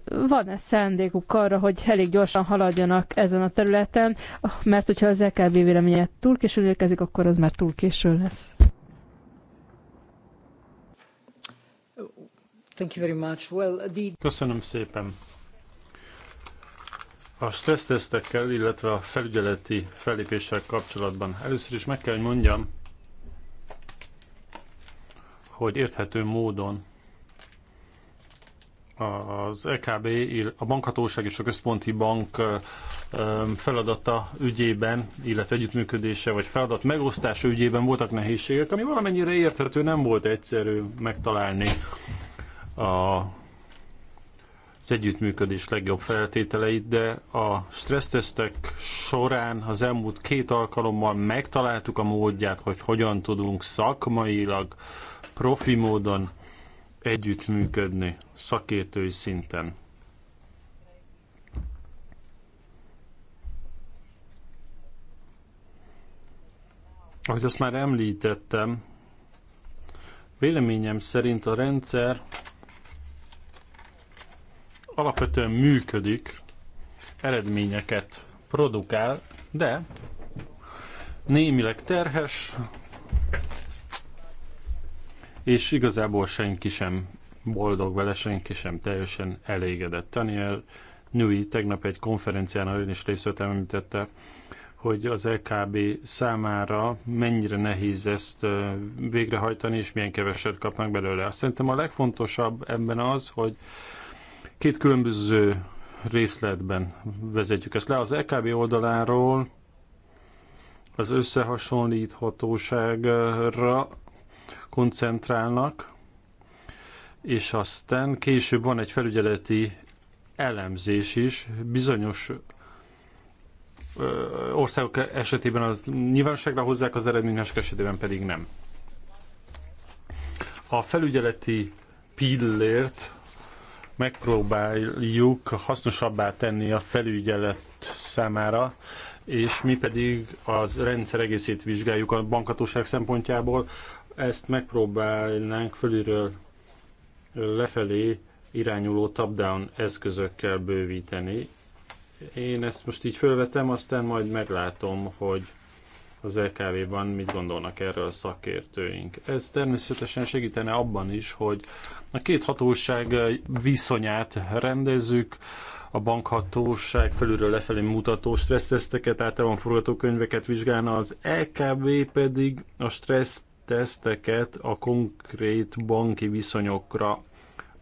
Van-e szándékuk arra, hogy elég gyorsan haladjanak ezen a területen, mert hogyha az EKB véleménye túl későn érkezik, akkor az már túl késő lesz. Köszönöm szépen a stressztesztekkel, illetve a felügyeleti fellépéssel kapcsolatban. Először is meg kell, hogy mondjam, hogy érthető módon az EKB, a bankhatóság és a központi bank feladata ügyében, illetve együttműködése vagy feladat megosztása ügyében voltak nehézségek, ami valamennyire érthető, nem volt egyszerű megtalálni a az együttműködés legjobb feltételeit, de a stressztesztek során az elmúlt két alkalommal megtaláltuk a módját, hogy hogyan tudunk szakmailag, profi módon együttműködni szakértői szinten. Ahogy azt már említettem, véleményem szerint a rendszer alapvetően működik, eredményeket produkál, de némileg terhes, és igazából senki sem boldog vele, senki sem teljesen elégedett. Daniel Nui tegnap egy konferencián, ahol is részt vettem, említette, hogy az LKB számára mennyire nehéz ezt végrehajtani, és milyen keveset kapnak belőle. Szerintem a legfontosabb ebben az, hogy Két különböző részletben vezetjük ezt le. Az LKB e oldaláról az összehasonlíthatóságra koncentrálnak, és aztán később van egy felügyeleti elemzés is, bizonyos országok esetében az nyilvánosságra hozzák az eredmény, mások esetében pedig nem. A felügyeleti pillért megpróbáljuk hasznosabbá tenni a felügyelet számára, és mi pedig az rendszer egészét vizsgáljuk a bankatóság szempontjából. Ezt megpróbálnánk fölülről lefelé irányuló top-down eszközökkel bővíteni. Én ezt most így fölvetem, aztán majd meglátom, hogy az LKV-ban mit gondolnak erről a szakértőink. Ez természetesen segítene abban is, hogy a két hatóság viszonyát rendezzük, a bankhatóság felülről lefelé mutató stresszteszteket, általában forgatókönyveket vizsgálna, az LKB pedig a stresszteszteket a konkrét banki viszonyokra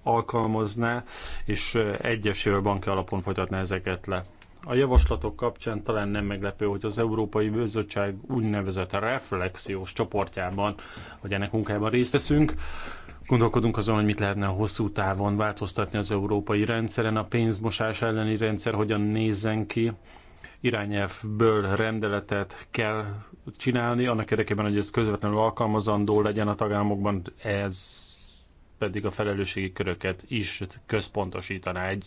alkalmazná, és egyesével banki alapon folytatná ezeket le. A javaslatok kapcsán talán nem meglepő, hogy az Európai Bizottság úgynevezett reflexiós csoportjában, hogy ennek munkájában részt veszünk, Gondolkodunk azon, hogy mit lehetne hosszú távon változtatni az európai rendszeren, a pénzmosás elleni rendszer hogyan nézzen ki, irányelvből rendeletet kell csinálni, annak érdekében, hogy ez közvetlenül alkalmazandó legyen a tagállamokban, ez pedig a felelősségi köröket is központosítaná egy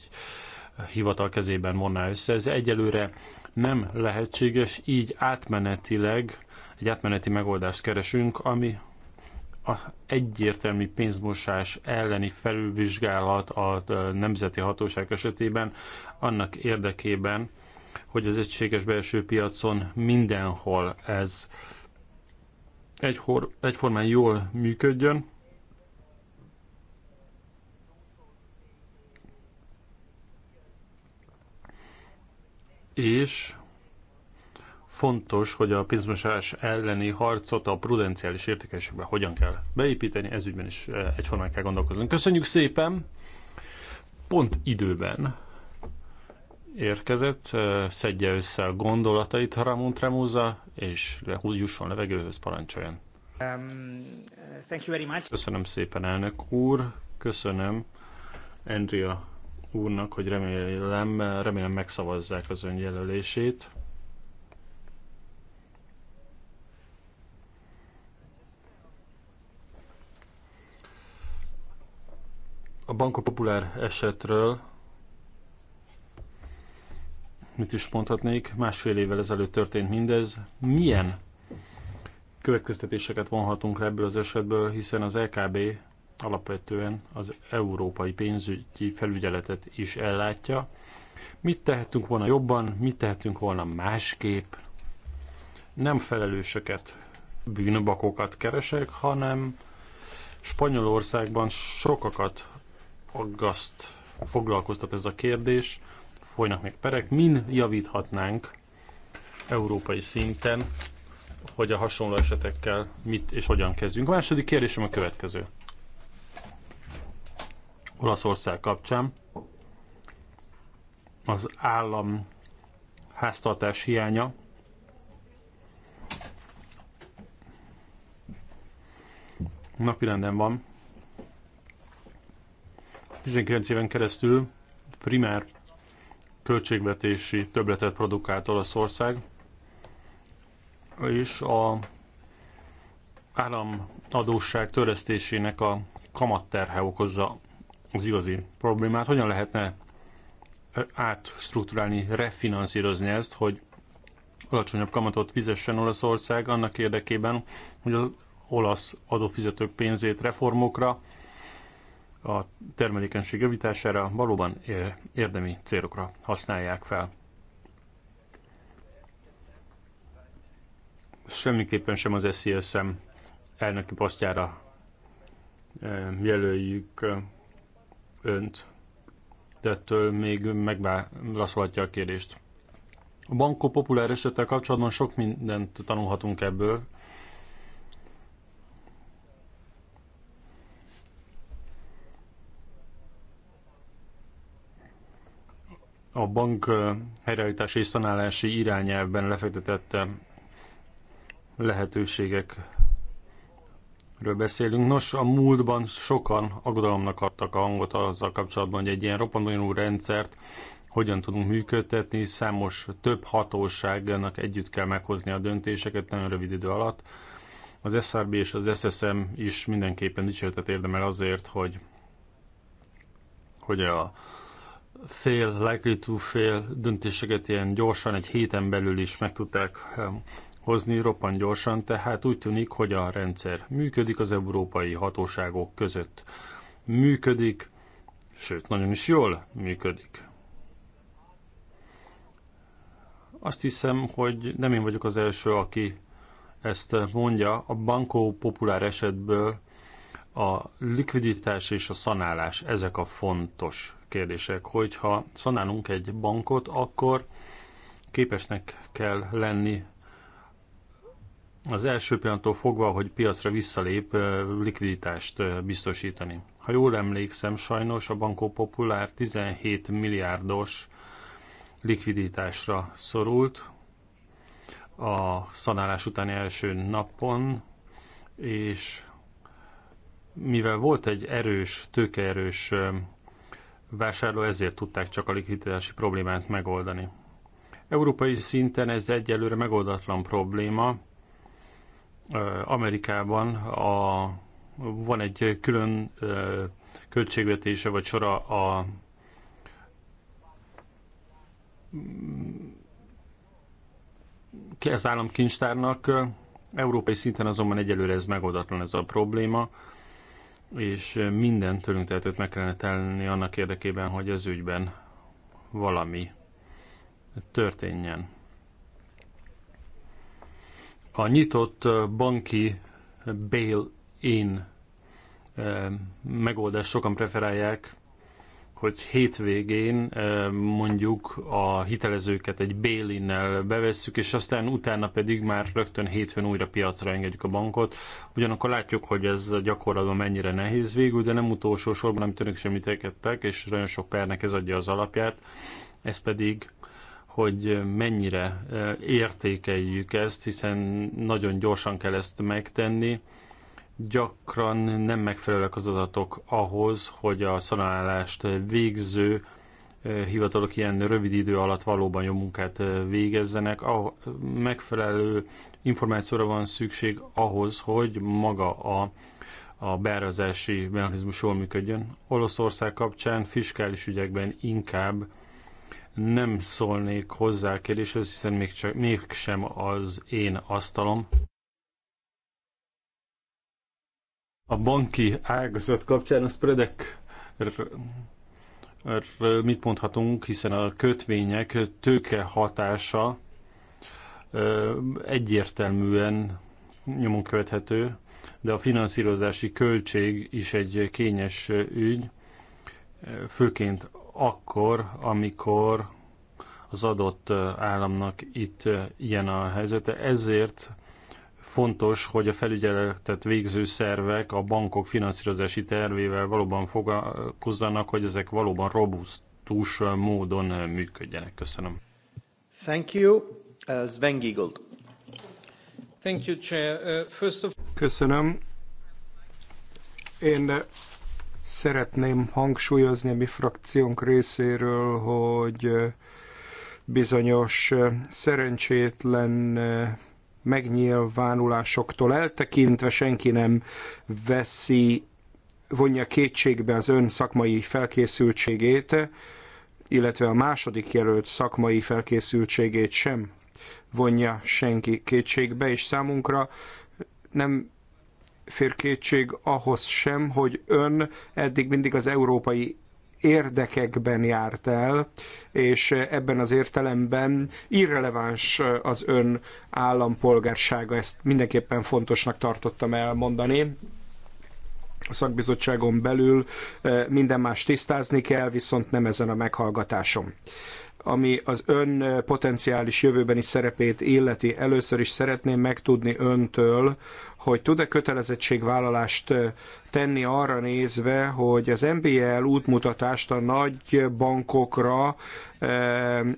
hivatal kezében vonná össze. Ez egyelőre nem lehetséges, így átmenetileg egy átmeneti megoldást keresünk, ami a egyértelmű pénzmosás elleni felülvizsgálat a nemzeti hatóság esetében annak érdekében, hogy az egységes belső piacon mindenhol ez egyhor, egyformán jól működjön, és fontos, hogy a pénzmosás elleni harcot a prudenciális értékelésekbe hogyan kell beépíteni, ügyben is eh, egyformán kell gondolkozni. Köszönjük szépen! Pont időben érkezett, eh, szedje össze a gondolatait Ramon Tremuza, és jusson levegőhöz, parancsoljon. Um, Köszönöm szépen, elnök úr, köszönöm Andrea úrnak, hogy remélem, remélem megszavazzák az önjelölését. A Banco Populár esetről mit is mondhatnék, másfél évvel ezelőtt történt mindez. Milyen következtetéseket vonhatunk le ebből az esetből, hiszen az LKB alapvetően az európai pénzügyi felügyeletet is ellátja. Mit tehetünk volna jobban, mit tehetünk volna másképp? Nem felelősöket, bűnbakokat keresek, hanem Spanyolországban sokakat aggaszt, foglalkoztat ez a kérdés, folynak még perek, min javíthatnánk európai szinten, hogy a hasonló esetekkel mit és hogyan kezdjünk. A második kérdésem a következő. Olaszország kapcsán. Az állam háztartás hiánya napirenden van. 19 éven keresztül primár költségvetési töbletet produkált Olaszország, és a állam adósság törlesztésének a kamatterhe okozza az igazi problémát, hogyan lehetne átstruktúrálni, refinanszírozni ezt, hogy alacsonyabb kamatot fizessen Olaszország annak érdekében, hogy az olasz adófizetők pénzét reformokra, a termelékenység javítására valóban érdemi célokra használják fel. Semmiképpen sem az SZSZM elnöki posztjára jelöljük önt, de ettől még megválaszolhatja a kérdést. A bankó populár esettel kapcsolatban sok mindent tanulhatunk ebből. A bank eh, helyreállítási és szanálási irányelvben lefektetett lehetőségek ről beszélünk. Nos, a múltban sokan aggodalomnak adtak a hangot azzal kapcsolatban, hogy egy ilyen roppantbonyolú rendszert hogyan tudunk működtetni, számos több hatóságnak együtt kell meghozni a döntéseket nagyon rövid idő alatt. Az SRB és az SSM is mindenképpen dicséretet érdemel azért, hogy, hogy a fél, likely to fail döntéseket ilyen gyorsan, egy héten belül is meg tudták eh, hozni roppan gyorsan, tehát úgy tűnik, hogy a rendszer működik az európai hatóságok között. Működik, sőt, nagyon is jól működik. Azt hiszem, hogy nem én vagyok az első, aki ezt mondja. A bankó populár esetből a likviditás és a szanálás, ezek a fontos kérdések. Hogyha szanálunk egy bankot, akkor képesnek kell lenni az első pillanattól fogva, hogy piacra visszalép, likviditást biztosítani. Ha jól emlékszem, sajnos a Banco Popular 17 milliárdos likviditásra szorult a szanálás utáni első napon, és mivel volt egy erős, tőkeerős vásárló, ezért tudták csak a likviditási problémát megoldani. Európai szinten ez egyelőre megoldatlan probléma, Amerikában a, van egy külön költségvetése vagy sora a mm, az államkincstárnak. Európai szinten azonban egyelőre ez megoldatlan ez a probléma, és minden tőlünk tehetőt meg kellene tenni annak érdekében, hogy ez ügyben valami történjen a nyitott banki bail-in megoldást sokan preferálják, hogy hétvégén mondjuk a hitelezőket egy bail-innel bevesszük, és aztán utána pedig már rögtön hétfőn újra piacra engedjük a bankot. Ugyanakkor látjuk, hogy ez gyakorlatban mennyire nehéz végül, de nem utolsó sorban, amit önök sem és nagyon sok pernek ez adja az alapját, ez pedig hogy mennyire értékeljük ezt, hiszen nagyon gyorsan kell ezt megtenni. Gyakran nem megfelelőek az adatok ahhoz, hogy a szanálást végző hivatalok ilyen rövid idő alatt valóban jó munkát végezzenek. A megfelelő információra van szükség ahhoz, hogy maga a a beárazási mechanizmus jól működjön. Olaszország kapcsán fiskális ügyekben inkább nem szólnék hozzá a kérdéshez, hiszen még csak, mégsem az én asztalom. A banki ágazat kapcsán a spreadek mit mondhatunk, hiszen a kötvények tőke hatása egyértelműen nyomon követhető, de a finanszírozási költség is egy kényes ügy, főként akkor, amikor az adott államnak itt ilyen a helyzete. Ezért fontos, hogy a felügyeletet végző szervek a bankok finanszírozási tervével valóban foglalkozzanak, hogy ezek valóban robusztus módon működjenek. Köszönöm. Thank you. Uh, Sven Giegold. Thank you, Chair. Uh, first of... Köszönöm. Én Szeretném hangsúlyozni a mi frakciónk részéről, hogy bizonyos szerencsétlen megnyilvánulásoktól eltekintve senki nem veszi, vonja kétségbe az ön szakmai felkészültségét, illetve a második jelölt szakmai felkészültségét sem vonja senki kétségbe, és számunkra nem fér kétség ahhoz sem, hogy ön eddig mindig az európai érdekekben járt el, és ebben az értelemben irreleváns az ön állampolgársága, ezt mindenképpen fontosnak tartottam elmondani a szakbizottságon belül eh, minden más tisztázni kell, viszont nem ezen a meghallgatásom. Ami az ön eh, potenciális jövőbeni szerepét illeti, először is szeretném megtudni öntől, hogy tud-e kötelezettségvállalást tenni arra nézve, hogy az MBL útmutatást a nagy bankokra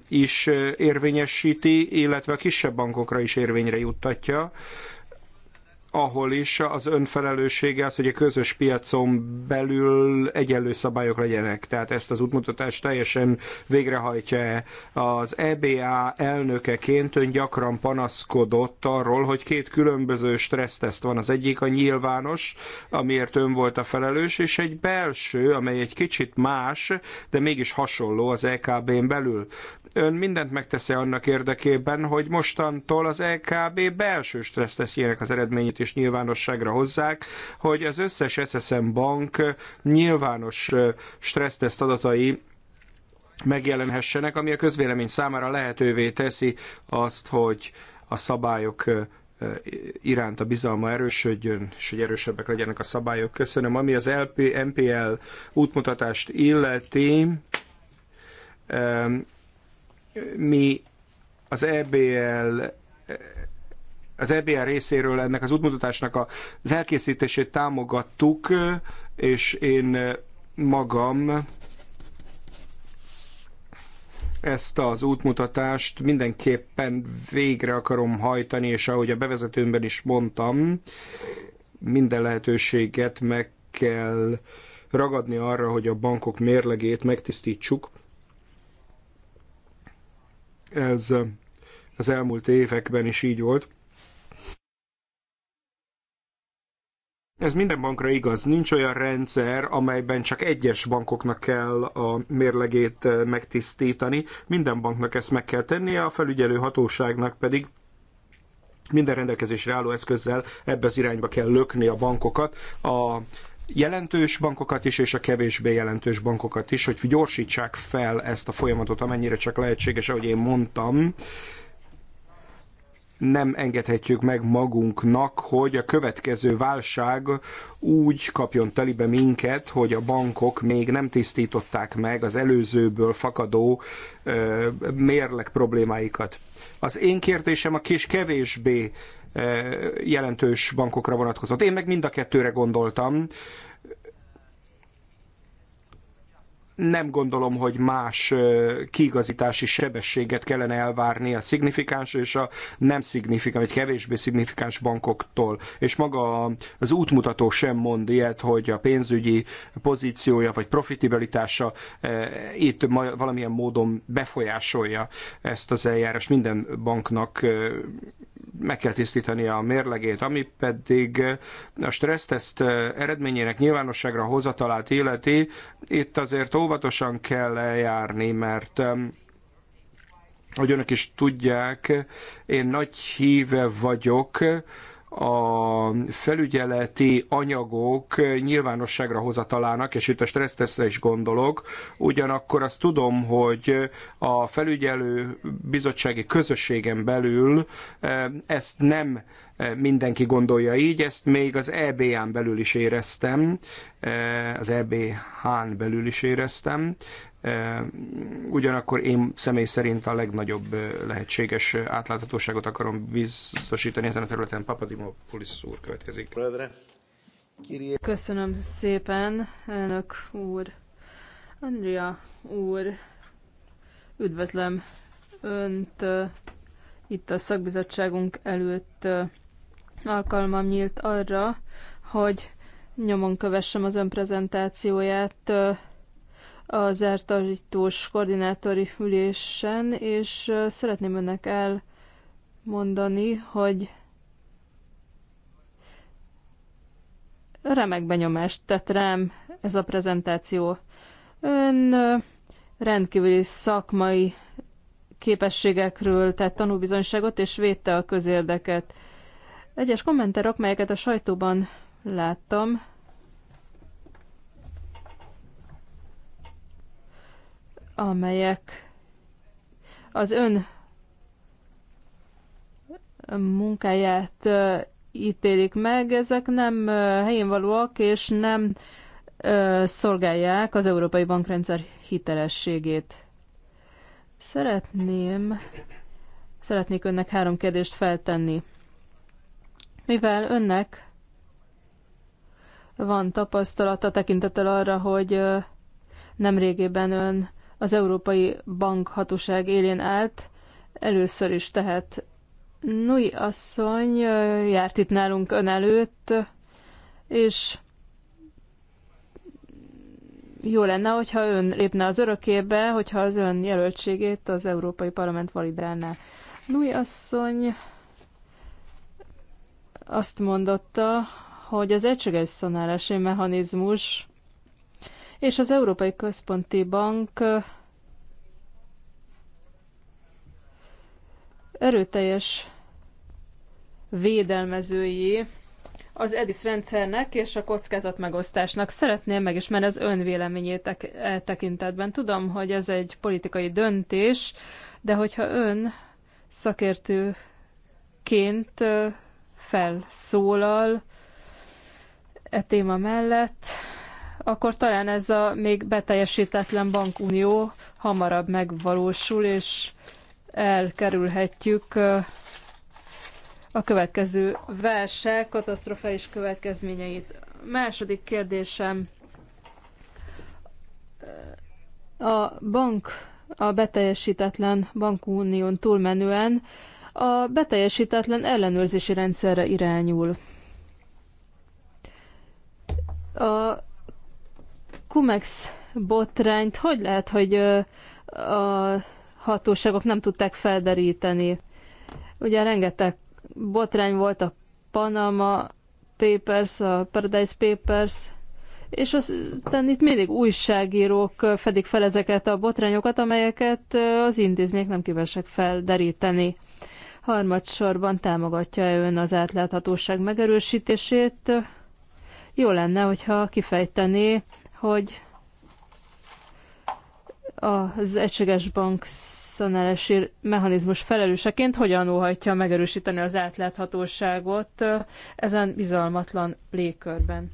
is érvényesíti, illetve a kisebb bankokra is érvényre juttatja, ahol is az önfelelőssége az, hogy a közös piacon belül egyenlő szabályok legyenek. Tehát ezt az útmutatást teljesen végrehajtja az EBA elnökeként ön gyakran panaszkodott arról, hogy két különböző stresszteszt van. Az egyik a nyilvános, amiért ön volt a felelős, és egy belső, amely egy kicsit más, de mégis hasonló az EKB-n belül ön mindent megteszi annak érdekében, hogy mostantól az LKB belső stressztesztjének az eredményét is nyilvánosságra hozzák, hogy az összes SSM bank nyilvános stressz adatai megjelenhessenek, ami a közvélemény számára lehetővé teszi azt, hogy a szabályok iránt a bizalma erősödjön, és hogy erősebbek legyenek a szabályok. Köszönöm. Ami az LP, MPL útmutatást illeti, mi az EBL az EBL részéről ennek az útmutatásnak az elkészítését támogattuk, és én magam ezt az útmutatást mindenképpen végre akarom hajtani, és ahogy a bevezetőmben is mondtam, minden lehetőséget meg kell ragadni arra, hogy a bankok mérlegét megtisztítsuk. Ez az elmúlt években is így volt. Ez minden bankra igaz. Nincs olyan rendszer, amelyben csak egyes bankoknak kell a mérlegét eh, megtisztítani. Minden banknak ezt meg kell tennie, a felügyelő hatóságnak pedig minden rendelkezésre álló eszközzel ebbe az irányba kell lökni a bankokat. A jelentős bankokat is, és a kevésbé jelentős bankokat is, hogy gyorsítsák fel ezt a folyamatot, amennyire csak lehetséges, ahogy én mondtam nem engedhetjük meg magunknak, hogy a következő válság úgy kapjon telibe minket, hogy a bankok még nem tisztították meg az előzőből fakadó mérleg problémáikat. Az én kérdésem a kis kevésbé jelentős bankokra vonatkozott. Én meg mind a kettőre gondoltam. Nem gondolom, hogy más kiigazítási sebességet kellene elvárni a szignifikáns és a nem szignifikáns, vagy kevésbé szignifikáns bankoktól. És maga az útmutató sem mond ilyet, hogy a pénzügyi pozíciója vagy profitibilitása itt valamilyen módon befolyásolja ezt az eljárás. Minden banknak meg kell tisztítani a mérlegét, ami pedig a stresszteszt eredményének nyilvánosságra hozatalát illeti, itt azért óvatosan kell eljárni, mert um, hogy önök is tudják, én nagy híve vagyok a felügyeleti anyagok nyilvánosságra hozatalának, és itt a stressztesztre is gondolok, ugyanakkor azt tudom, hogy a felügyelő bizottsági közösségen belül e, ezt nem e, mindenki gondolja így, ezt még az eba n belül is éreztem, e, az EBH-n belül is éreztem, Ugyanakkor én személy szerint a legnagyobb lehetséges átláthatóságot akarom biztosítani ezen a területen. Papadimopoulos úr következik. Köszönöm szépen, elnök úr. Andrea úr, üdvözlöm Önt itt a szakbizottságunk előtt alkalmam nyílt arra, hogy nyomon kövessem az ön prezentációját az ártalítós koordinátori ülésen, és szeretném önnek elmondani, hogy remek benyomást tett rám ez a prezentáció. Ön rendkívüli szakmai képességekről tett tanúbizonyságot, és védte a közérdeket. Egyes kommenterok, melyeket a sajtóban láttam, amelyek az ön munkáját ítélik meg, ezek nem helyén valóak, és nem szolgálják az európai bankrendszer hitelességét. Szeretném, szeretnék önnek három kérdést feltenni. Mivel önnek van tapasztalata tekintettel arra, hogy nem régében ön az Európai Bankhatóság élén állt, először is tehát Nui asszony járt itt nálunk ön előtt, és jó lenne, hogyha ön lépne az örökébe, hogyha az ön jelöltségét az Európai Parlament validálná. Nui asszony azt mondotta, hogy az egységes szanálási mechanizmus és az Európai Központi Bank erőteljes védelmezői az EDIS rendszernek és a kockázat megosztásnak. Szeretném megismerni az ön véleményét e tekintetben. Tudom, hogy ez egy politikai döntés, de hogyha ön szakértőként felszólal e téma mellett, akkor talán ez a még beteljesítetlen bankunió hamarabb megvalósul, és elkerülhetjük a következő válság katasztrofális következményeit. Második kérdésem. A bank, a beteljesítetlen bankunión túlmenően a beteljesítetlen ellenőrzési rendszerre irányul. A Cumex botrányt hogy lehet, hogy a hatóságok nem tudták felderíteni? Ugye rengeteg botrány volt a Panama Papers, a Paradise Papers, és aztán itt mindig újságírók fedik fel ezeket a botrányokat, amelyeket az intézmények nem kívesek felderíteni. Harmadsorban támogatja ön az átláthatóság megerősítését. Jó lenne, hogyha kifejtené, hogy az egységes bank szanálási mechanizmus felelőseként hogyan óhajtja megerősíteni az átláthatóságot ezen bizalmatlan légkörben.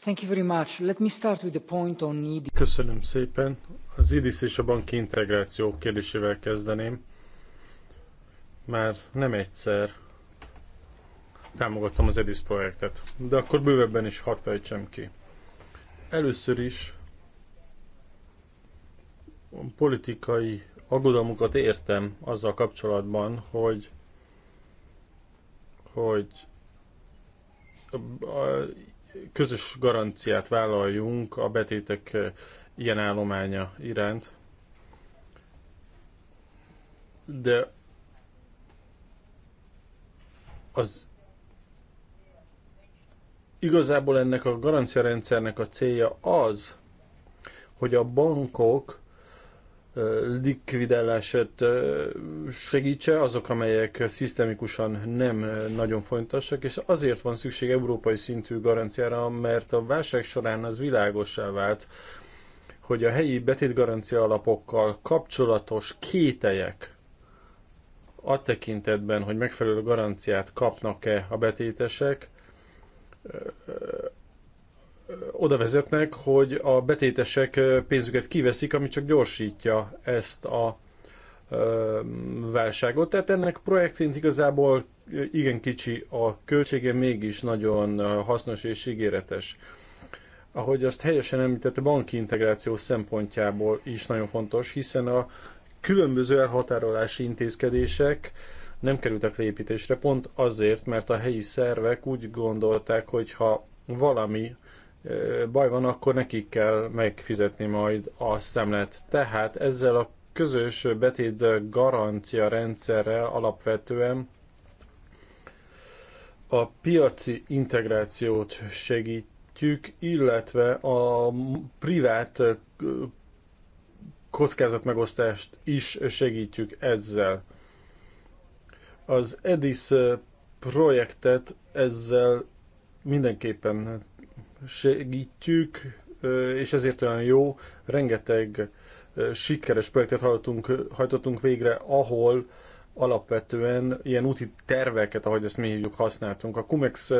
Thank you very much. Let me start with the point on e Köszönöm szépen. Az e IDIS és a banki integráció kérdésével kezdeném. Már nem egyszer támogattam az EDIS projektet. De akkor bővebben is hat fejtsem ki. Először is a politikai aggodalmukat értem azzal kapcsolatban, hogy hogy közös garanciát vállaljunk a betétek eh, ilyen állománya iránt. De az Igazából ennek a garanciarendszernek a célja az, hogy a bankok likvidálását segítse, azok, amelyek szisztemikusan nem nagyon fontosak, és azért van szükség európai szintű garanciára, mert a válság során az világosá vált, hogy a helyi betétgarancia alapokkal kapcsolatos kételyek a tekintetben, hogy megfelelő garanciát kapnak-e a betétesek, oda vezetnek, hogy a betétesek pénzüket kiveszik, ami csak gyorsítja ezt a válságot. Tehát ennek projektént igazából igen kicsi a költsége, mégis nagyon hasznos és ígéretes. Ahogy azt helyesen említett, a banki integráció szempontjából is nagyon fontos, hiszen a különböző elhatárolási intézkedések nem kerültek leépítésre, pont azért, mert a helyi szervek úgy gondolták, hogy ha valami baj van, akkor nekik kell megfizetni majd a szemlet. Tehát ezzel a közös betét garancia rendszerrel alapvetően a piaci integrációt segítjük, illetve a privát kockázatmegosztást is segítjük ezzel. Az EDIS projektet ezzel mindenképpen segítjük, és ezért olyan jó, rengeteg sikeres projektet hajtottunk, hajtottunk végre, ahol alapvetően ilyen úti terveket, ahogy ezt mi hívjuk, használtunk. A Cumex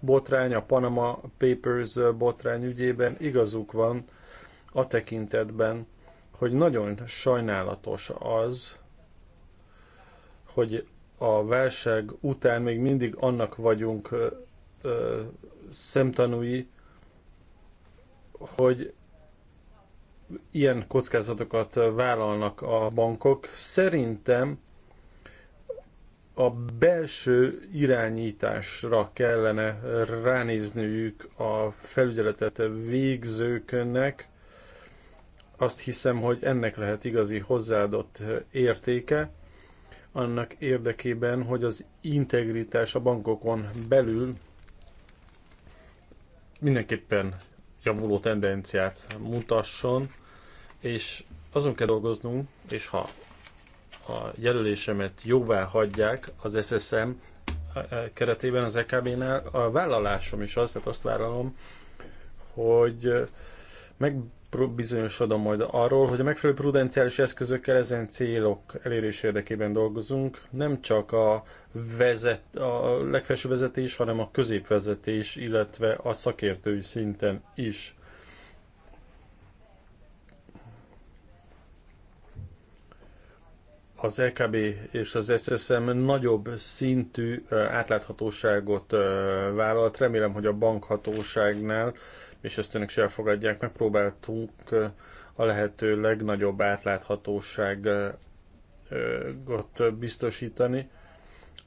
botrány, a Panama Papers botrány ügyében igazuk van a tekintetben, hogy nagyon sajnálatos az, hogy a válság után még mindig annak vagyunk ö, ö, szemtanúi, hogy ilyen kockázatokat vállalnak a bankok. Szerintem a belső irányításra kellene ránézniük a felügyeletet végzőkönnek. Azt hiszem, hogy ennek lehet igazi hozzáadott értéke annak érdekében, hogy az integritás a bankokon belül mindenképpen javuló tendenciát mutasson, és azon kell dolgoznunk, és ha a jelölésemet jóvá hagyják az SSM eh, eh, keretében az EKB-nál, a vállalásom is az, tehát azt vállalom, hogy eh, meg bizonyosodom majd arról, hogy a megfelelő prudenciális eszközökkel ezen célok elérés érdekében dolgozunk, nem csak a, vezet, a legfelső vezetés, hanem a középvezetés, illetve a szakértői szinten is. az LKB és az SSM nagyobb szintű átláthatóságot vállalt. Remélem, hogy a bankhatóságnál és ezt önök is elfogadják, megpróbáltunk a lehető legnagyobb átláthatóságot biztosítani.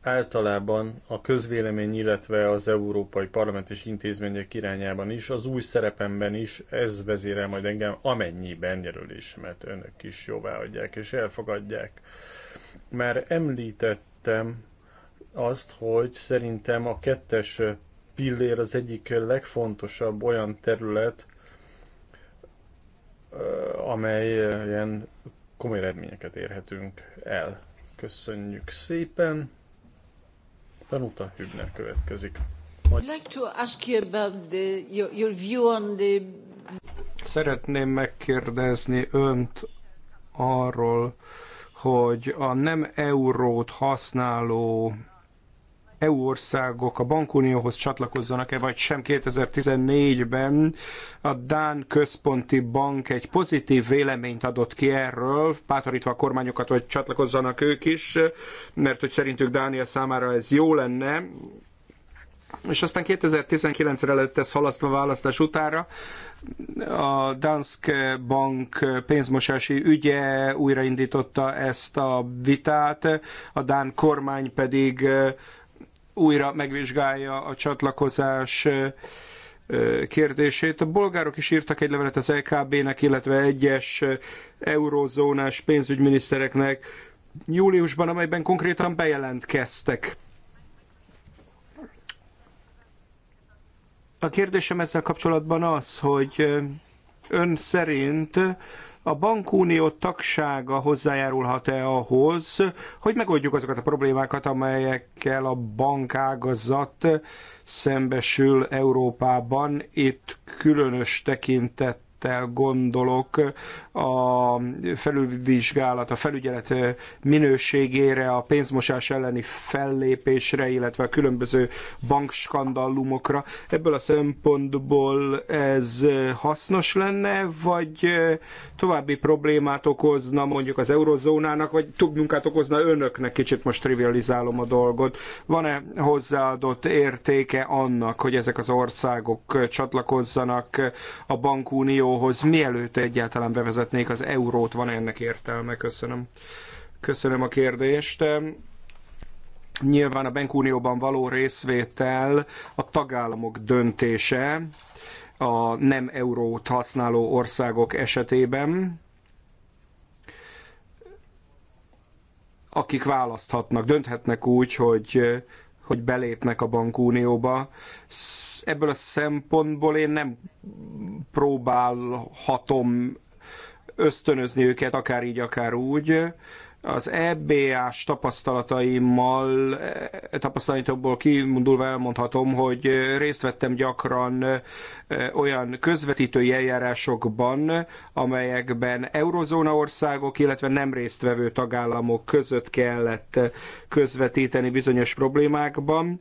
Általában a közvélemény, illetve az Európai Parlament és intézmények irányában is, az új szerepemben is ez vezérel majd engem, amennyiben jelölésemet önök is jóvá adják és elfogadják. Már említettem azt, hogy szerintem a kettes pillér az egyik legfontosabb olyan terület, amelyen komoly eredményeket érhetünk el. Köszönjük szépen! Tanuta Hübner következik. Szeretném megkérdezni önt arról, hogy a nem eurót használó EU országok a bankunióhoz csatlakozzanak-e, vagy sem 2014-ben a Dán Központi Bank egy pozitív véleményt adott ki erről, pátorítva a kormányokat, hogy csatlakozzanak ők is, mert hogy szerintük Dánia számára ez jó lenne. És aztán 2019-re lett ez halasztva választás utára. A Danske Bank pénzmosási ügye újraindította ezt a vitát, a Dán kormány pedig újra megvizsgálja a csatlakozás kérdését. A bolgárok is írtak egy levelet az LKB-nek, e illetve egyes eurozónás pénzügyminisztereknek júliusban, amelyben konkrétan bejelentkeztek. A kérdésem ezzel kapcsolatban az, hogy ön szerint a bankunió tagsága hozzájárulhat-e ahhoz, hogy megoldjuk azokat a problémákat, amelyekkel a bankágazat szembesül Európában, itt különös tekintet tekintettel gondolok a felülvizsgálat, a felügyelet minőségére, a pénzmosás elleni fellépésre, illetve a különböző bankskandallumokra. Ebből a szempontból ez hasznos lenne, vagy további problémát okozna mondjuk az eurozónának, vagy több munkát okozna önöknek, kicsit most trivializálom a dolgot. Van-e hozzáadott értéke annak, hogy ezek az országok csatlakozzanak a bankunió Unióhoz, mielőtt egyáltalán bevezetnék az eurót, van -e ennek értelme? Köszönöm. Köszönöm a kérdést. Nyilván a bankunióban való részvétel a tagállamok döntése a nem eurót használó országok esetében. akik választhatnak, dönthetnek úgy, hogy hogy belépnek a bankunióba. Ebből a szempontból én nem próbálhatom ösztönözni őket, akár így, akár úgy. Az EBA-s tapasztalataimmal, eh, tapasztalatokból kiindulva elmondhatom, hogy eh, részt vettem gyakran eh, olyan közvetítői eljárásokban, amelyekben eurozóna országok, illetve nem résztvevő tagállamok között kellett közvetíteni bizonyos problémákban.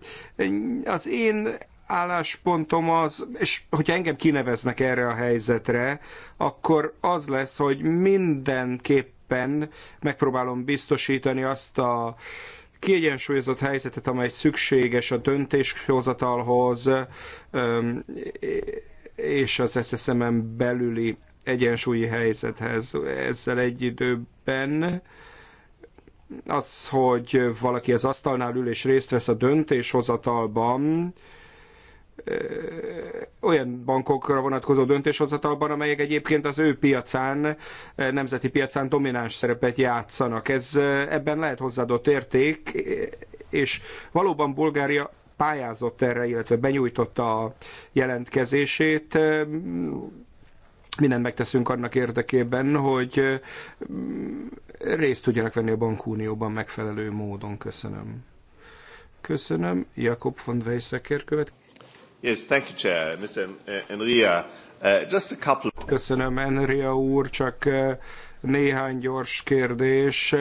Az én álláspontom az, és hogyha engem kineveznek erre a helyzetre, akkor az lesz, hogy mindenképp mindenképpen megpróbálom biztosítani azt a kiegyensúlyozott helyzetet, amely szükséges a döntéshozatalhoz és az ssm belüli egyensúlyi helyzethez. Ezzel egy időben az, hogy valaki az asztalnál ül és részt vesz a döntéshozatalban, olyan bankokra vonatkozó döntéshozatalban, amelyek egyébként az ő piacán, nemzeti piacán domináns szerepet játszanak. Ez ebben lehet hozzáadott érték, és valóban Bulgária pályázott erre, illetve benyújtotta a jelentkezését. Mindent megteszünk annak érdekében, hogy részt tudjanak venni a bankunióban megfelelő módon. Köszönöm. Köszönöm. Jakob von Weisseker következik. Yes, thank you, Chair. Mr. Enria, uh, just a couple... Köszönöm, Enria úr, csak uh, néhány gyors kérdés.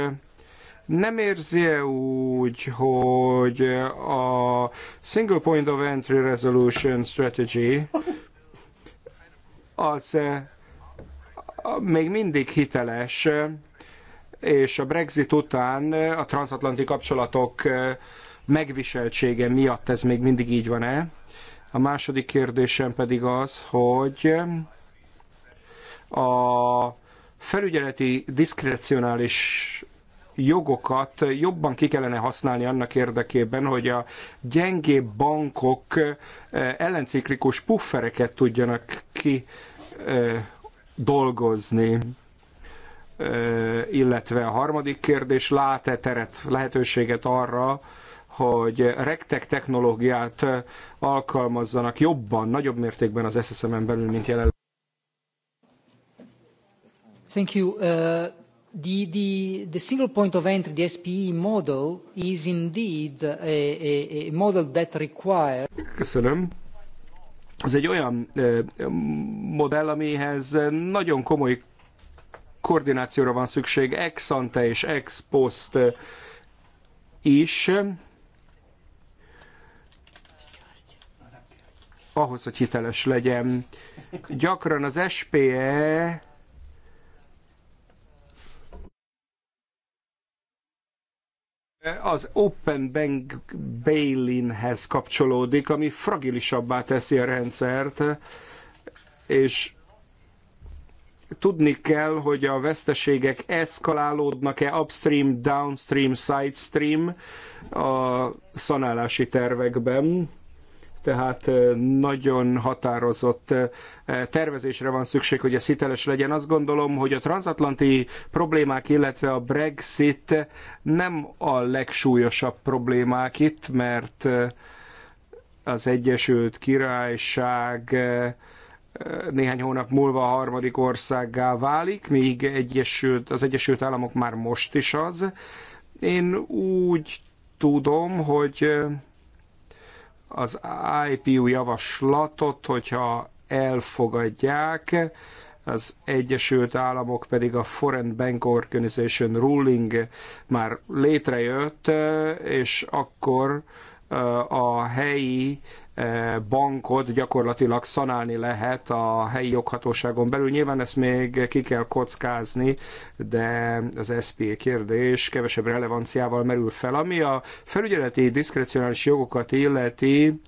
Nem érzi -e úgy, hogy uh, a Single Point of Entry Resolution Strategy az uh, még mindig hiteles, és a Brexit után a transatlanti kapcsolatok megviseltsége miatt ez még mindig így van-e? A második kérdésem pedig az, hogy a felügyeleti diszkrecionális jogokat jobban ki kellene használni annak érdekében, hogy a gyengébb bankok eh, ellenciklikus puffereket tudjanak ki eh, dolgozni. Eh, illetve a harmadik kérdés, lát-e teret, lehetőséget arra, hogy rektek technológiát alkalmazzanak jobban, nagyobb mértékben az SSM-en belül, mint jelenleg. Thank you. Uh, the, the, the single point of entry, the SPE model, is indeed a, a, a model that requires... Köszönöm ez egy olyan uh, modell, amihez nagyon komoly koordinációra van szükség, ex ante és ex post uh, is, ahhoz, hogy hiteles legyen. Gyakran az SPE az Open Bank bail kapcsolódik, ami fragilisabbá teszi a rendszert, és tudni kell, hogy a veszteségek eszkalálódnak-e upstream, downstream, sidestream a szanálási tervekben tehát nagyon határozott tervezésre van szükség, hogy ez hiteles legyen. Azt gondolom, hogy a transatlanti problémák, illetve a Brexit nem a legsúlyosabb problémák itt, mert az Egyesült Királyság néhány hónap múlva a harmadik országgá válik, míg Egyesült, az Egyesült Államok már most is az. Én úgy tudom, hogy az IPU javaslatot, hogyha elfogadják, az Egyesült Államok pedig a Foreign Bank Organization ruling már létrejött, és akkor a helyi bankot gyakorlatilag szanálni lehet a helyi joghatóságon belül. Nyilván ezt még ki kell kockázni, de az SP kérdés kevesebb relevanciával merül fel. Ami a felügyeleti diszkrecionális jogokat illeti,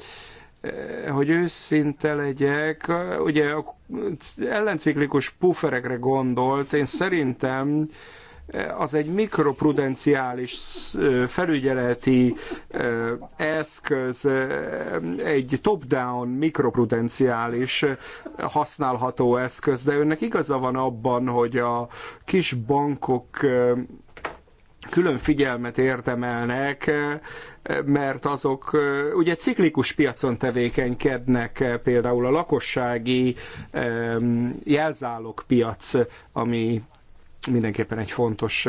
eh, hogy őszinte legyek, ugye ellenciklikus pufferekre gondolt, én szerintem az egy mikroprudenciális felügyeleti eszköz, egy top-down mikroprudenciális használható eszköz, de önnek igaza van abban, hogy a kis bankok külön figyelmet érdemelnek, mert azok ugye ciklikus piacon tevékenykednek, például a lakossági jelzálogpiac, ami mindenképpen egy fontos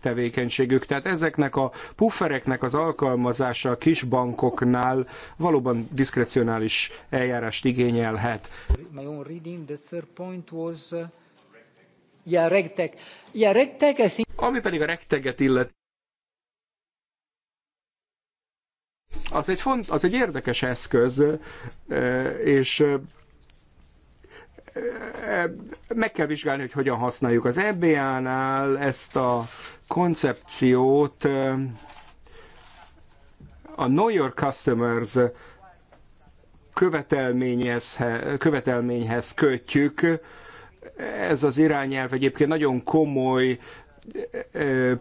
tevékenységük. Tehát ezeknek a puffereknek az alkalmazása a kis bankoknál valóban diszkrecionális eljárást igényelhet. My own reading, the third point was... Uh, yeah, regtech. Yeah, regtech, think... Ami pedig a regteget illet, az egy, font, az egy érdekes eszköz, és meg kell vizsgálni, hogy hogyan használjuk az EBA-nál ezt a koncepciót. A New York Customers követelményhez, követelményhez kötjük. Ez az irányelv egyébként nagyon komoly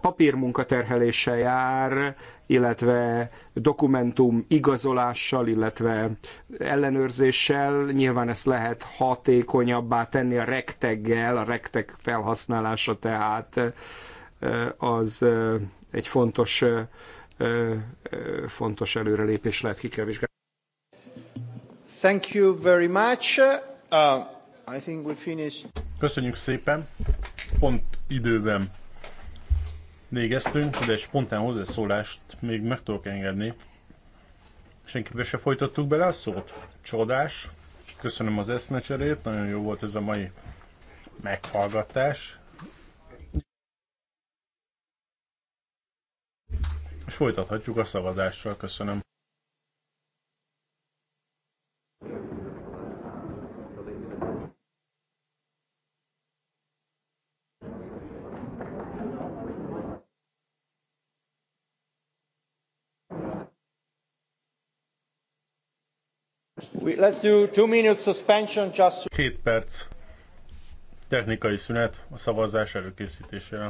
papírmunkaterheléssel jár, illetve dokumentum igazolással, illetve ellenőrzéssel. Nyilván ezt lehet hatékonyabbá tenni a rekteggel, a rektek felhasználása tehát az egy fontos, fontos előrelépés lehet ki kell vizsgálni. Thank you very much. Uh, I think we finished. Köszönjük szépen. Pont időben végeztünk, de egy spontán hozzászólást még meg tudok engedni. Senkibe se folytattuk bele a szót. Csodás. Köszönöm az eszmecserét, nagyon jó volt ez a mai meghallgatás. És folytathatjuk a szavazással, köszönöm. Let's do two minutes suspension just Két perc technikai szünet a szavazás előkészítésére.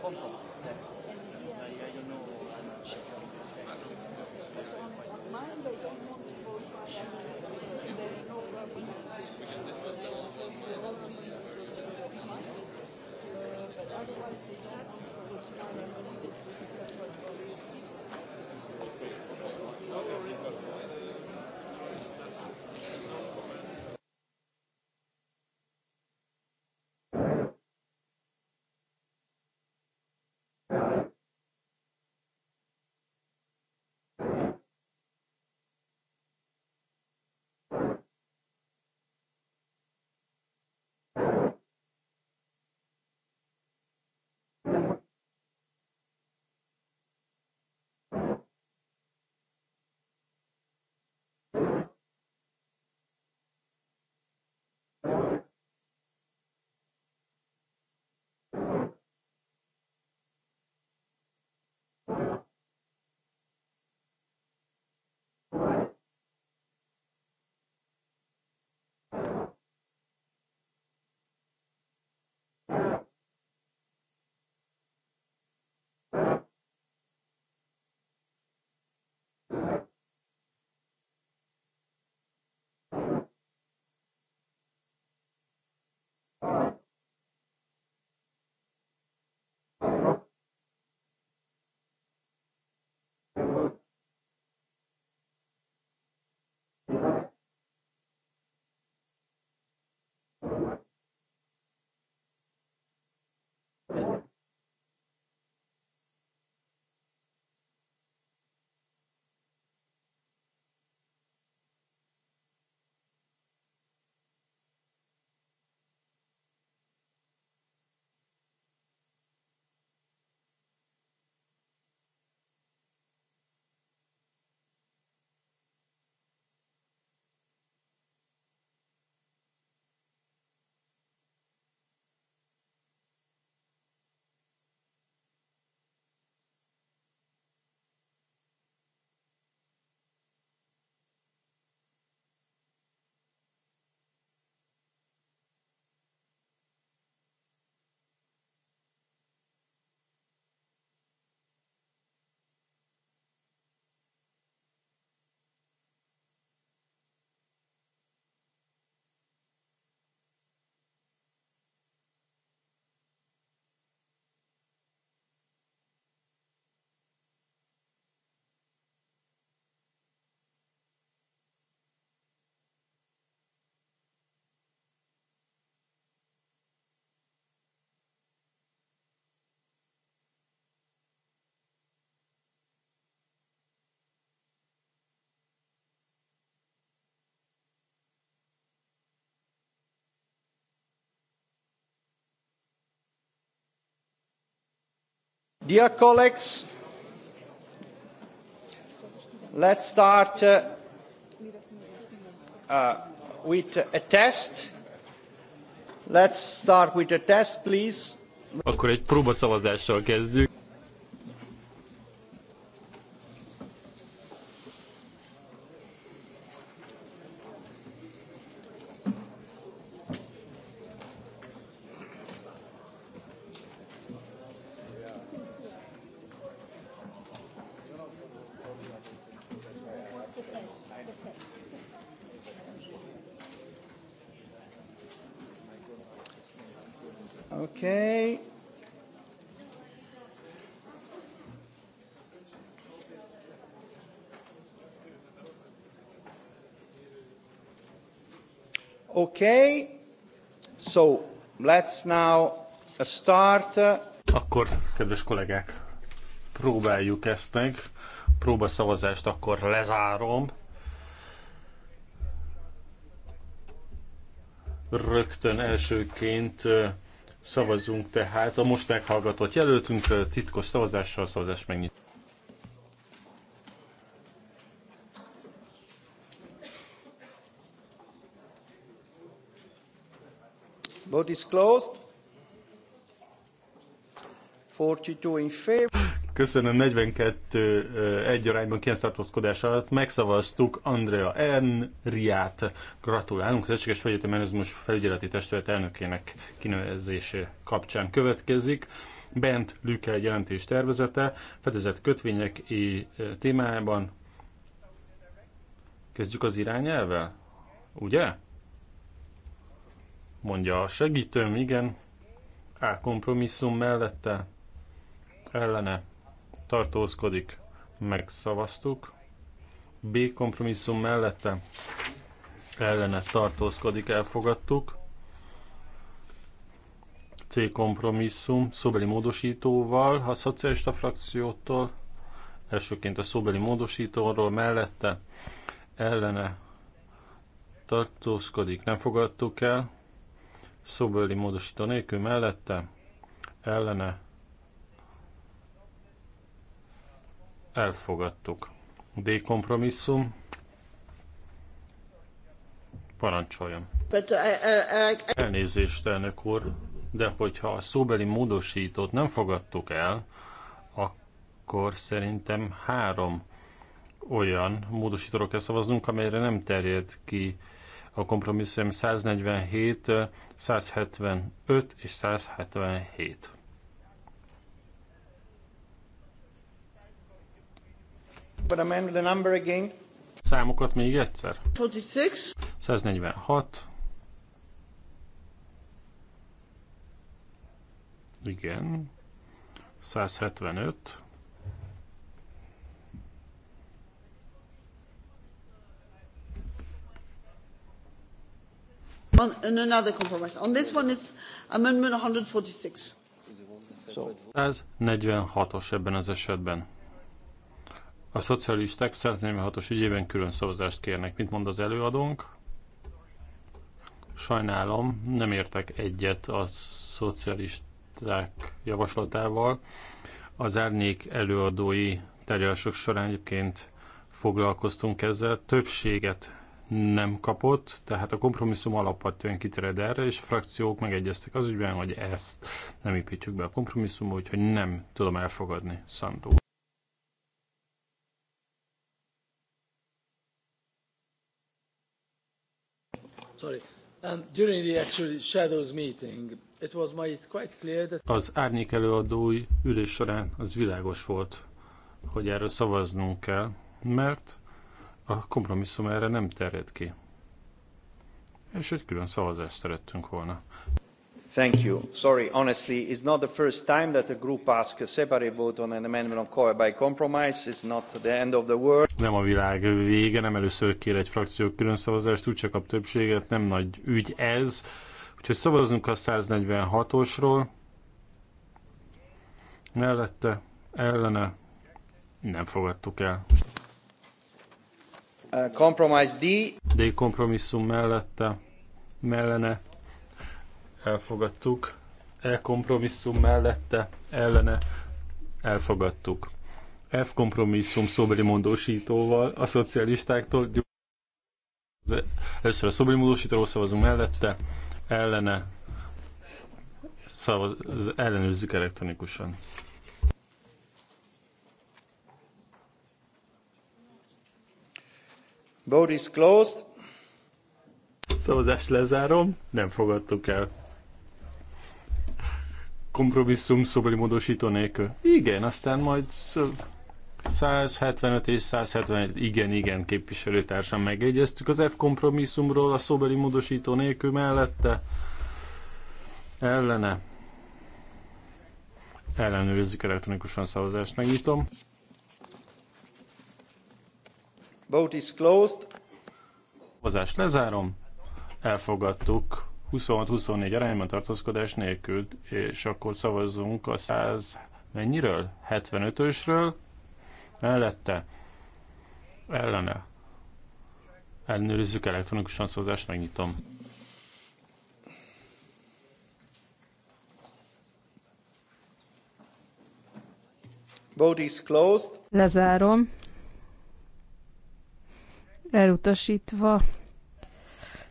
compromises. That's, I, I don't Dear colleagues, let's start uh, uh, with a test. Let's start with a test, please. Akkor egy próbaszavazással kezdjük. So, let's now uh, start. Uh, akkor, kedves kollégák, próbáljuk ezt meg. Próbaszavazást akkor lezárom. Rögtön elsőként uh, szavazunk tehát a most meghallgatott jelöltünkről, titkos szavazással szavazás megnyit. Vote is closed. 42 in favor. Köszönöm, 42 egy arányban 9 alatt megszavaztuk Andrea Enriát. Gratulálunk Szövetséges Vegyeti Menizmus Felügyeleti Testület elnökének kinevezése kapcsán következik. Bent Lüke jelentés tervezete, fedezett kötvények témájában. Kezdjük az irányelvvel, ugye? mondja a segítőm, igen. A kompromisszum mellette ellene tartózkodik, megszavaztuk. B kompromisszum mellette ellene tartózkodik, elfogadtuk. C kompromisszum szóbeli módosítóval, a szocialista frakciótól, elsőként a szóbeli módosítóról mellette ellene tartózkodik, nem fogadtuk el szóbeli módosító nélkül mellette ellene elfogadtuk. D kompromisszum parancsoljon. Uh, uh, uh, Elnézést, elnök úr, de hogyha a szóbeli módosítót nem fogadtuk el, akkor szerintem három olyan módosítóra kell szavaznunk, amelyre nem terjed ki a kompromisszum 147, 175 és 177. But the number again. Számokat még egyszer. 146. Igen. 175. on, on another compromise. On this one it's amendment 146. 146-os ebben az esetben. A szocialisták 146-os ügyében külön szavazást kérnek. mint mond az előadónk? Sajnálom, nem értek egyet a szocialisták javaslatával. Az árnyék előadói tárgyalások során egyébként foglalkoztunk ezzel. Többséget nem kapott, tehát a kompromisszum alapvetően kitered erre, és a frakciók megegyeztek az ügyben, hogy ezt nem építjük be a kompromisszumba, úgyhogy nem tudom elfogadni Szandó. Um, az árnyék előadói ülés során az világos volt, hogy erről szavaznunk kell, mert a kompromisszum erre nem terjed ki. És egy külön szavazást szerettünk volna. Thank you. Sorry, honestly, it's not the first time that a group asks a separate vote on an amendment on core by compromise. It's not the end of the world. Nem a világ vége, nem először kér egy frakció külön szavazást, úgyse kap többséget, nem nagy ügy ez. Úgyhogy szavazunk a 146-osról. Mellette, ellene, nem fogadtuk el. Uh, compromise D. D kompromisszum mellette, mellene elfogadtuk. E kompromisszum mellette, ellene elfogadtuk. F kompromisszum szóbeli módosítóval a szocialistáktól. Először a szóbeli módosítóról szavazunk mellette, ellene szavaz, ellenőrzzük elektronikusan. Vote is closed. Szavazást lezárom, nem fogadtuk el. Kompromisszum szobeli módosító nélkül. Igen, aztán majd 175 és 171, igen, igen, képviselőtársam megegyeztük az F kompromisszumról a szobeli módosító nélkül mellette. Ellene. Ellenőrizzük elektronikusan szavazást, megnyitom. Vote is closed. Hozást lezárom. Elfogadtuk 26-24 arányban tartózkodás nélkül, és akkor szavazzunk a 100 mennyiről? 75-ösről? Mellette? Ellene? Ellenőrizzük elektronikusan szavazást, megnyitom. Vote is closed. Lezárom elutasítva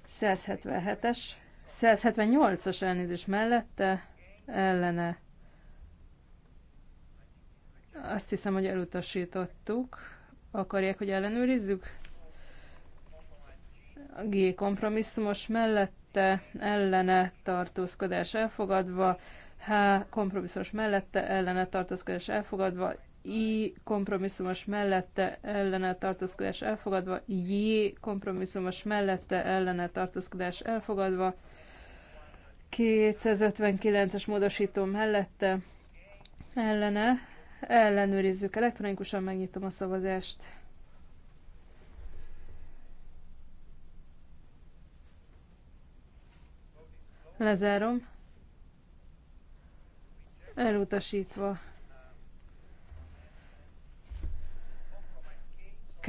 177-es, 178-as elnézés mellette, ellene. Azt hiszem, hogy elutasítottuk. Akarják, hogy ellenőrizzük? A G kompromisszumos mellette, ellene tartózkodás elfogadva, H kompromisszumos mellette, ellene tartózkodás elfogadva, I kompromisszumos mellette ellene tartózkodás elfogadva, J kompromisszumos mellette ellene tartózkodás elfogadva, 259-es módosító mellette ellene, ellenőrizzük elektronikusan, megnyitom a szavazást. Lezárom. Elutasítva.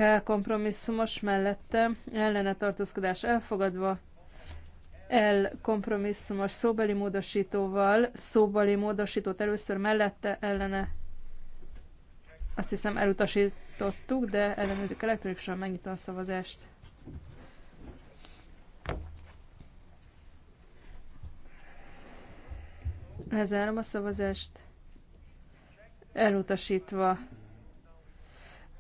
Kell kompromisszumos mellette ellene tartózkodás elfogadva, el kompromisszumos szóbeli módosítóval, szóbeli módosítót először mellette ellene, azt hiszem elutasítottuk, de ellenőrzik elektronikusan, megnyitom a szavazást. Lezárom a szavazást. Elutasítva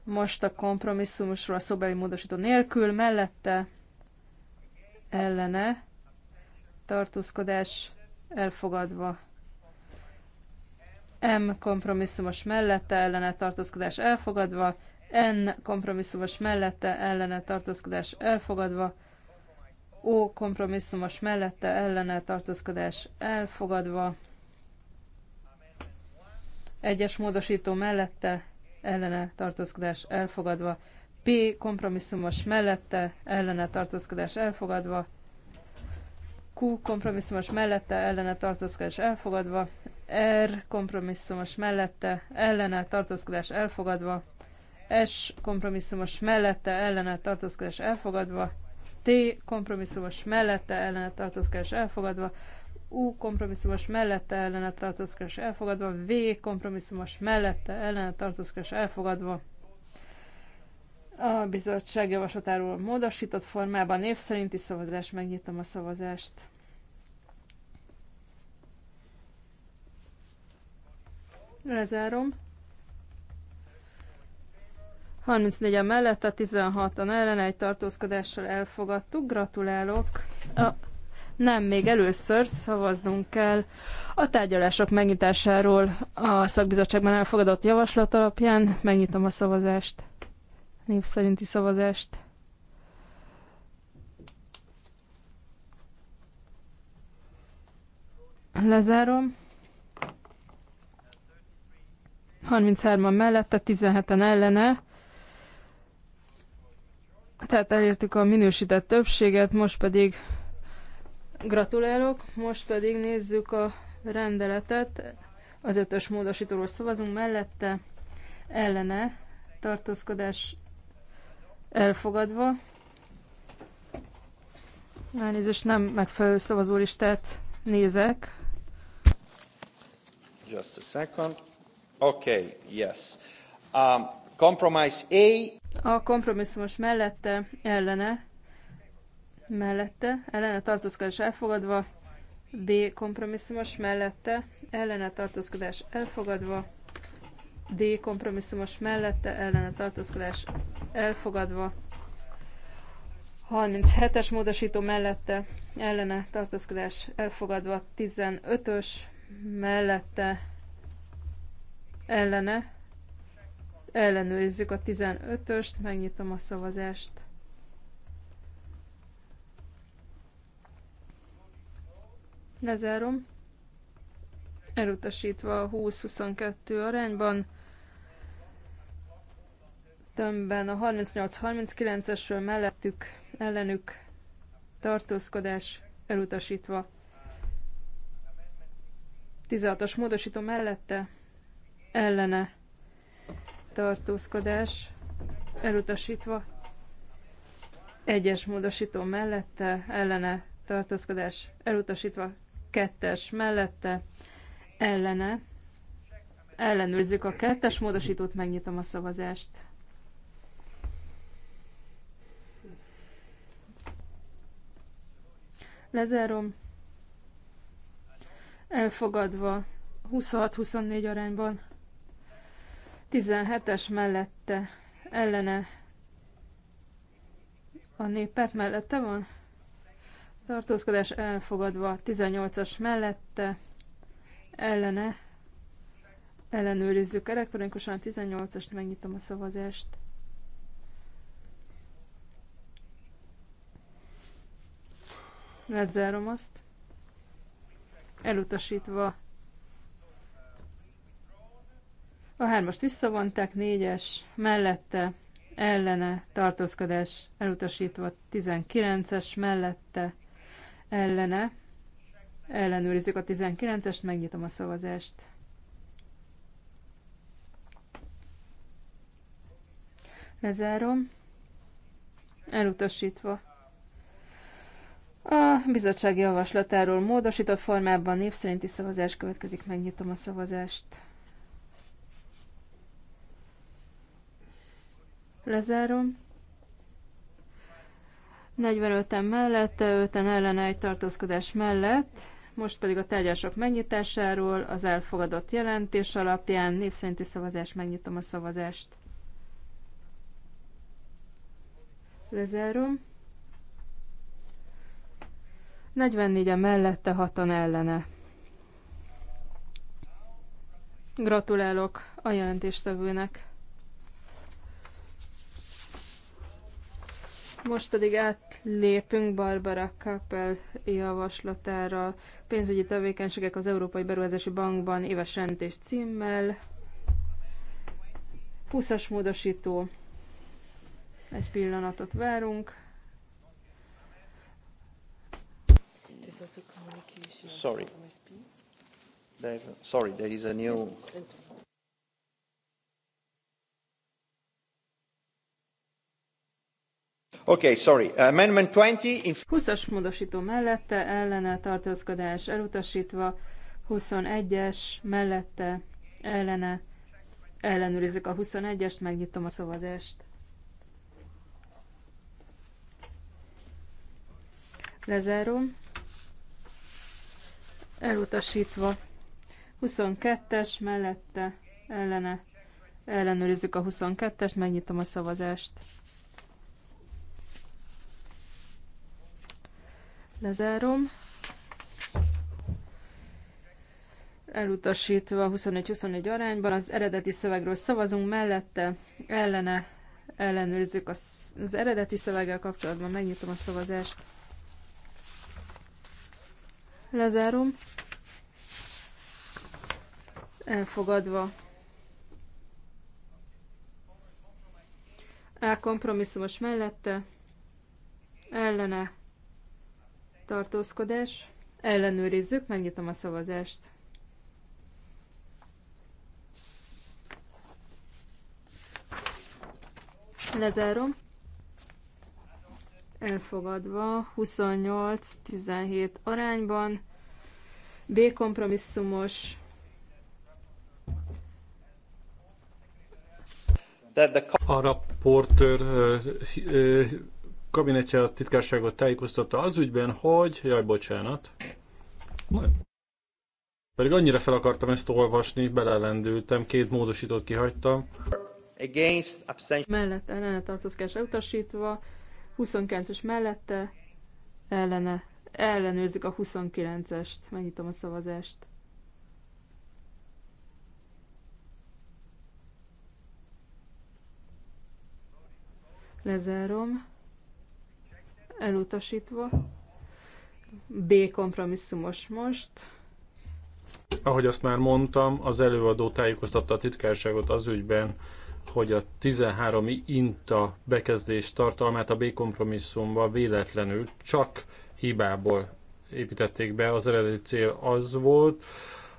most a kompromisszumosról a szobeli módosító nélkül, mellette ellene tartózkodás elfogadva. M kompromisszumos mellette ellene tartózkodás elfogadva, N kompromisszumos mellette ellene tartózkodás elfogadva, O kompromisszumos mellette ellene tartózkodás elfogadva, egyes módosító mellette ellene tartózkodás elfogadva, P kompromisszumos mellette ellene tartózkodás elfogadva, Q kompromisszumos mellette ellene tartózkodás elfogadva, R kompromisszumos mellette ellene tartózkodás elfogadva, S kompromisszumos mellette ellene tartózkodás elfogadva, T kompromisszumos mellette ellene tartózkodás elfogadva, U kompromisszumos mellette ellene tartózkodás elfogadva, V kompromisszumos mellette ellene tartózkodás elfogadva. A bizottság javaslatáról módosított formában név szerinti szavazás, megnyitom a szavazást. Lezárom. 34 a mellett, a 16-an ellen egy tartózkodással elfogadtuk. Gratulálok! A nem, még először szavaznunk kell a tárgyalások megnyitásáról a szakbizottságban elfogadott javaslat alapján. Megnyitom a szavazást, név szerinti szavazást. Lezárom. 33-an mellette, 17-en ellene. Tehát elértük a minősített többséget, most pedig Gratulálok, most pedig nézzük a rendeletet. Az ötös módosítóról szavazunk mellette, ellene, tartózkodás elfogadva. Elnézést, nem megfelelő szavazólistát nézek. Just a second. Okay, yes. Um, compromise A. A kompromisszumos mellette, ellene, mellette, ellene tartózkodás elfogadva, B kompromisszumos mellette, ellene tartózkodás elfogadva, D kompromisszumos mellette, ellene tartózkodás elfogadva, 37-es módosító mellette, ellene tartózkodás elfogadva, 15-ös mellette, ellene, ellenőrizzük a 15-öst, megnyitom a szavazást. Lezárom. Elutasítva a 20-22 arányban. Tömbben a 38-39-esről mellettük, ellenük tartózkodás elutasítva. 16-os módosító mellette ellene tartózkodás elutasítva. Egyes módosító mellette ellene tartózkodás elutasítva kettes mellette ellene. Ellenőrzzük a kettes módosítót, megnyitom a szavazást. Lezárom. Elfogadva 26-24 arányban. 17-es mellette ellene. A néppárt mellette van? tartózkodás elfogadva 18-as mellette, ellene ellenőrizzük elektronikusan 18-ast, megnyitom a szavazást. Lezárom azt. Elutasítva a hármast visszavonták, négyes mellette, ellene tartózkodás elutasítva 19-es mellette, ellene. Ellenőrizzük a 19-est, megnyitom a szavazást. Lezárom. Elutasítva. A bizottság javaslatáról módosított formában név szerinti szavazás következik, megnyitom a szavazást. Lezárom. 45-en mellette, 5-en ellene egy tartózkodás mellett. Most pedig a tárgyások megnyitásáról az elfogadott jelentés alapján népszerinti szavazás megnyitom a szavazást. Lezárom. 44-en mellette, 6-an ellene. Gratulálok a jelentéstevőnek! Most pedig átlépünk Barbara Kappel javaslatára pénzügyi tevékenységek az Európai Beruházási Bankban éves rendés címmel. 20-as módosító. Egy pillanatot várunk. Sorry. Sorry, there is a new Okay, sorry. Amendment 20. 20-as módosító mellette, ellene tartózkodás elutasítva, 21-es mellette, ellene ellenőrizzük a 21-est, megnyitom a szavazást. Lezárom. Elutasítva. 22-es mellette, ellene ellenőrizzük a 22-est, megnyitom a szavazást. Lezárom. Elutasítva 21-21 arányban az eredeti szövegről szavazunk, mellette ellene ellenőrizzük az, az eredeti szöveggel kapcsolatban. Megnyitom a szavazást. Lezárom. Elfogadva. elkompromisszumos mellette. Ellene tartózkodás. Ellenőrizzük, megnyitom a szavazást. Lezárom. Elfogadva 28-17 arányban. B kompromisszumos. A raportőr kabinetje a titkárságot tájékoztatta az ügyben, hogy... Jaj, bocsánat. Majd. Pedig annyira fel akartam ezt olvasni, belelendültem, két módosítót kihagytam. Against abstention. Mellett ellene tartózkodás utasítva, 29-es mellette ellene. Ellenőrzik a 29-est. Megnyitom a szavazást. Lezárom elutasítva. B kompromisszumos most. Ahogy azt már mondtam, az előadó tájékoztatta a titkárságot az ügyben, hogy a 13. inta bekezdés tartalmát a B kompromisszumba véletlenül csak hibából építették be. Az eredeti cél az volt,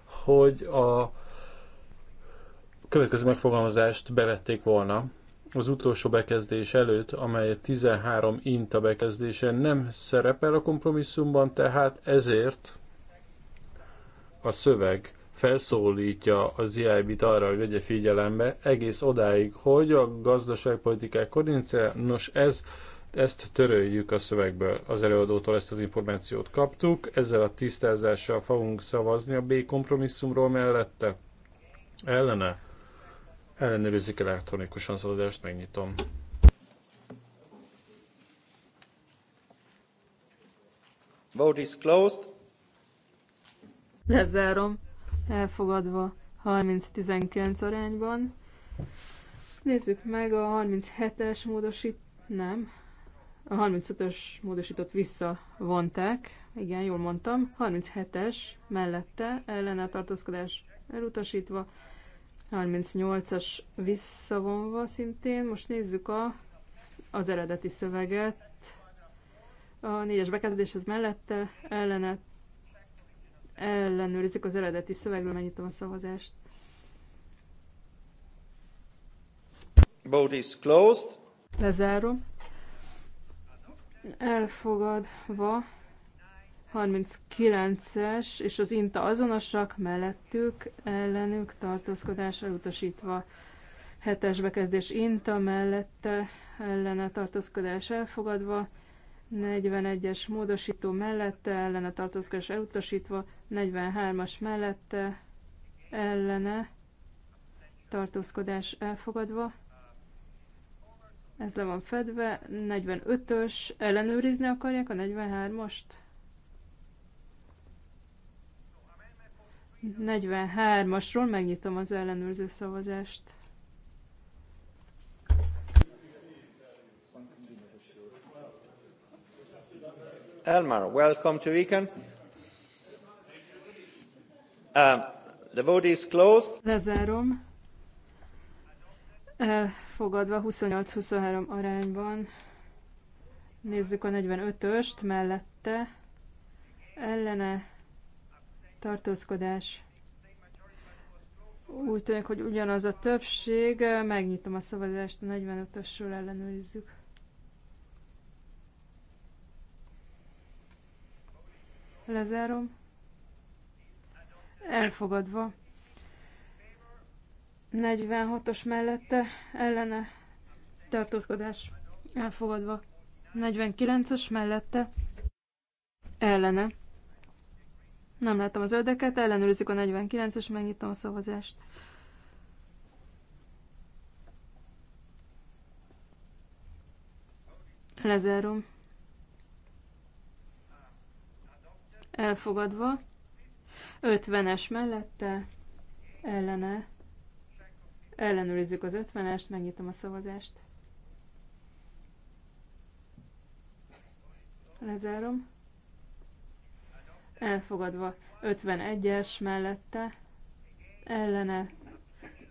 hogy a következő megfogalmazást bevették volna az utolsó bekezdés előtt, amely 13 inta bekezdése nem szerepel a kompromisszumban, tehát ezért a szöveg felszólítja az EIB-t arra, hogy vegye figyelembe egész odáig, hogy a gazdaságpolitikák koordinációja, nos ez, ezt töröljük a szövegből. Az előadótól ezt az információt kaptuk, ezzel a tisztázással fogunk szavazni a B kompromisszumról mellette. Ellene Ellenőrizzük elektronikusan szavazást, megnyitom. Vote is closed. Lezárom. Elfogadva 30-19 arányban. Nézzük meg a 37-es módosít... Nem. A 35-ös módosított visszavonták. Igen, jól mondtam. 37-es mellette ellene tartózkodás elutasítva. 38-as visszavonva szintén. Most nézzük a, az eredeti szöveget. A négyes bekezdéshez mellette ellene, ellenőrizzük az eredeti szövegről, megnyitom a szavazást. Vote is closed. Lezárom. Elfogadva 39-es és az INTA azonosak mellettük ellenük tartózkodás elutasítva. 7-es bekezdés INTA mellette ellene tartózkodás elfogadva. 41-es módosító mellette ellene tartózkodás elutasítva. 43-as mellette ellene tartózkodás elfogadva. Ez le van fedve. 45-ös ellenőrizni akarják a 43-ost? 43-asról megnyitom az ellenőrző szavazást. Elmar, welcome to Weekend. Uh, um, the vote is closed. Lezárom. Elfogadva 28-23 arányban. Nézzük a 45-öst mellette. Ellene tartózkodás. Úgy tűnik, hogy ugyanaz a többség. Megnyitom a szavazást, a 45-ösről ellenőrizzük. Lezárom. Elfogadva. 46-os mellette ellene tartózkodás. Elfogadva. 49 os mellette ellene nem láttam az öldeket, ellenőrizzük a 49-es, megnyitom a szavazást. Lezárom. Elfogadva. 50-es mellette, ellene. Ellenőrizzük az 50-est, megnyitom a szavazást. Lezárom elfogadva 51-es mellette, ellene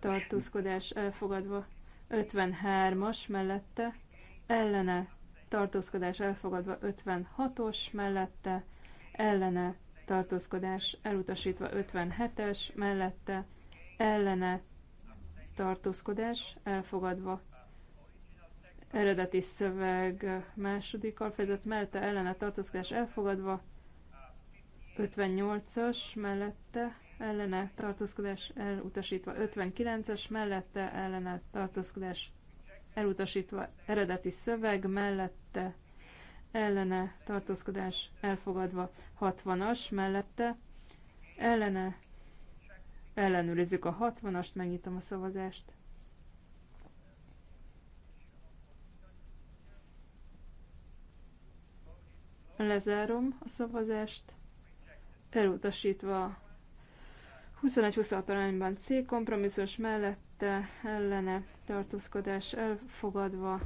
tartózkodás elfogadva 53-as mellette, ellene tartózkodás elfogadva 56-os mellette, ellene tartózkodás elutasítva 57-es mellette, ellene tartózkodás elfogadva eredeti szöveg második alfejezet mellette ellene tartózkodás elfogadva, 58-as mellette ellene tartózkodás elutasítva, 59-es mellette ellene tartózkodás elutasítva, eredeti szöveg mellette ellene tartózkodás elfogadva, 60-as mellette ellene ellenőrizzük a 60-ast, megnyitom a szavazást. Lezárom a szavazást elutasítva 21-26 arányban C kompromisszus mellette ellene tartózkodás elfogadva.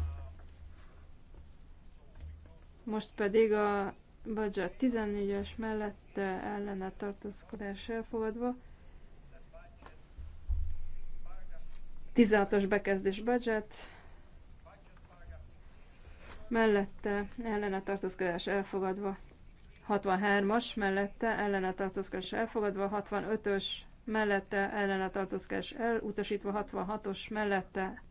Most pedig a budget 14-es mellette ellene tartózkodás elfogadva. 16-os bekezdés budget mellette ellene tartózkodás elfogadva. 63-as mellette ellene tartózkodás elfogadva, 65-ös mellette ellene tartózkodás elutasítva, 66-os mellette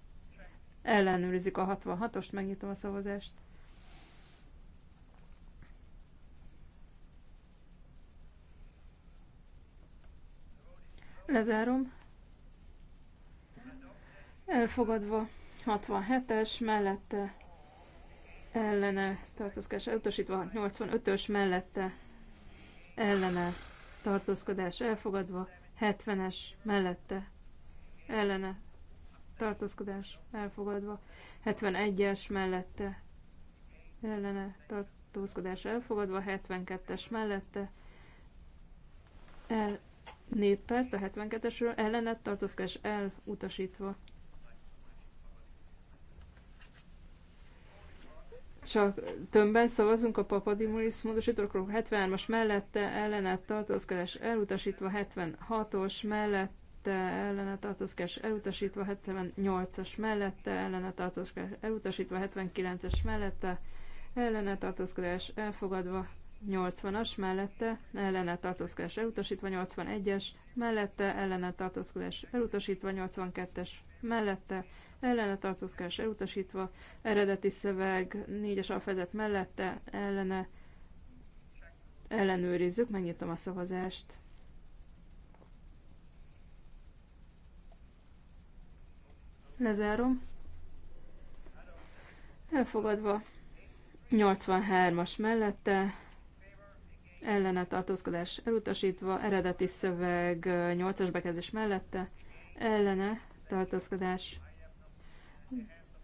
ellenőrizik a 66-ost, megnyitom a szavazást. Lezárom. Elfogadva 67-es, mellette ellene tartózkodás elutasítva, 85-ös mellette ellene tartózkodás elfogadva, 70-es mellette ellene tartózkodás elfogadva, 71-es mellette ellene tartózkodás elfogadva, 72-es mellette el néppárt a 72-esről ellene tartózkodás elutasítva, csak tömbben szavazunk a papadimulis módosítókról 73-as mellette ellenet tartózkodás elutasítva 76-os mellette ellene tartózkodás elutasítva 78-as mellette ellene tartózkodás elutasítva 79-es mellette ellene tartózkodás elfogadva 80-as mellette ellene tartózkodás elutasítva 81-es mellette ellene tartózkodás elutasítva 82-es mellette, ellene tartózkodás elutasítva, eredeti szöveg négyes alfedet mellette, ellene ellenőrizzük, megnyitom a szavazást. Lezárom. Elfogadva 83-as mellette, ellene tartózkodás elutasítva, eredeti szöveg 8-as bekezdés mellette, ellene tartózkodás.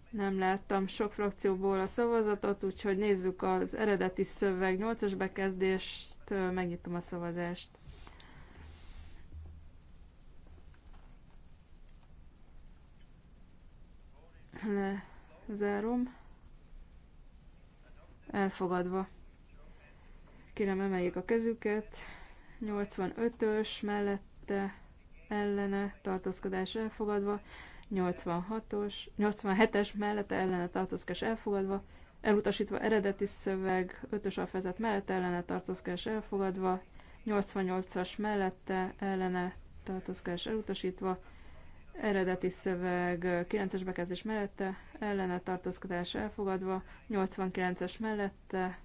Nem láttam sok frakcióból a szavazatot, úgyhogy nézzük az eredeti szöveg 8-os bekezdést, megnyitom a szavazást. Lezárom. Elfogadva. Kérem emeljék a kezüket. 85-ös mellette ellene tartózkodás elfogadva, 86-os, 87-es mellette ellene tartózkodás elfogadva, elutasítva eredeti szöveg 5-ös alfezet mellette ellene tartózkodás elfogadva, 88-as mellette ellene tartózkodás elutasítva, eredeti szöveg 9-es bekezdés mellette, ellene tartózkodás elfogadva, 89-es mellette,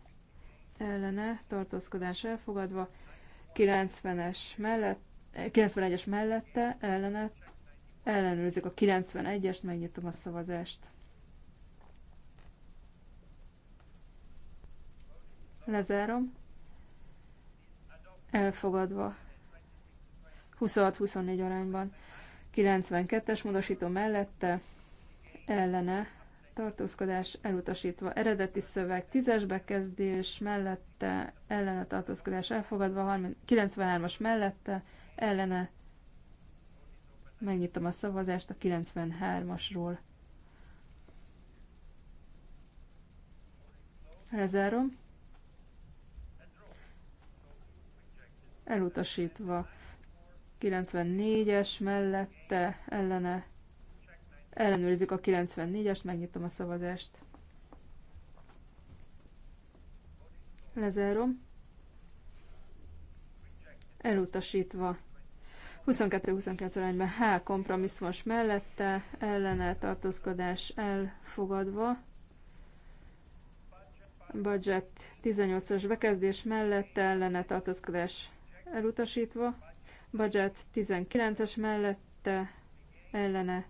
ellene tartózkodás elfogadva, 90-es mellett, 91-es mellette ellene ellenőrzik a 91-est, megnyitom a szavazást. Lezárom. Elfogadva. 26-24 arányban. 92-es módosító mellette ellene tartózkodás elutasítva. Eredeti szöveg 10-es bekezdés mellette ellene tartózkodás elfogadva. 93-as mellette ellene. Megnyitom a szavazást a 93-asról. Lezárom. Elutasítva. 94-es mellette ellene. Ellenőrizzük a 94-est, megnyitom a szavazást. Lezárom elutasítva. 22-29 arányban H kompromisszumos mellette, ellene tartózkodás elfogadva. Budget 18-as bekezdés mellette, ellene tartózkodás elutasítva. Budget 19-es mellette, ellene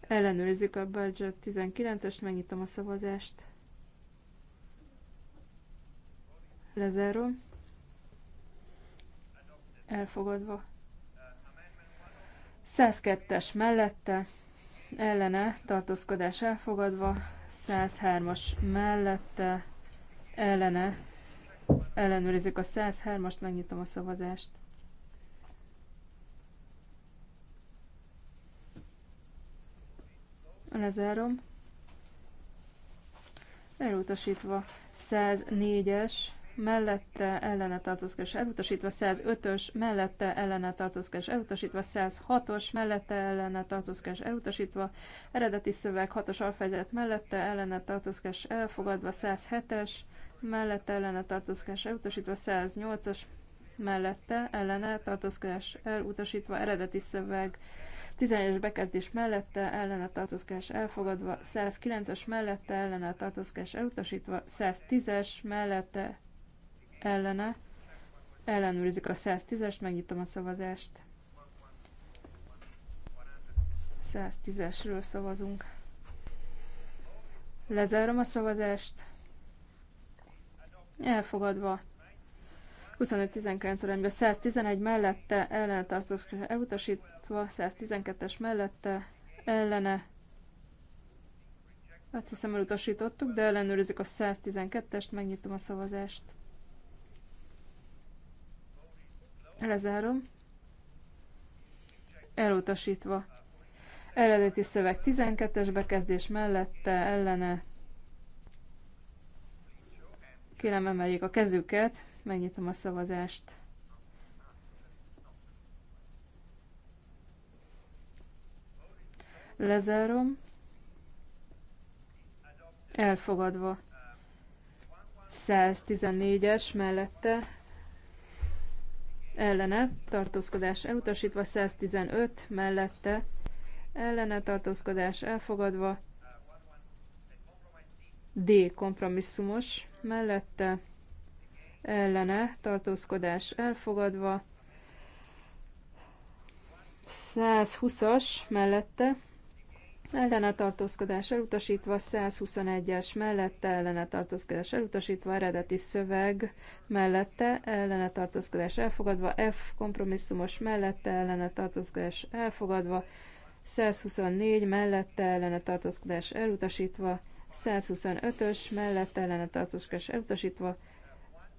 ellenőrizzük a budget 19-est, megnyitom a szavazást. Lezárom elfogadva. 102-es mellette, ellene tartózkodás elfogadva, 103-as mellette, ellene ellenőrizzük a 103-ast, megnyitom a szavazást. Lezárom. Elutasítva 104-es mellette ellene tartózkodás elutasítva, 105-ös mellette ellene tartózkodás elutasítva, 106-os mellette ellene tartózkodás elutasítva, eredeti szöveg 6-os alfejezet mellette ellene tartózkodás elfogadva, 107-es mellette ellene tartózkodás elutasítva, 108-as mellette ellene tartózkodás elutasítva, eredeti szöveg 11-es bekezdés mellette ellene tartózkodás elfogadva, 109-es mellette ellene tartózkodás elutasítva, 110-es mellette ellene. Ellenőrizik a 110-est, megnyitom a szavazást. 110-esről szavazunk. Lezárom a szavazást. Elfogadva. 25-19 arányban 111 mellette, ellene tartozkodás elutasítva, 112-es mellette, ellene. Azt hiszem elutasítottuk, de ellenőrizik a 112-est, megnyitom a szavazást. Lezárom. Elutasítva. Eredeti szöveg 12-es bekezdés mellette, ellene. Kérem emeljék a kezüket, megnyitom a szavazást. Lezárom. Elfogadva. 114-es mellette ellene tartózkodás elutasítva, 115 mellette ellene tartózkodás elfogadva, D kompromisszumos mellette ellene tartózkodás elfogadva, 120-as mellette ellene tartózkodás elutasítva, 121-es mellette ellene tartózkodás elutasítva, eredeti szöveg mellette ellene tartózkodás elfogadva, F kompromisszumos mellette ellene tartózkodás elfogadva, 124 mellette ellene tartózkodás elutasítva, 125-ös mellette ellene tartózkodás elutasítva,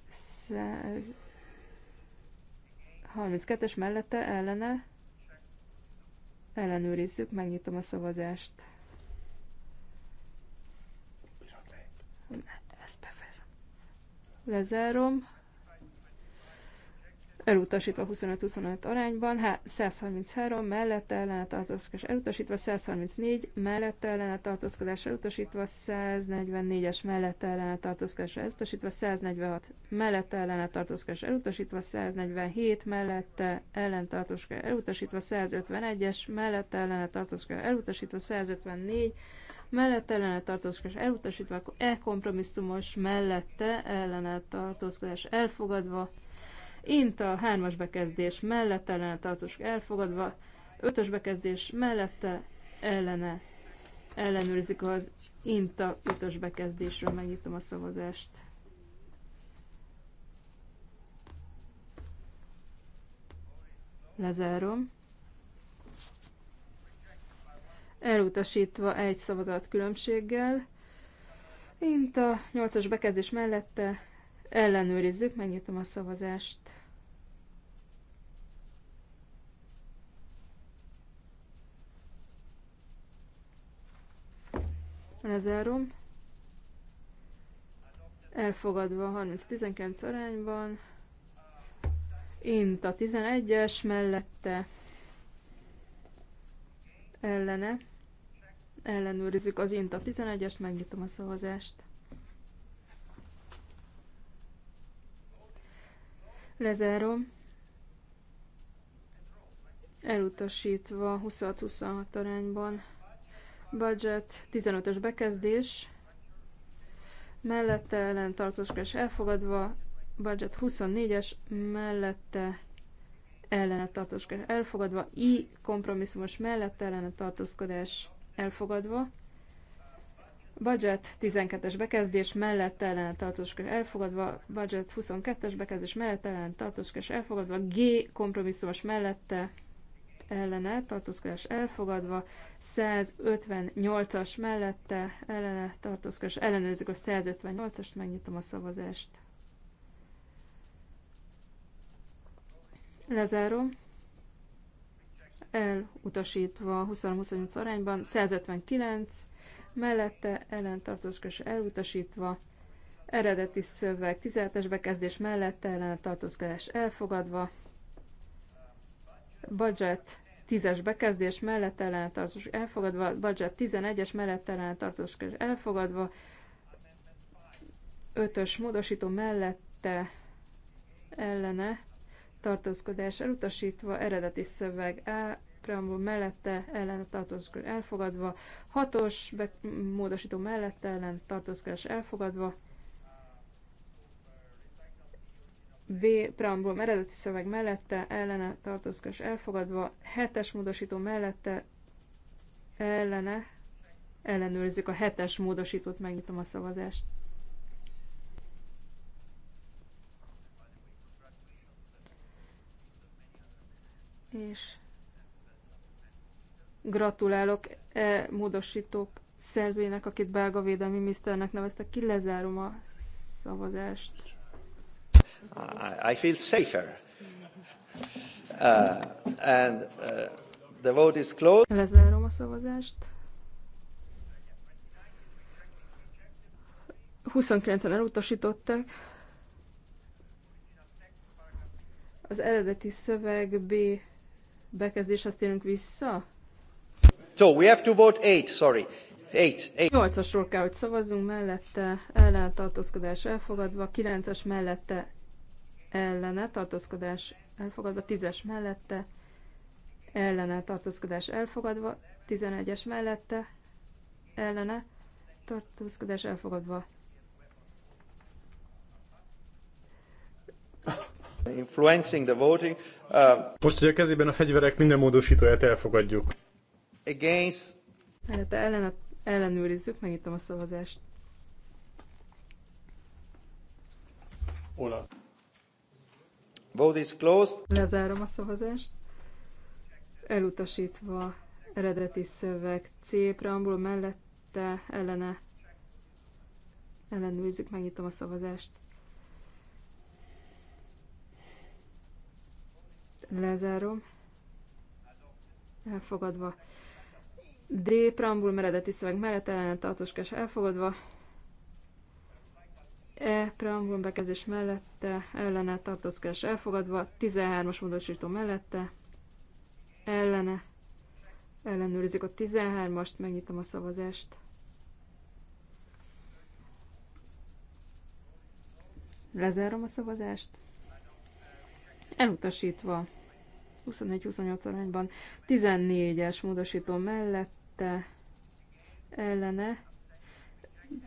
132-es mellette ellene Ellenőrizzük, megnyitom a szavazást. Lezárom elutasítva 25-25 arányban, hát 133 mellette ellene tartózkodás elutasítva, 134 mellette ellene tartózkodás elutasítva, 144-es mellette ellene tartózkodás elutasítva, 146 mellette ellene tartózkodás elutasítva, 147 mellette ellen tartózkodás elutasítva, 151-es mellette ellene tartózkodás elutasítva, 154 mellette ellene tartózkodás elutasítva, e kompromisszumos mellette ellene tartózkodás elfogadva, Int a hármas bekezdés mellett ellene tartózkodik elfogadva, ötös bekezdés mellette ellene ellenőrizik az a ötös bekezdésről. Megnyitom a szavazást. Lezárom. Elutasítva egy szavazat különbséggel. Inta 8-as bekezdés mellette Ellenőrizzük, megnyitom a szavazást. Lezárom. Elfogadva 30-19 arányban. Int a 11-es mellette. Ellene. Ellenőrizzük az Int a 11-est, megnyitom a szavazást. Lezárom. Elutasítva 26-26 arányban. Budget 15-ös bekezdés. Mellette ellen tartózkodás elfogadva. Budget 24-es. Mellette ellen tartózkodás elfogadva. I kompromisszumos mellette ellen tartózkodás elfogadva. Budget 12-es bekezdés mellett ellen tartózkodás elfogadva, budget 22-es bekezdés mellett ellen tartózkodás elfogadva, G kompromisszumos mellette ellene tartózkodás elfogadva, 158-as mellette ellene tartózkodás ellenőrzik a 158-ast, megnyitom a szavazást. Lezárom. Elutasítva 23-28 arányban, 159 mellette ellentartózkodás elutasítva, eredeti szöveg 17-es bekezdés mellette ellentartózkodás elfogadva, budget 10-es bekezdés ellen ellentartós elfogadva, budget 11-es ellen ellentartós elfogadva, 5-ös módosító mellette ellene tartózkodás elutasítva, eredeti szöveg A preambul mellette ellen tartózkodás elfogadva, hatos módosító mellette ellen tartózkodás elfogadva, V preambul eredeti szöveg mellette ellene tartózkodás elfogadva, hetes módosító mellette ellene ellenőrizzük a hetes módosítót, megnyitom a szavazást. és Gratulálok e módosítók szerzőjének, akit belga védelmi miniszternek neveztek ki. Lezárom a szavazást. I feel safer. Uh, and uh, the vote is closed. Lezárom a szavazást. 29-en elutasították. Az eredeti szöveg B bekezdéshez térünk vissza. So, we have to vote eight, sorry. Eight, eight. 8-asról kell, hogy szavazzunk mellette, ellen tartózkodás elfogadva, 9-es mellette ellene tartózkodás elfogadva, 10-es mellette ellene tartózkodás elfogadva, 11-es mellette ellene tartózkodás elfogadva. Influencing the voting. Uh... Most, hogy a kezében a fegyverek minden módosítóját elfogadjuk against. Hát ellen, ellenőrizzük, megnyitom a szavazást. Ola. Vote is closed. Lezárom a szavazást. Elutasítva eredeti szöveg C preambul mellette ellene ellenőrizzük, megnyitom a szavazást. Lezárom. Elfogadva. D. Preambul meredeti szöveg mellett ellene tartózkodás elfogadva. E. Preambul bekezdés mellette ellene tartózkodás elfogadva. 13-as módosító mellette ellene ellenőrizik a 13-ast, megnyitom a szavazást. Lezárom a szavazást. Elutasítva. 21-28 arányban 14-es módosító mellett tette ellene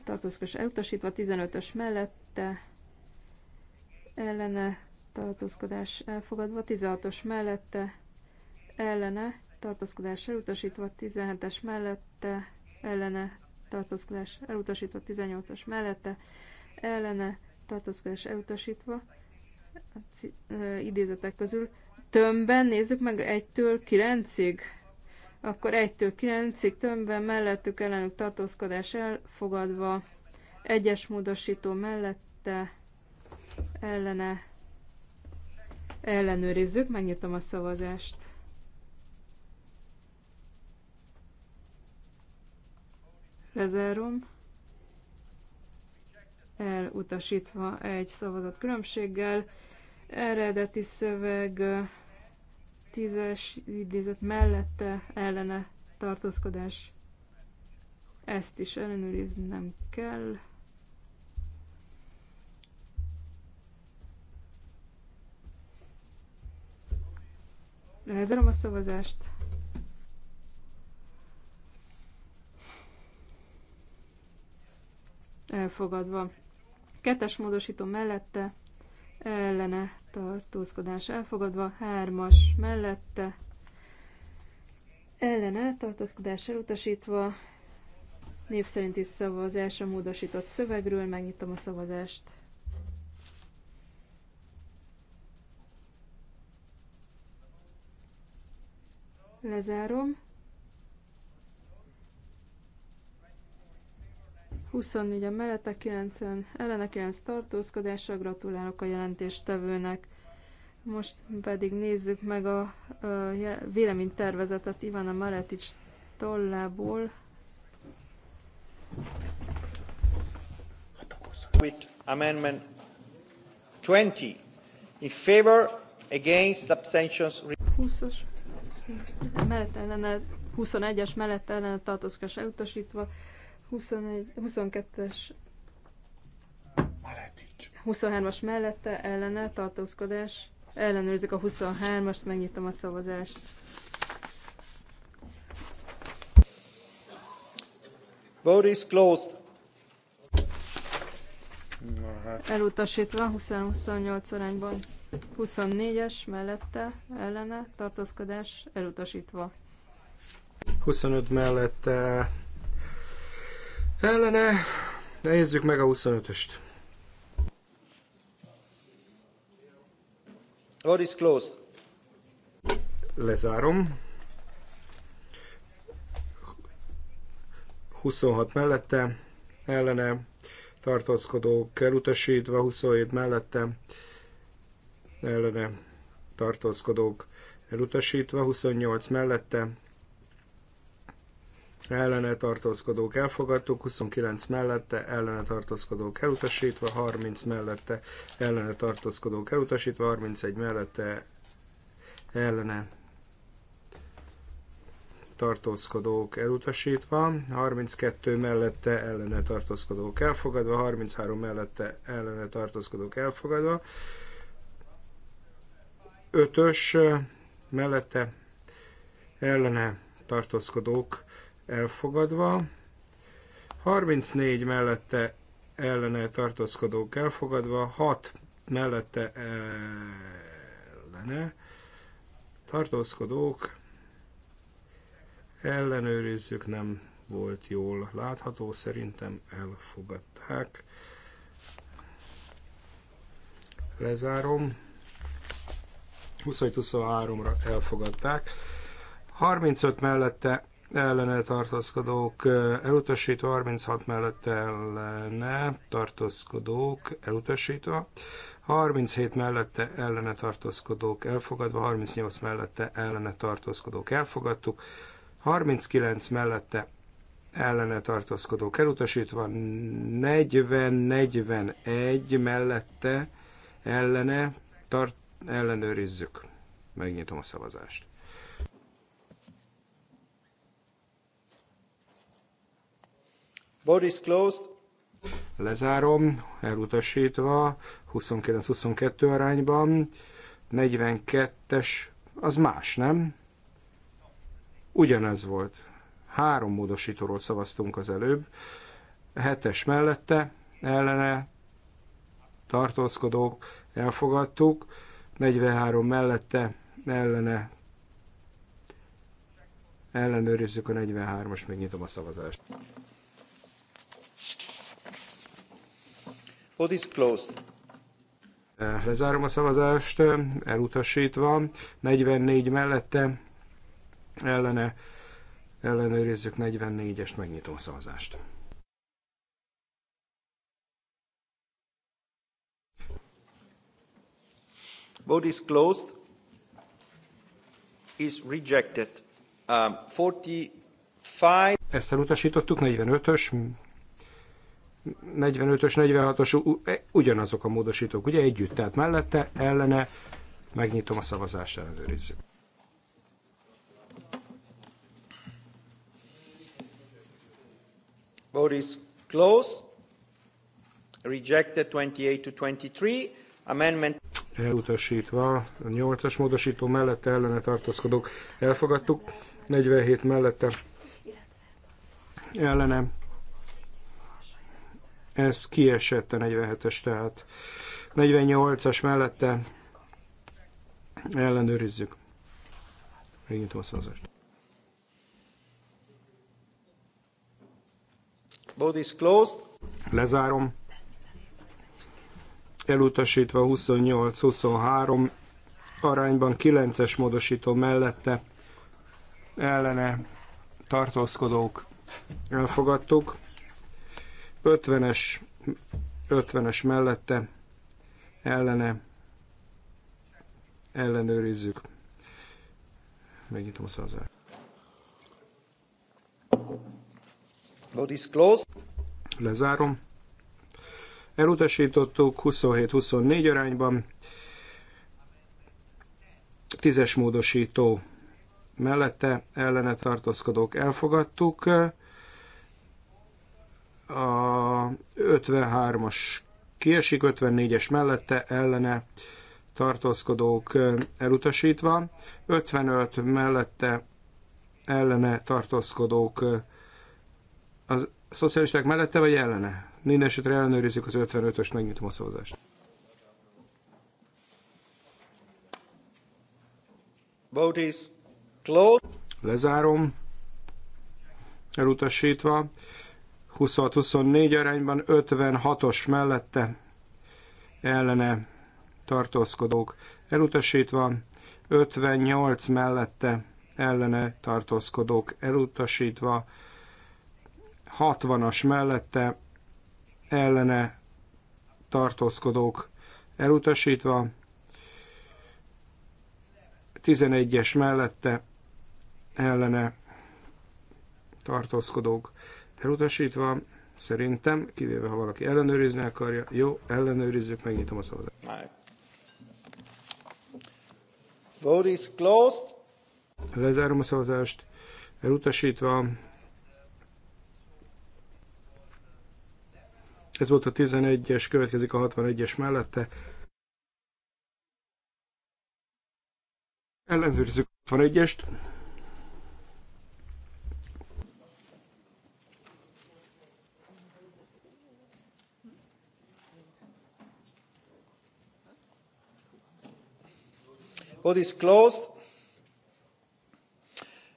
tartózkodás elutasítva, 15-ös mellette ellene tartózkodás elfogadva, 16-os mellette ellene tartózkodás elutasítva, 17-es mellette ellene tartózkodás elutasítva, 18-as mellette ellene tartózkodás elutasítva, idézetek közül tömbben nézzük meg 1-től 9-ig akkor 1-től 9-ig tömbben mellettük ellenük tartózkodás elfogadva, egyes módosító mellette ellene ellenőrizzük, megnyitom a szavazást. Lezárom. Elutasítva egy szavazat különbséggel. Eredeti szöveg Tízes idézet mellette ellene tartózkodás. Ezt is ellenőriznem kell. Lezárom a szavazást. Elfogadva. Kettes módosító mellette ellene tartózkodás elfogadva, hármas mellette ellen eltartózkodás elutasítva, név szerinti szavazás a módosított szövegről, megnyitom a szavazást. Lezárom. 24-en mellette, 90 ellene, 9 tartózkodásra. Gratulálok a jelentéstevőnek. Most pedig nézzük meg a, a véleménytervezetet Ivana Maletics tollából. With amendment 20 in favor against abstentions 20-as mellett ellene 21-es mellett ellene tartózkodás elutasítva 22-es 23-as mellette ellene tartózkodás. Ellenőrzik a 23-ast, megnyitom a szavazást. Vote is closed. Hát. Elutasítva 20 28 arányban. 24-es mellette ellene tartózkodás elutasítva. 25 mellette ellene, nézzük meg a 25-öst. Or is closed. Lezárom. 26 mellette, ellene kell elutasítva, 27 mellette, ellene tartózkodók elutasítva, 28 mellette, ellene tartózkodók elfogadtuk, 29 mellette ellene tartózkodók elutasítva, 30 mellette ellene tartózkodók elutasítva, 31 mellette ellene tartózkodók elutasítva, 32 mellette ellene tartózkodók elfogadva, 33 mellette ellene tartózkodók elfogadva, 5-ös mellette ellene tartózkodók elfogadva, 34 mellette ellene tartózkodók elfogadva, 6 mellette ellene tartózkodók ellenőrizzük, nem volt jól látható, szerintem elfogadták. Lezárom. 20 23 ra elfogadták. 35 mellette ellene tartózkodók elutasítva, 36 mellett ellene tartózkodók elutasítva, 37 mellette ellene tartózkodók elfogadva, 38 mellette ellene tartózkodók elfogadtuk, 39 mellette ellene tartózkodók elutasítva, 40-41 mellette ellene tart, ellenőrizzük. Megnyitom a szavazást. Vote is closed. Lezárom, elutasítva, 29-22 arányban, 42-es, az más, nem? Ugyanez volt. Három módosítóról szavaztunk az előbb. 7-es mellette, ellene, tartózkodók, elfogadtuk. 43 mellette, ellene, ellenőrizzük a 43-as, megnyitom a szavazást. Vote is closed. Eh, lezárom a szavazást, eh, elutasítva. 44 mellette ellene ellenőrizzük 44-est, megnyitom a szavazást. Vote is closed. Is rejected. Um, 45. Ezt elutasítottuk, 45-ös 45-ös, 46-os e, ugyanazok a módosítók, ugye együtt, tehát mellette, ellene, megnyitom a szavazást, ellenőrizzük. Vote is Close, Rejected 28 to 23. Amendment elutasítva, a 8-as módosító mellette ellene tartózkodók elfogadtuk, 47 mellette ellene ez kiesett a 47-es, tehát 48-as mellette ellenőrizzük. Megnyitom a szavazást. Vote closed. Lezárom. Elutasítva 28-23 arányban 9-es módosító mellette ellene tartózkodók elfogadtuk. 50-es, 50-es mellette ellene ellenőrizzük. Megnyitom a szavazást. Vote is closed. Lezárom. Elutasítottuk 27-24 arányban. Tízes módosító mellette ellene tartózkodók elfogadtuk. A 53-as kiesik, 54-es mellette ellene tartózkodók elutasítva, 55 mellette ellene tartózkodók az szocialisták mellette vagy ellene? Mindenesetre ellenőrizzük az 55-ös, megnyitom a szavazást. Vote is closed. Lezárom. Elutasítva. 26-24 arányban 56-os mellette ellene tartózkodók elutasítva, 58 mellette ellene tartózkodók elutasítva, 60-as mellette ellene tartózkodók elutasítva, 11-es mellette ellene tartózkodók elutasítva, szerintem, kivéve ha valaki ellenőrizni akarja. Jó, ellenőrizzük, megnyitom a szavazást. Vote is closed. Lezárom a szavazást, elutasítva. Ez volt a 11-es, következik a 61-es mellette. Ellenőrizzük a 61-est. Vote is closed.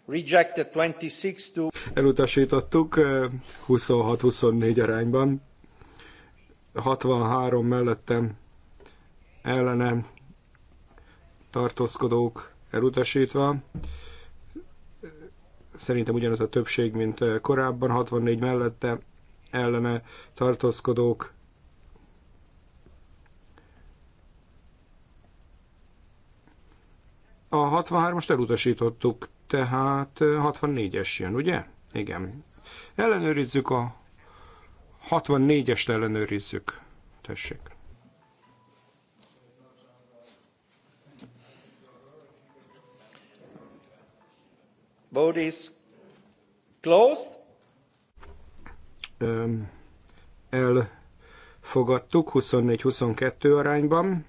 Rejected 26 to... Elutasítottuk 26-24 eh, arányban. 63 mellettem ellene tartózkodók elutasítva. Szerintem ugyanaz a többség, mint eh, korábban, 64 mellette ellene tartózkodók A 63-ast elutasítottuk, tehát 64-es jön, ugye? Igen. Ellenőrizzük a 64-est ellenőrizzük. Tessék. Vote is closed. Um, elfogadtuk 24-22 arányban.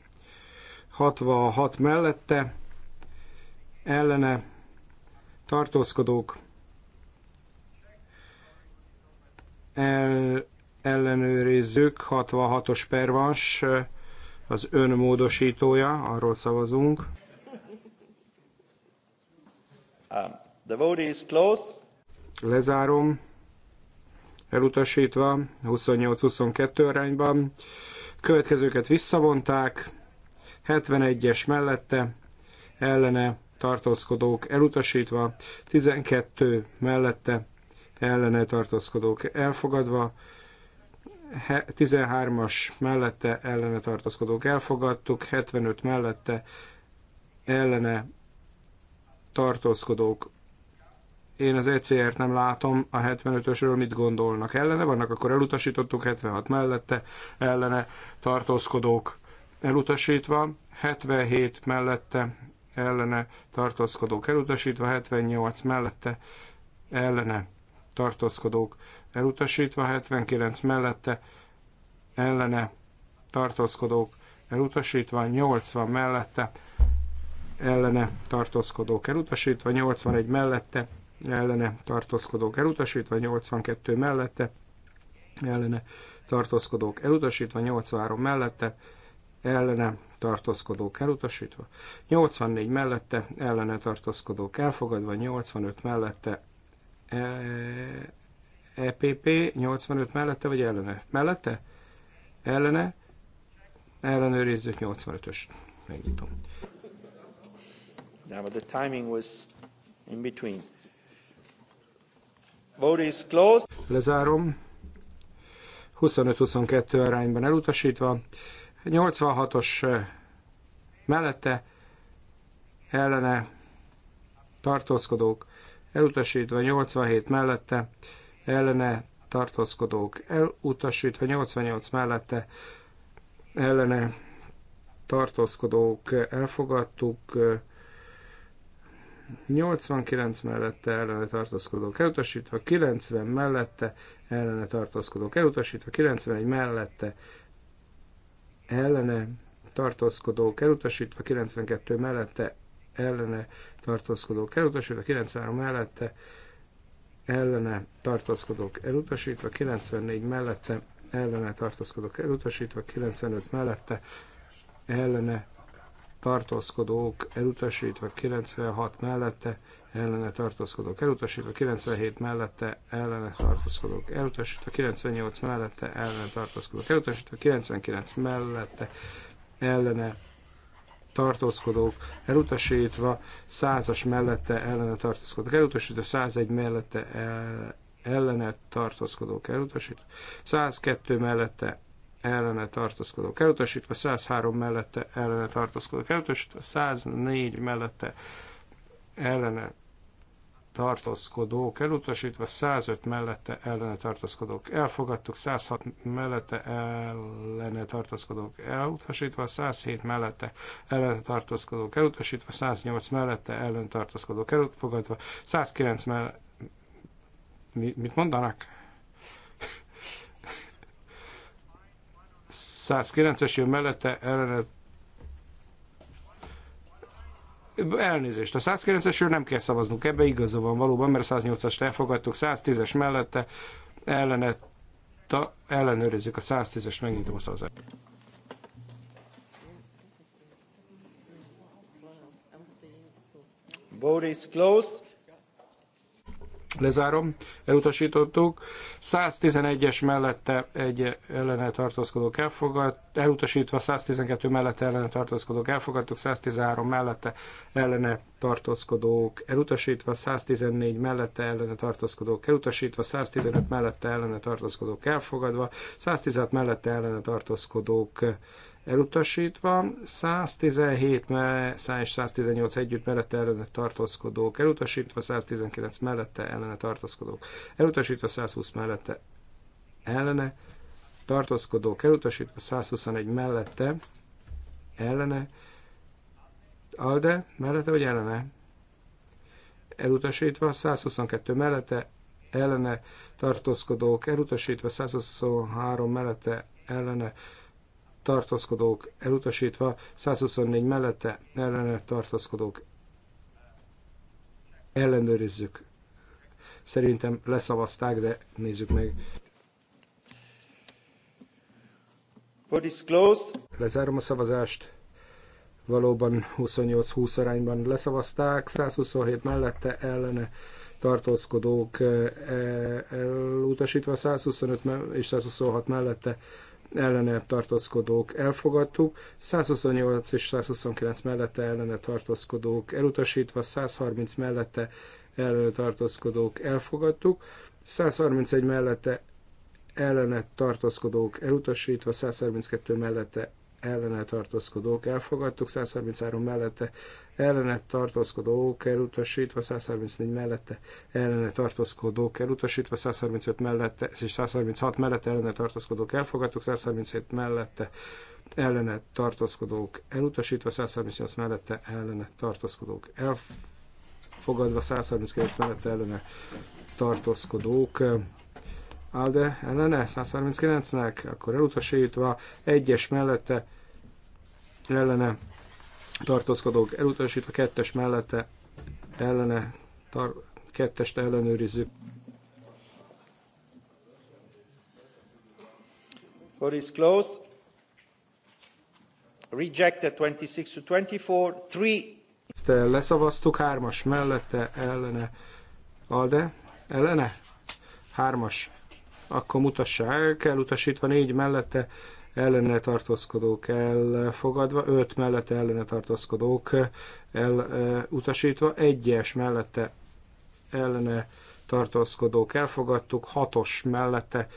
66 mellette, ellene tartózkodók el, ellenőrizzük, 66-os pervans, az önmódosítója, arról szavazunk. Um, the vote is closed. Lezárom, elutasítva, 28-22 arányban. Következőket visszavonták, 71-es mellette, ellene tartózkodók elutasítva, 12 mellette ellene tartózkodók elfogadva, 13-as mellette ellene tartózkodók elfogadtuk, 75 mellette ellene tartózkodók. Én az ECR-t nem látom, a 75-ösről mit gondolnak ellene, vannak akkor elutasítottuk, 76 mellette ellene tartózkodók elutasítva, 77 mellette ellene tartózkodók elutasítva, 78 mellette ellene tartózkodók elutasítva, 79 mellette ellene tartózkodók elutasítva, 80 mellette ellene tartózkodók elutasítva, 81 mellette ellene tartózkodók elutasítva, 82 mellette ellene tartózkodók elutasítva, 83 mellette ellene tartózkodók elutasítva, 84 mellette ellene tartózkodók elfogadva, 85 mellette EPP, e 85 mellette vagy ellene? Mellette? Ellene? Ellenőrizzük 85-ös. Megnyitom. Now, but the timing was in between. Vote is closed. Lezárom. 25-22 arányban elutasítva. 86-os mellette ellene tartózkodók elutasítva, 87 mellette ellene tartózkodók elutasítva, 88 mellette ellene tartózkodók elfogadtuk, 89 mellette ellene tartózkodók elutasítva, 90 mellette ellene tartózkodók elutasítva, 91 mellette ellene tartózkodók elutasítva, 92 mellette ellene tartózkodók elutasítva, 93 mellette ellene tartózkodók elutasítva, 94 mellette ellene tartózkodók elutasítva, 95 mellette ellene tartózkodók elutasítva, 96 mellette ellene tartózkodók elutasítva, 97 mellette ellene tartózkodók elutasítva, 98 mellette ellene tartózkodók elutasítva, 99 mellette ellene tartózkodók elutasítva, 100-as mellette ellene tartózkodók elutasítva, 101 mellette ellene tartózkodók elutasítva, 102 mellette ellene tartózkodók elutasítva, 103 mellette ellene tartózkodók elutasítva, 104 mellette ellene tartózkodók elutasítva, 105 mellette ellene tartózkodók elfogadtuk, 106 mellette ellene tartózkodók elutasítva, 107 mellette ellene tartózkodók elutasítva, 108 mellette ellene tartózkodók elfogadva, 109 mellette... Mi, mit mondanak? 109-es jön mellette ellene elnézést, a 109-esről nem kell szavaznunk ebbe, igaza van valóban, mert 108-ast elfogadtuk, 110-es mellette ellene, ta, ellenőrizzük a 110-es, megnyitom a szavazást. Vote is closed. Lezárom, elutasítottuk. 111-es mellette egy ellene tartózkodók elfogad, elutasítva 112 mellette ellene tartózkodók elfogadtuk, 113 mellette ellene tartózkodók elutasítva, 114 mellette ellene tartózkodók elutasítva, 115 mellette ellene tartózkodók elfogadva, 116 mellette ellene tartózkodók elutasítva, 117 és 118 együtt mellette ellene tartózkodók elutasítva, 119 mellette ellene tartózkodók elutasítva, 120 mellette ellene tartózkodók elutasítva, 121 mellette ellene ALDE mellette vagy ellene? Elutasítva 122 mellette ellene tartózkodók, elutasítva 123 mellette ellene tartózkodók, elutasítva 124 mellette ellene tartózkodók. Ellenőrizzük. Szerintem leszavazták, de nézzük meg. Vote is closed. Lezárom a szavazást valóban 28-20 arányban leszavazták, 127 eh, mellette ellene tartózkodók elutasítva, 125 és 126 mellette ellene tartózkodók elfogadtuk, 128 és 129 mellette ellene tartózkodók elutasítva, 130 mellette ellene tartózkodók elfogadtuk, 131 mellette ellene tartózkodók elutasítva, 132 mellette ellene tartózkodók elfogadtuk, 133 mellette ellene tartózkodók elutasítva, 134 mellette ellene tartózkodók elutasítva, 135 mellette és 136 mellette ellene tartózkodók elfogadtuk, 137 mellette ellene tartózkodók elutasítva, 138 mellette ellene tartózkodók elfogadva, 139 mellette ellene tartózkodók Alde ellene 139-nek, akkor elutasítva, egyes mellette ellene tartózkodók elutasítva, kettes mellette ellene, tar, kettest ellenőrizzük. Vote is closed. Rejected 26 to 24, three. Ezt eh, leszavaztuk, hármas mellette, ellene, Alde, ellene, hármas akkor el kell utasítva négy mellette ellene tartózkodók elfogadva, öt mellette ellene tartózkodók elutasítva, egyes mellette ellene tartózkodók elfogadtuk, hatos mellette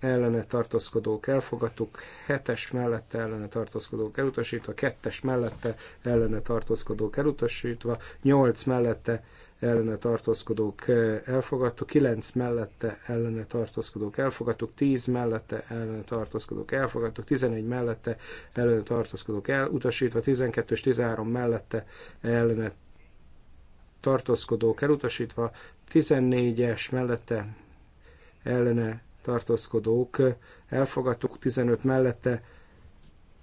ellene tartózkodók elfogadtuk, hetes mellette ellene tartózkodók elutasítva, kettes mellette ellene tartózkodók elutasítva, nyolc mellette ellene tartózkodók eh, elfogadtuk, 9 mellette ellene tartózkodók elfogadtuk, 10 mellette ellene tartózkodók elfogadtuk, 11 mellette ellene tartózkodók elutasítva, 12 és 13 mellette ellene tartózkodók elutasítva, 14-es mellette ellene tartózkodók elfogadtuk, 15 mellette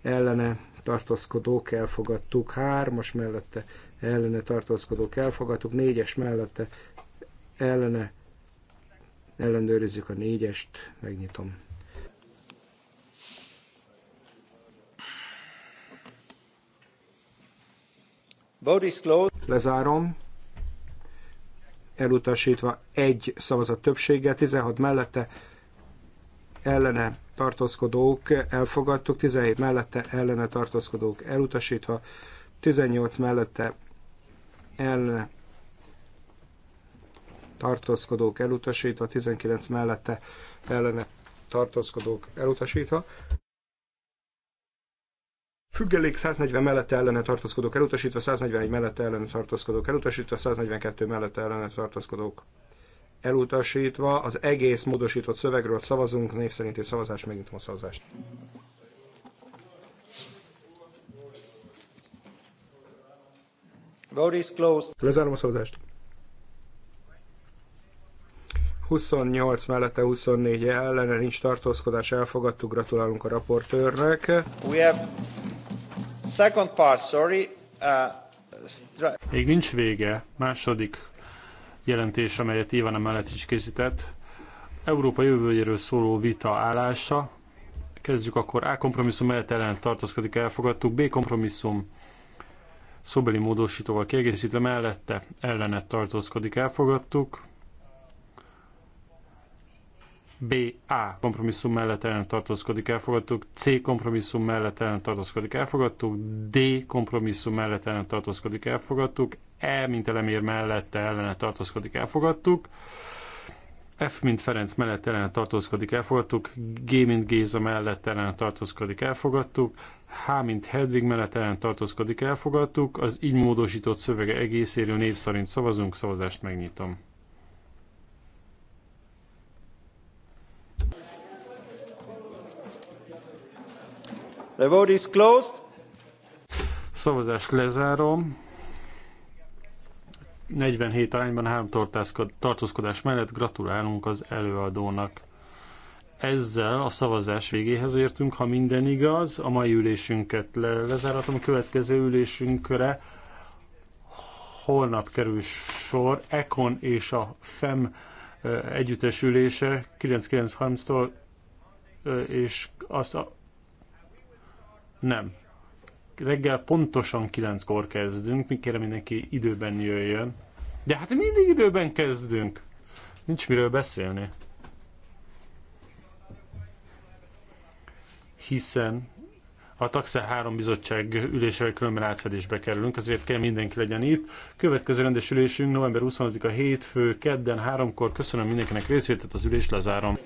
ellene tartózkodók elfogadtuk, 3-as mellette ellene tartózkodók elfogadtuk, négyes mellette ellene ellenőrizzük a négyest, megnyitom. Vote is closed. Lezárom. Elutasítva egy szavazat többséggel, 16 mellette ellene tartózkodók elfogadtuk, 17 mellette ellene tartózkodók elutasítva, 18 mellette el tartózkodók elutasítva, 19 mellette ellene tartózkodók elutasítva. Függelék 140 mellette ellene tartózkodók elutasítva, 141 mellette ellene tartózkodók elutasítva, 142 mellette ellene tartózkodók elutasítva. Az egész módosított szövegről szavazunk, név szerinti szavazás, megint a szavazást. Vote is closed. Lezárom a szavazást. 28 mellette 24 -e ellene nincs tartózkodás, elfogadtuk, gratulálunk a raportőrnek. We have second part, sorry. Uh, Még nincs vége, második jelentés, amelyet Ivana mellett is készített. Európa jövőjéről szóló vita állása. Kezdjük akkor A kompromisszum mellett ellen tartózkodik, elfogadtuk. B kompromisszum szóbeli módosítóval kiegészítve mellette ellenet tartózkodik, elfogadtuk. A. kompromisszum mellett ellen tartózkodik, elfogadtuk, C kompromisszum mellett ellen tartózkodik, elfogadtuk, D kompromisszum mellett ellen tartózkodik, elfogadtuk, E mint elemér mellette ellene tartózkodik, elfogadtuk F, mint Ferenc mellett ellen tartózkodik, elfogadtuk. G, mint Géza mellett ellen tartózkodik, elfogadtuk. H, mint Hedvig mellett ellen tartózkodik, elfogadtuk. Az így módosított szövege egészéről név szerint szavazunk, szavazást megnyitom. The vote is closed. Szavazást lezárom. 47 arányban három tartózkodás mellett gratulálunk az előadónak. Ezzel a szavazás végéhez értünk, ha minden igaz, a mai ülésünket le lezáratom, a következő ülésünkre holnap kerül sor, Econ és a FEM együttes ülése 99.30-tól, és azt a... nem, reggel pontosan 9-kor kezdünk, mi kérem mindenki időben jöjjön. De hát mindig időben kezdünk. Nincs miről beszélni. Hiszen a Taxa 3 bizottság ülésével különben átfedésbe kerülünk, azért kell mindenki legyen itt. Következő rendes ülésünk november 25-a hétfő, kedden, háromkor. Köszönöm mindenkinek részvételt, az ülés lezárom.